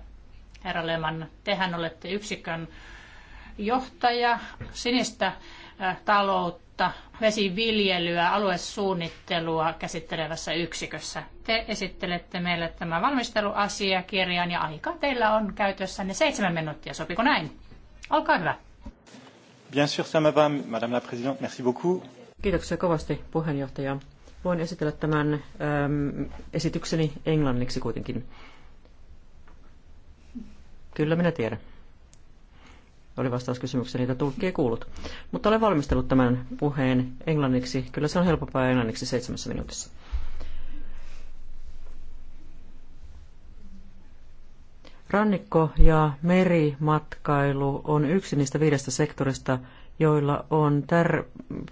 herra Leman. Tehän olette yksikön johtaja sinistä taloutta, vesiviljelyä, aluesuunnittelua käsittelevässä yksikössä. Te esittelette meille tämä valmisteluasiakirjan ja aika teillä on käytössänne seitsemän minuuttia. Sopiko näin? Olkaa hyvä. Bien sûr, ça me va, Madame la Présidente. Merci beaucoup. Kiitoksia kovasti puheenjohtaja. Voin esitellä tämän äm, esitykseni englanniksi kuitenkin. Kyllä minä tiedän oli vastauskysymyksiä, niitä tulkki ei kuullut. Mutta olen valmistellut tämän puheen englanniksi. Kyllä se on helpompaa englanniksi seitsemässä minuutissa. Rannikko- ja merimatkailu on yksi niistä viidestä sektorista, joilla on tär-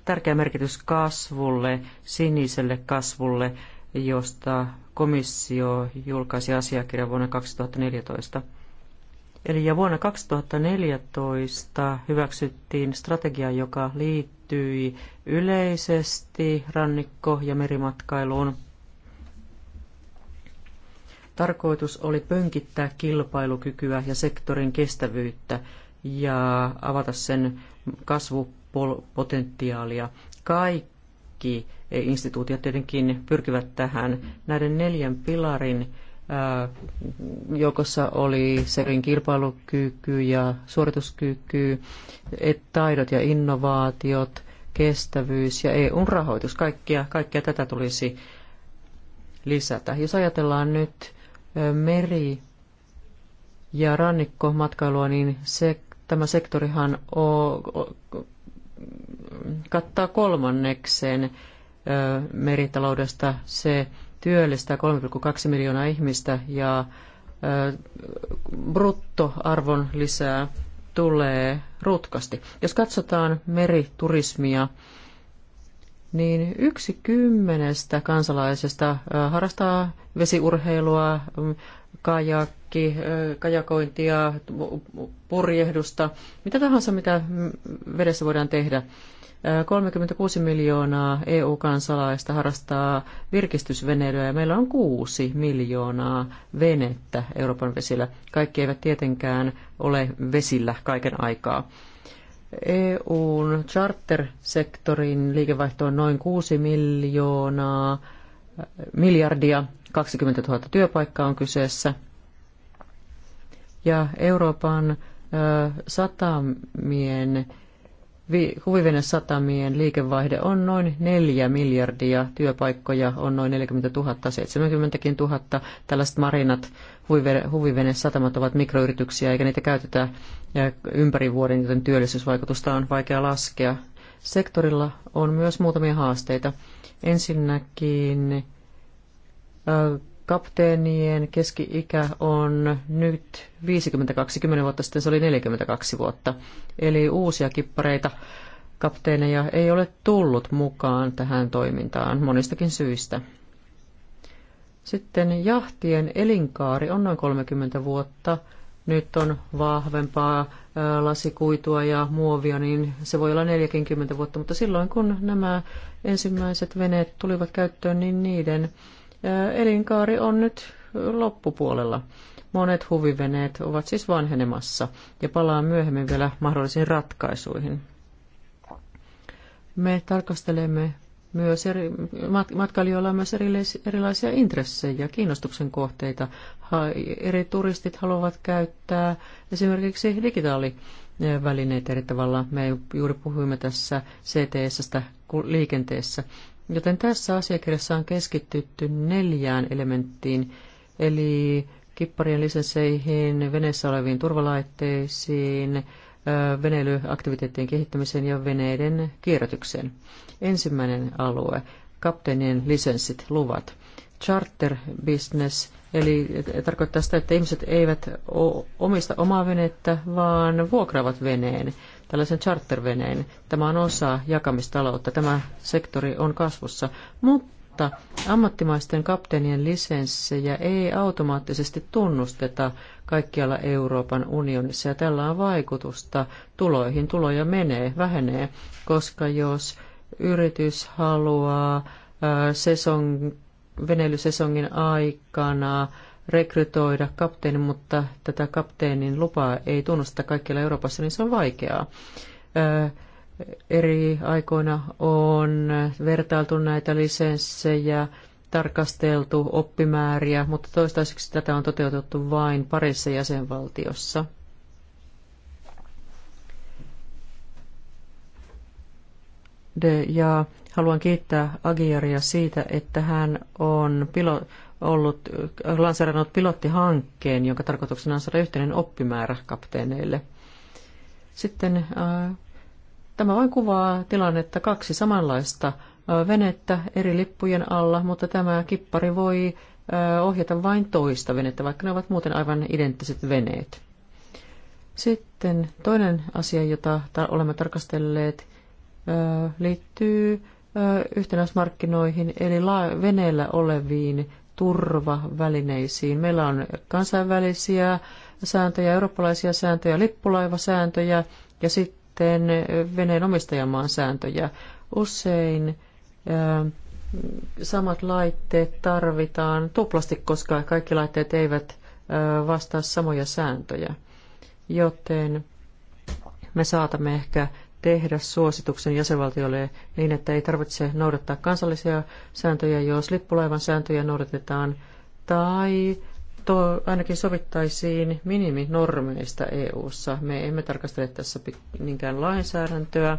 tärkeä merkitys kasvulle, siniselle kasvulle, josta komissio julkaisi asiakirjan vuonna 2014. Eli ja vuonna 2014 hyväksyttiin strategia, joka liittyi yleisesti rannikko- ja merimatkailuun. Tarkoitus oli pönkittää kilpailukykyä ja sektorin kestävyyttä ja avata sen kasvupotentiaalia. Kaikki instituutiot tietenkin pyrkivät tähän näiden neljän pilarin joukossa oli serin kilpailukyky ja suorituskyky, et taidot ja innovaatiot, kestävyys ja eu rahoitus. Kaikkia, kaikkea tätä tulisi lisätä. Jos ajatellaan nyt meri- ja rannikkomatkailua, niin se, tämä sektorihan o, o, kattaa kolmanneksen meritaloudesta. Se työllistää 3,2 miljoonaa ihmistä ja bruttoarvon lisää tulee rutkasti. Jos katsotaan meriturismia, niin yksi kymmenestä kansalaisesta harrastaa vesiurheilua, kajakki, kajakointia, purjehdusta, mitä tahansa, mitä vedessä voidaan tehdä. 36 miljoonaa EU-kansalaista harrastaa virkistysveneilyä ja meillä on 6 miljoonaa venettä Euroopan vesillä. Kaikki eivät tietenkään ole vesillä kaiken aikaa. EUn charter-sektorin liikevaihto on noin 6 miljoonaa, miljardia, 20 000 työpaikkaa on kyseessä. Ja Euroopan satamien Huvivenesatamien liikevaihde on noin 4 miljardia, työpaikkoja on noin 40 000, 70 000. Tällaiset marinat, huvivenesatamat ovat mikroyrityksiä, eikä niitä käytetä ympäri vuoden, joten työllisyysvaikutusta on vaikea laskea. Sektorilla on myös muutamia haasteita. Ensinnäkin Kapteenien keski-ikä on nyt 52, 10 vuotta sitten se oli 42 vuotta. Eli uusia kippareita kapteeneja ei ole tullut mukaan tähän toimintaan monistakin syistä. Sitten jahtien elinkaari on noin 30 vuotta. Nyt on vahvempaa lasikuitua ja muovia, niin se voi olla 40 vuotta, mutta silloin kun nämä ensimmäiset veneet tulivat käyttöön, niin niiden elinkaari on nyt loppupuolella. Monet huviveneet ovat siis vanhenemassa ja palaan myöhemmin vielä mahdollisiin ratkaisuihin. Me tarkastelemme myös eri, matkailijoilla on myös erilaisia intressejä ja kiinnostuksen kohteita. eri turistit haluavat käyttää esimerkiksi digitaalivälineitä eri tavalla. Me juuri puhuimme tässä CTS-stä liikenteessä. Joten tässä asiakirjassa on keskitytty neljään elementtiin, eli kipparien lisensseihin, veneessä oleviin turvalaitteisiin, veneilyaktiviteettien kehittämiseen ja veneiden kierrätykseen. Ensimmäinen alue, kapteenien lisenssit, luvat. Charter business, eli tarkoittaa sitä, että ihmiset eivät omista omaa venettä, vaan vuokraavat veneen tällaisen charterveneen. Tämä on osa jakamistaloutta. Tämä sektori on kasvussa, mutta ammattimaisten kapteenien lisenssejä ei automaattisesti tunnusteta kaikkialla Euroopan unionissa. Ja tällä on vaikutusta tuloihin. Tuloja menee, vähenee, koska jos yritys haluaa sesong, veneilysesongin aikana rekrytoida kapteeni, mutta tätä kapteenin lupaa ei tunnusta kaikkialla Euroopassa, niin se on vaikeaa. Eri aikoina on vertailtu näitä lisenssejä, tarkasteltu oppimääriä, mutta toistaiseksi tätä on toteutettu vain parissa jäsenvaltiossa. De, ja haluan kiittää Agiaria siitä, että hän on pilo, ollut äh, lanseerannut pilottihankkeen, jonka tarkoituksena on saada yhteinen oppimäärä kapteeneille. Sitten äh, tämä vain kuvaa tilannetta kaksi samanlaista äh, venettä eri lippujen alla, mutta tämä kippari voi ohjata vain toista venettä, vaikka ne ovat muuten aivan identtiset veneet. Sitten toinen asia, jota olemme tarkastelleet, liittyy yhtenäismarkkinoihin, eli veneellä oleviin turvavälineisiin. Meillä on kansainvälisiä sääntöjä, eurooppalaisia sääntöjä, lippulaivasääntöjä ja sitten veneen omistajamaan sääntöjä. Usein äh, samat laitteet tarvitaan tuplasti, koska kaikki laitteet eivät äh, vastaa samoja sääntöjä. Joten me saatamme ehkä tehdä suosituksen jäsenvaltiolle niin, että ei tarvitse noudattaa kansallisia sääntöjä, jos lippulaivan sääntöjä noudatetaan, tai to, ainakin sovittaisiin miniminormeista EU-ssa. Me emme tarkastele tässä niinkään lainsäädäntöä,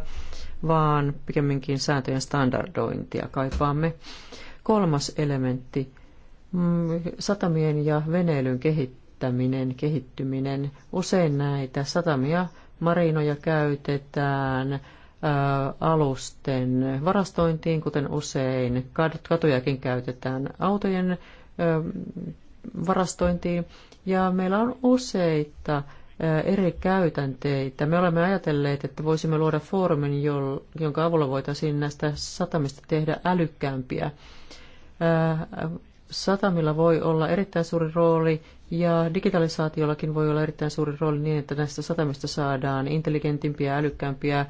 vaan pikemminkin sääntöjen standardointia kaipaamme. Kolmas elementti, mm, satamien ja veneilyn kehittäminen, kehittyminen. Usein näitä satamia marinoja käytetään alusten varastointiin, kuten usein katujakin käytetään autojen varastointiin. Ja meillä on useita eri käytänteitä. Me olemme ajatelleet, että voisimme luoda foorumin, jonka avulla voitaisiin näistä satamista tehdä älykkäämpiä. Satamilla voi olla erittäin suuri rooli ja digitalisaatiollakin voi olla erittäin suuri rooli niin, että näistä satamista saadaan intelligentimpiä, älykkäämpiä.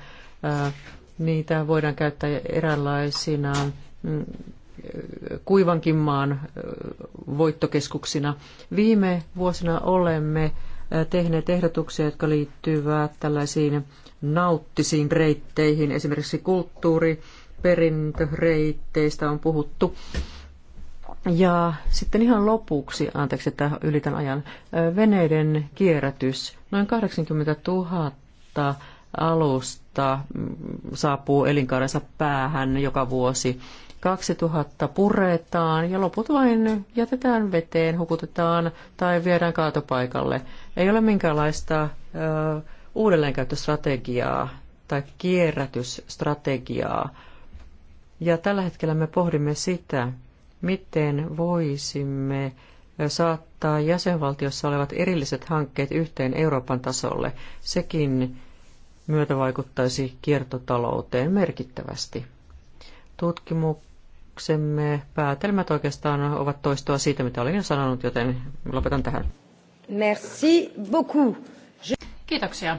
Niitä voidaan käyttää eräänlaisina mm, kuivankin maan voittokeskuksina. Viime vuosina olemme tehneet ehdotuksia, jotka liittyvät tällaisiin nauttisiin reitteihin, esimerkiksi kulttuuri, perintöreitteistä on puhuttu. Ja sitten ihan lopuksi, anteeksi, että ylitän ajan, veneiden kierrätys. Noin 80 000 alusta mm, saapuu elinkaarensa päähän joka vuosi. 2000 puretaan ja loput vain jätetään veteen, hukutetaan tai viedään kaatopaikalle. Ei ole minkäänlaista ö, uudelleenkäyttöstrategiaa tai kierrätysstrategiaa. Ja tällä hetkellä me pohdimme sitä, miten voisimme saattaa jäsenvaltiossa olevat erilliset hankkeet yhteen Euroopan tasolle. Sekin myötä vaikuttaisi kiertotalouteen merkittävästi. Tutkimuksemme päätelmät oikeastaan ovat toistoa siitä, mitä olin jo sanonut, joten lopetan tähän. Merci beaucoup. Je... Kiitoksia.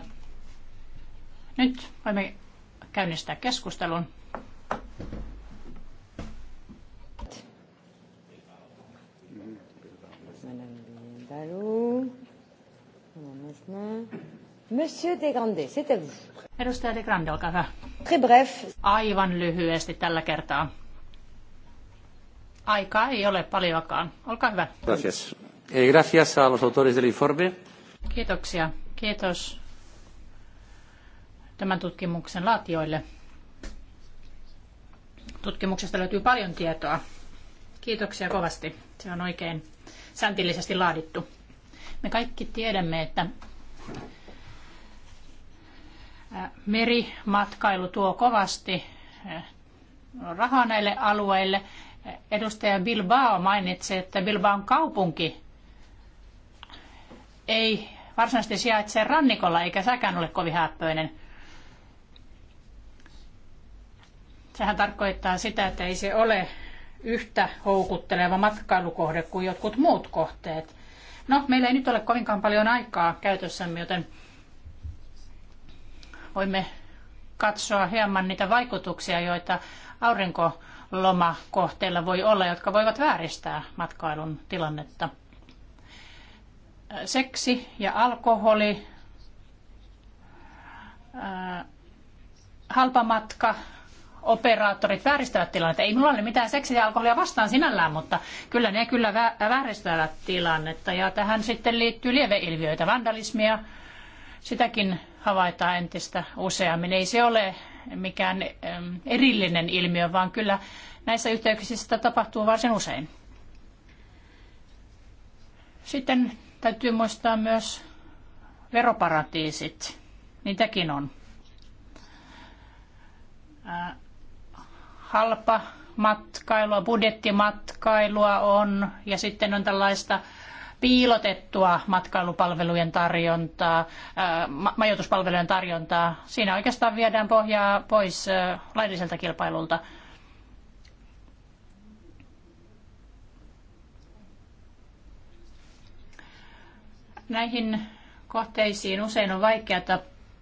Nyt voimme käynnistää keskustelun. Alvaro. Monsieur de Grande, c'est à vous. Edustaja de Grande, olkaa hyvä. Très bref. Aivan lyhyesti tällä kertaa. Aikaa ei ole paljonkaan, Olkaa hyvä. Gracias. Eh, gracias a los autores del informe. Kiitoksia. Kiitos tämän tutkimuksen laatioille. Tutkimuksesta löytyy paljon tietoa. Kiitoksia kovasti. Se on oikein säntillisesti laadittu. Me kaikki tiedämme, että merimatkailu tuo kovasti rahaa näille alueille. Edustaja Bilbao mainitsi, että Bilbaon kaupunki ei varsinaisesti sijaitse rannikolla, eikä säkään ole kovin häppöinen. Sehän tarkoittaa sitä, että ei se ole yhtä houkutteleva matkailukohde kuin jotkut muut kohteet. No, meillä ei nyt ole kovinkaan paljon aikaa käytössämme, joten voimme katsoa hieman niitä vaikutuksia, joita aurinkolomakohteilla voi olla, jotka voivat vääristää matkailun tilannetta. Seksi ja alkoholi, halpamatka, operaattorit vääristävät tilannetta. Ei mulla ole mitään seksiä ja alkoholia vastaan sinällään, mutta kyllä ne kyllä vääristävät tilannetta. Ja tähän sitten liittyy lieveilviöitä, vandalismia. Sitäkin havaitaan entistä useammin. Ei se ole mikään erillinen ilmiö, vaan kyllä näissä yhteyksissä sitä tapahtuu varsin usein. Sitten täytyy muistaa myös veroparatiisit. Niitäkin on halpa matkailua, budjettimatkailua on ja sitten on tällaista piilotettua matkailupalvelujen tarjontaa, ma- majoituspalvelujen tarjontaa. Siinä oikeastaan viedään pohjaa pois lailliselta kilpailulta. Näihin kohteisiin usein on vaikeata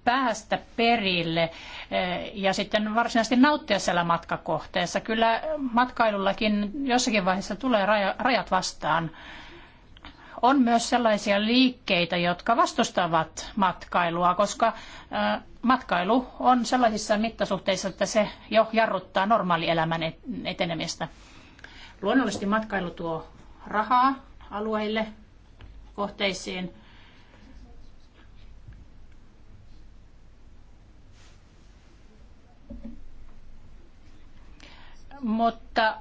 päästä perille eh, ja sitten varsinaisesti nauttia siellä matkakohteessa. Kyllä matkailullakin jossakin vaiheessa tulee rajat vastaan. On myös sellaisia liikkeitä, jotka vastustavat matkailua, koska eh, matkailu on sellaisissa mittasuhteissa, että se jo jarruttaa normaalielämän etenemistä. Luonnollisesti matkailu tuo rahaa alueille, kohteisiin, mutta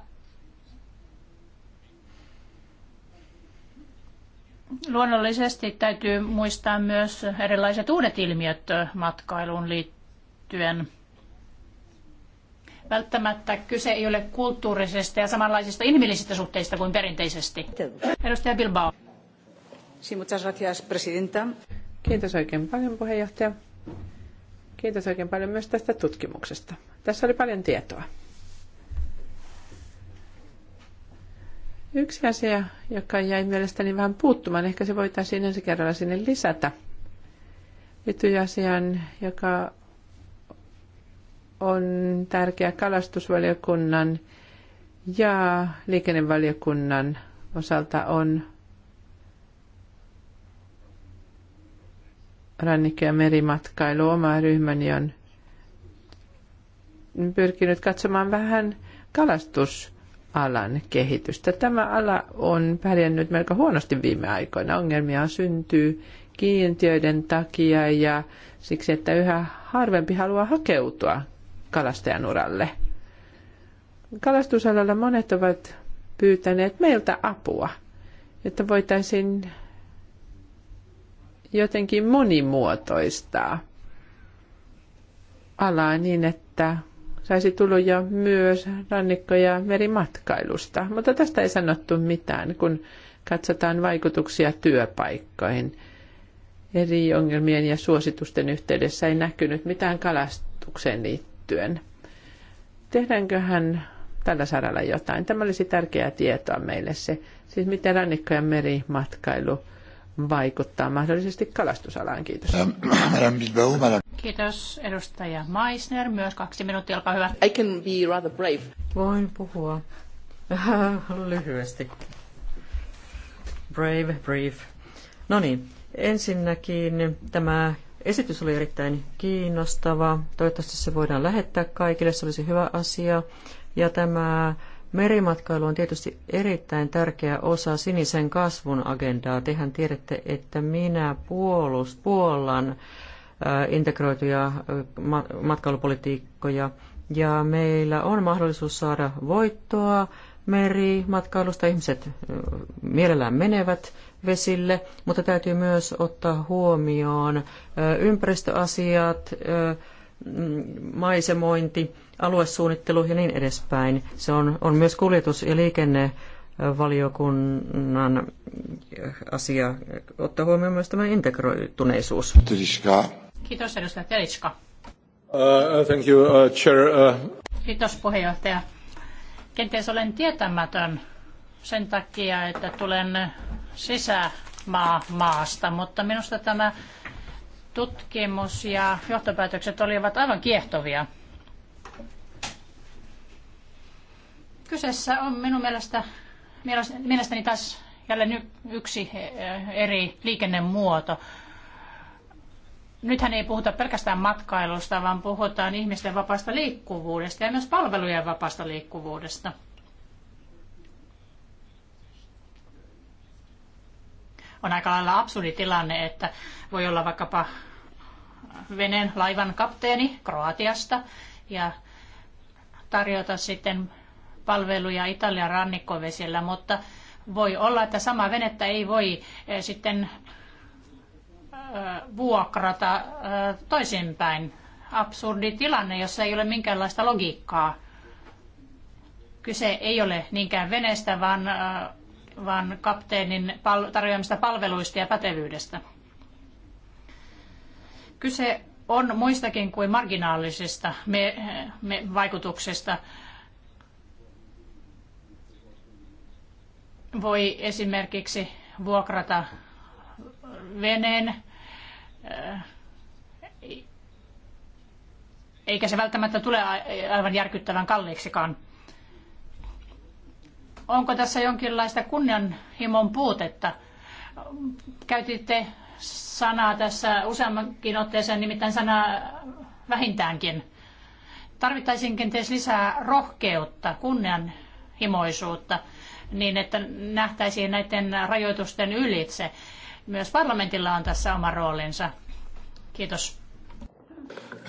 luonnollisesti täytyy muistaa myös erilaiset uudet ilmiöt matkailuun liittyen. Välttämättä kyse ei ole kulttuurisesta ja samanlaisista inhimillisistä suhteista kuin perinteisesti. Edustaja Bilbao. Sí, muchas gracias, presidenta. Kiitos oikein paljon puheenjohtaja. Kiitos oikein paljon myös tästä tutkimuksesta. Tässä oli paljon tietoa. Yksi asia, joka jäi mielestäni vähän puuttumaan, ehkä se voitaisiin ensi kerralla sinne lisätä, liittyy asiaan, joka on tärkeä kalastusvaliokunnan ja liikennevaliokunnan osalta on rannikko- ja merimatkailu. Oma ryhmäni on pyrkinyt katsomaan vähän kalastus alan kehitystä. Tämä ala on pärjännyt melko huonosti viime aikoina. Ongelmia syntyy kiintiöiden takia ja siksi, että yhä harvempi haluaa hakeutua kalastajan uralle. Kalastusalalla monet ovat pyytäneet meiltä apua, että voitaisiin jotenkin monimuotoistaa alaa niin, että saisi tuloja myös rannikko- ja merimatkailusta. Mutta tästä ei sanottu mitään, kun katsotaan vaikutuksia työpaikkoihin. Eri ongelmien ja suositusten yhteydessä ei näkynyt mitään kalastukseen liittyen. Tehdäänköhän tällä saralla jotain? Tämä olisi tärkeää tietoa meille se, siis miten rannikko- ja merimatkailu – vaikuttaa mahdollisesti kalastusalaan. Kiitos. Ähm, [clears throat] Kiitos edustaja Meisner. Myös kaksi minuuttia, olkaa hyvä. I can be rather brave. Voin puhua [laughs] lyhyesti. Brave, brief. No niin, ensinnäkin tämä esitys oli erittäin kiinnostava. Toivottavasti se voidaan lähettää kaikille, se olisi hyvä asia. Ja tämä Merimatkailu on tietysti erittäin tärkeä osa sinisen kasvun agendaa. Tehän tiedätte, että minä puolus, puollan äh, integroituja äh, matkailupolitiikkoja ja meillä on mahdollisuus saada voittoa merimatkailusta. Ihmiset äh, mielellään menevät vesille, mutta täytyy myös ottaa huomioon ympäristöasiat, Mm, maisemointi, aluesuunnittelu ja niin edespäin. Se on, on myös kuljetus- ja liikennevaliokunnan eh, asia ottaa huomioon myös tämä integroituneisuus. Kiitos edustaja Telitska. Uh, thank you, uh, chair, uh... Kiitos puheenjohtaja. Kenties olen tietämätön sen takia, että tulen sisämaa maasta, mutta minusta tämä tutkimus ja johtopäätökset olivat aivan kiehtovia. Kyseessä on minun mielestä, mielestäni taas jälleen yksi e, eri liikennemuoto. Nythän ei puhuta pelkästään matkailusta, vaan puhutaan ihmisten vapaasta liikkuvuudesta ja myös palvelujen vapaasta liikkuvuudesta. On aika lailla absurdi tilanne, että voi olla vaikkapa veneen laivan kapteeni Kroatiasta ja tarjota sitten palveluja Italian rannikkovesillä, mutta voi olla, että sama venettä ei voi eh, sitten eh, vuokrata eh, toisinpäin. Absurdi tilanne, jossa ei ole minkäänlaista logiikkaa. Kyse ei ole niinkään veneestä, vaan vaan kapteenin tarjoamista palveluista ja pätevyydestä. Kyse on muistakin kuin marginaalisesta me, me vaikutuksesta. Voi esimerkiksi vuokrata veneen, eh, eikä se välttämättä tule aivan järkyttävän kalliiksikaan. Onko tässä jonkinlaista kunnianhimon puutetta? Käytitte sanaa tässä useammankin otteeseen, nimittäin sanaa vähintäänkin. Tarvittaisiin kenties lisää rohkeutta, kunnianhimoisuutta, niin että nähtäisiin näiden rajoitusten ylitse. Myös parlamentilla on tässä oma roolinsa. Kiitos.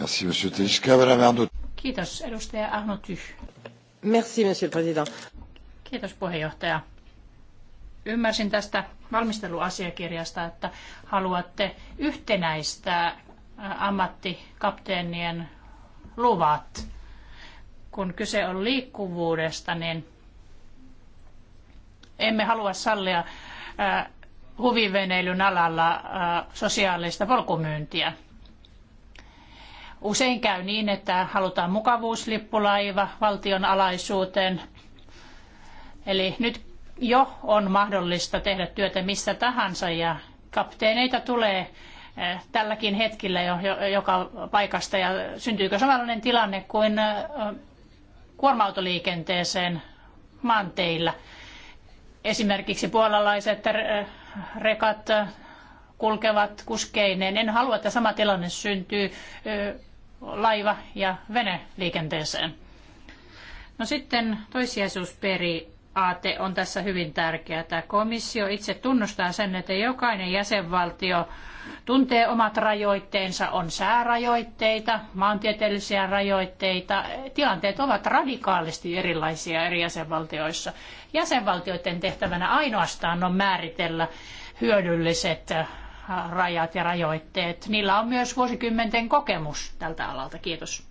Merci, monsieur Kiitos, edustaja Arno Tyh. Merci, monsieur le président. Kiitos puheenjohtaja. Ymmärsin tästä valmisteluasiakirjasta, että haluatte yhtenäistää ammattikapteenien luvat. Kun kyse on liikkuvuudesta, niin emme halua sallia huviveneilyn alalla sosiaalista polkumyyntiä. Usein käy niin, että halutaan mukavuuslippulaiva valtion alaisuuteen Eli nyt jo on mahdollista tehdä työtä missä tahansa ja kapteeneita tulee eh, tälläkin hetkellä jo, joka paikasta ja syntyykö samanlainen tilanne kuin eh, kuorma-autoliikenteeseen maanteillä. Esimerkiksi puolalaiset eh, rekat kulkevat kuskeineen. En halua, että sama tilanne syntyy laiva- ja veneliikenteeseen. No sitten toissijaisuusperi periaate on tässä hyvin tärkeä. Tämä komissio itse tunnustaa sen, että jokainen jäsenvaltio tuntee omat rajoitteensa, on säärajoitteita, maantieteellisiä rajoitteita. Tilanteet ovat radikaalisti erilaisia eri jäsenvaltioissa. Jäsenvaltioiden tehtävänä ainoastaan on määritellä hyödylliset äh, rajat ja rajoitteet. Niillä on myös vuosikymmenten kokemus tältä alalta. Kiitos.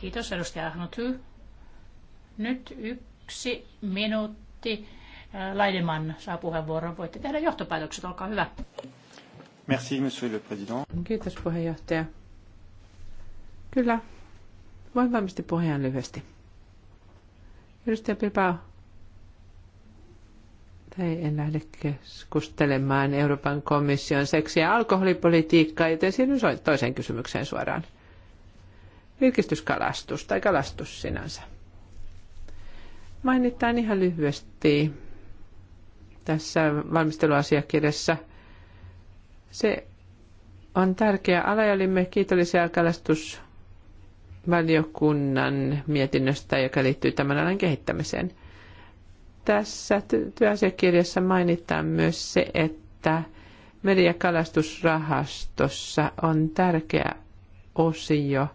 Kiitos edustaja Hanotu. Nyt yksi Yksi minuutti. Äh, Laideman saa puheenvuoron. Voitte tehdä johtopäätökset, olkaa hyvä. Merci, monsieur le président. Kiitos puheenjohtaja. Kyllä, voin varmasti puheen lyhyesti. Edustaja Pilpao, tai en lähde keskustelemaan Euroopan komission seksi- ja alkoholipolitiikkaa, joten siirryn toiseen kysymykseen suoraan. Virkistyskalastus tai kalastus sinänsä mainitaan ihan lyhyesti tässä valmisteluasiakirjassa. Se on tärkeä ala ja olimme kiitollisia kalastusvaliokunnan mietinnöstä, joka liittyy tämän alan kehittämiseen. Tässä työasiakirjassa mainitaan myös se, että meri- ja kalastusrahastossa on tärkeä osio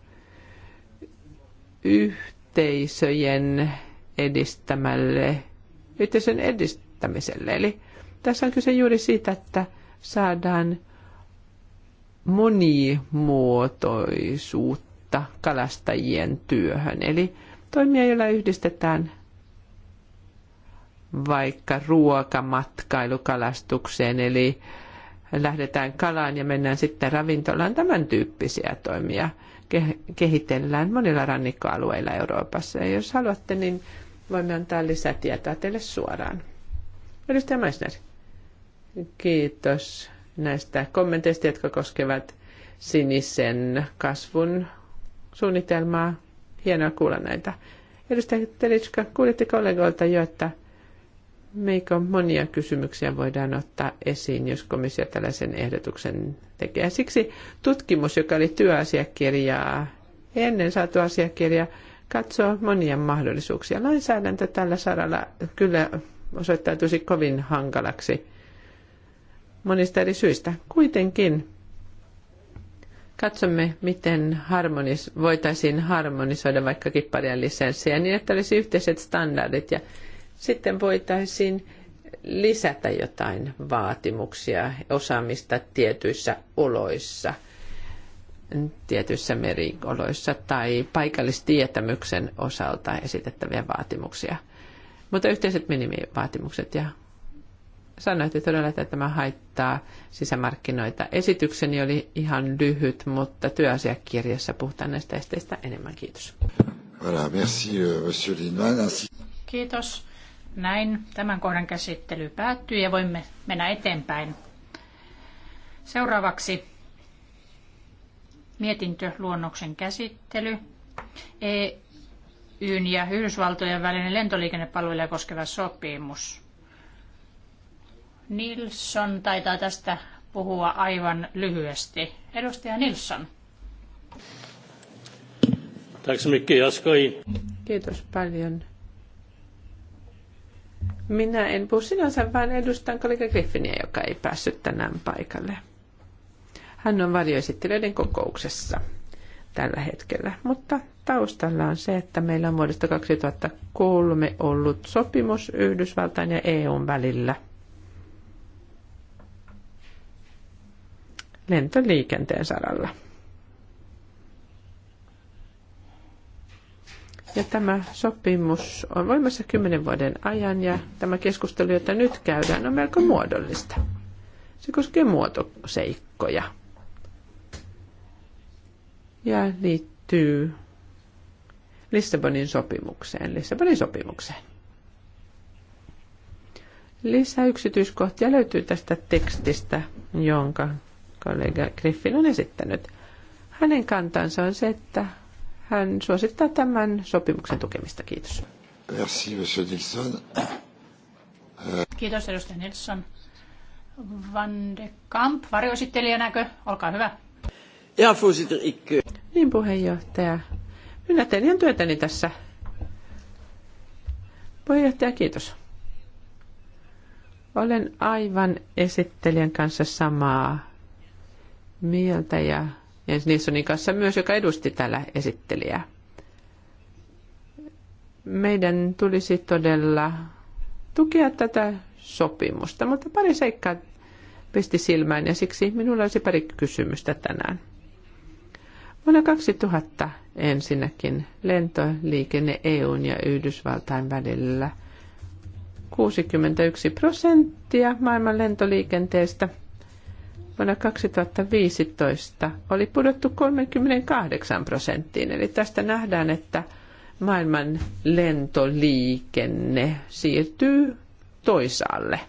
yhteisöjen edistämälle yhteisön edistämiselle. Eli tässä on kyse juuri siitä, että saadaan monimuotoisuutta kalastajien työhön. Eli toimia, joilla yhdistetään vaikka ruokamatkailukalastukseen, eli lähdetään kalaan ja mennään sitten ravintolaan, tämän tyyppisiä toimia kehitellään monilla rannikkoalueilla Euroopassa. Ja jos haluatte, niin voimme antaa lisätietoa teille suoraan. Edustaja Meissner, kiitos näistä kommenteista, jotka koskevat sinisen kasvun suunnitelmaa. Hienoa kuulla näitä. Edustaja Telitska, kuulitte kollegoilta jo, että meikö monia kysymyksiä voidaan ottaa esiin, jos komissio tällaisen ehdotuksen tekee. Siksi tutkimus, joka oli työasiakirjaa, ennen saatu asiakirjaa, katsoa monia mahdollisuuksia. Lainsäädäntö tällä saralla kyllä osoittautuisi kovin hankalaksi monista eri syistä. Kuitenkin katsomme, miten harmonis- voitaisiin harmonisoida vaikka kipparien lisenssiä, niin, että olisi yhteiset standardit ja sitten voitaisiin lisätä jotain vaatimuksia, osaamista tietyissä oloissa – tietyissä merikoloissa tai paikallistietämyksen osalta esitettäviä vaatimuksia. Mutta yhteiset minimivaatimukset ja sanoitte todella, että tämä haittaa sisämarkkinoita. Esitykseni oli ihan lyhyt, mutta työasiakirjassa puhutaan näistä esteistä enemmän. Kiitos. Voilà, merci, euh, monsieur Kiitos. Näin tämän kohdan käsittely päättyy ja voimme mennä eteenpäin. Seuraavaksi mietintöluonnoksen käsittely. EUn ja Yhdysvaltojen välinen lentoliikennepalveluja koskeva sopimus. Nilsson taitaa tästä puhua aivan lyhyesti. Edustaja Nilsson. Kiitos paljon. Minä en puhu sinänsä, vaan edustan kollega Griffinia, joka ei päässyt tänään paikalle. Hän on varjoesittelijöiden kokouksessa tällä hetkellä. Mutta taustalla on se, että meillä on vuodesta 2003 ollut sopimus Yhdysvaltain ja EUn välillä lentoliikenteen saralla. Ja tämä sopimus on voimassa kymmenen vuoden ajan ja tämä keskustelu, jota nyt käydään, on melko muodollista. Se koskee muotoseikkoja ja liittyy Lissabonin sopimukseen. Lissabonin sopimukseen. Lisää yksityiskohtia löytyy tästä tekstistä, jonka kollega Griffin on esittänyt. Hänen kantansa on se, että hän suosittaa tämän sopimuksen tukemista. Kiitos. Merci, Monsieur Nilsson. Kiitos, edustaja Nilsson. Van de Kamp, varjoesittelijänäkö? Olkaa hyvä. Ja, voorzitter, ik... Eh, niin, puheenjohtaja. Minä teen ihan työtäni tässä. Puheenjohtaja, kiitos. Olen aivan esittelijän kanssa samaa mieltä ja Jens Nilssonin kanssa myös, joka edusti täällä esittelijää. Meidän tulisi todella tukea tätä sopimusta, mutta pari seikkaa pisti silmään ja siksi minulla olisi pari kysymystä tänään. Vuonna 2000 ensinnäkin lentoliikenne EUn ja Yhdysvaltain välillä 61 prosenttia maailman lentoliikenteestä. Vuonna 2015 oli pudottu 38 prosenttiin, eli tästä nähdään, että maailman lentoliikenne siirtyy toisaalle –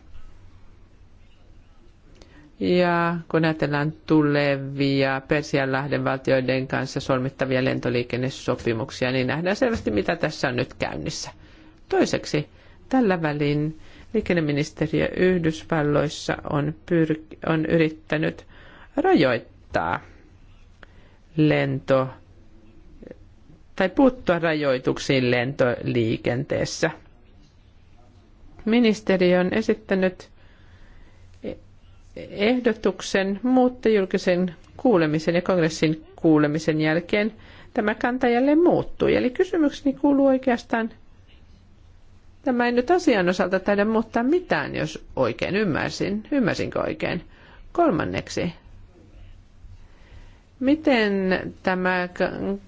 ja kun ajatellaan tulevia Persianlahden valtioiden kanssa solmittavia lentoliikennesopimuksia, niin nähdään selvästi, mitä tässä on nyt käynnissä. Toiseksi, tällä välin liikenneministeriö Yhdysvalloissa on, pyr- on yrittänyt rajoittaa lento- tai puuttua rajoituksiin lentoliikenteessä. Ministeriö on esittänyt ehdotuksen, mutta julkisen kuulemisen ja kongressin kuulemisen jälkeen tämä kanta jälleen muuttui. Eli kysymykseni kuuluu oikeastaan, tämä ei nyt asian osalta taida muuttaa mitään, jos oikein ymmärsin. Ymmärsinkö oikein? Kolmanneksi, miten tämä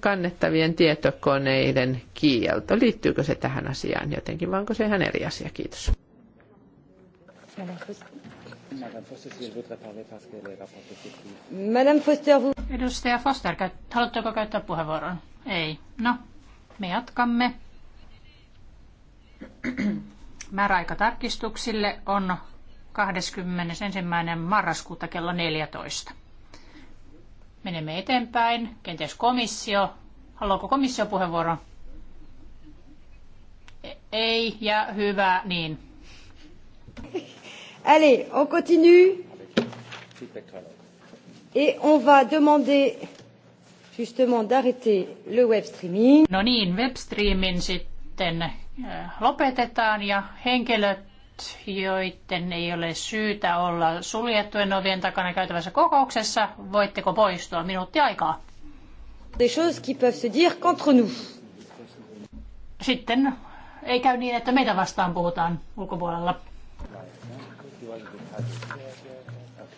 kannettavien tietokoneiden kielto, liittyykö se tähän asiaan jotenkin, vai onko se ihan eri asia? Kiitos. Madame Foster, vous... Edustaja Foster, haluatteko käyttää puheenvuoron? Ei. No, me jatkamme. [clears throat] Määräaika tarkistuksille on 21. marraskuuta kello 14. Menemme eteenpäin. Kenties komissio. Haluaako komissio puheenvuoron? E- ei, ja hyvä, niin. Allez, on continue. Et on va demander justement d'arrêter le web streaming. No niin, web streamin sitten äh, lopetetaan ja henkilöt, joiden ei ole syytä olla suljettujen ovien takana käytävässä kokouksessa, voitteko poistua minuutti aikaa? Des choses qui peuvent se dire contre nous. Sitten ei käy niin, että meitä vastaan puhutaan ulkopuolella.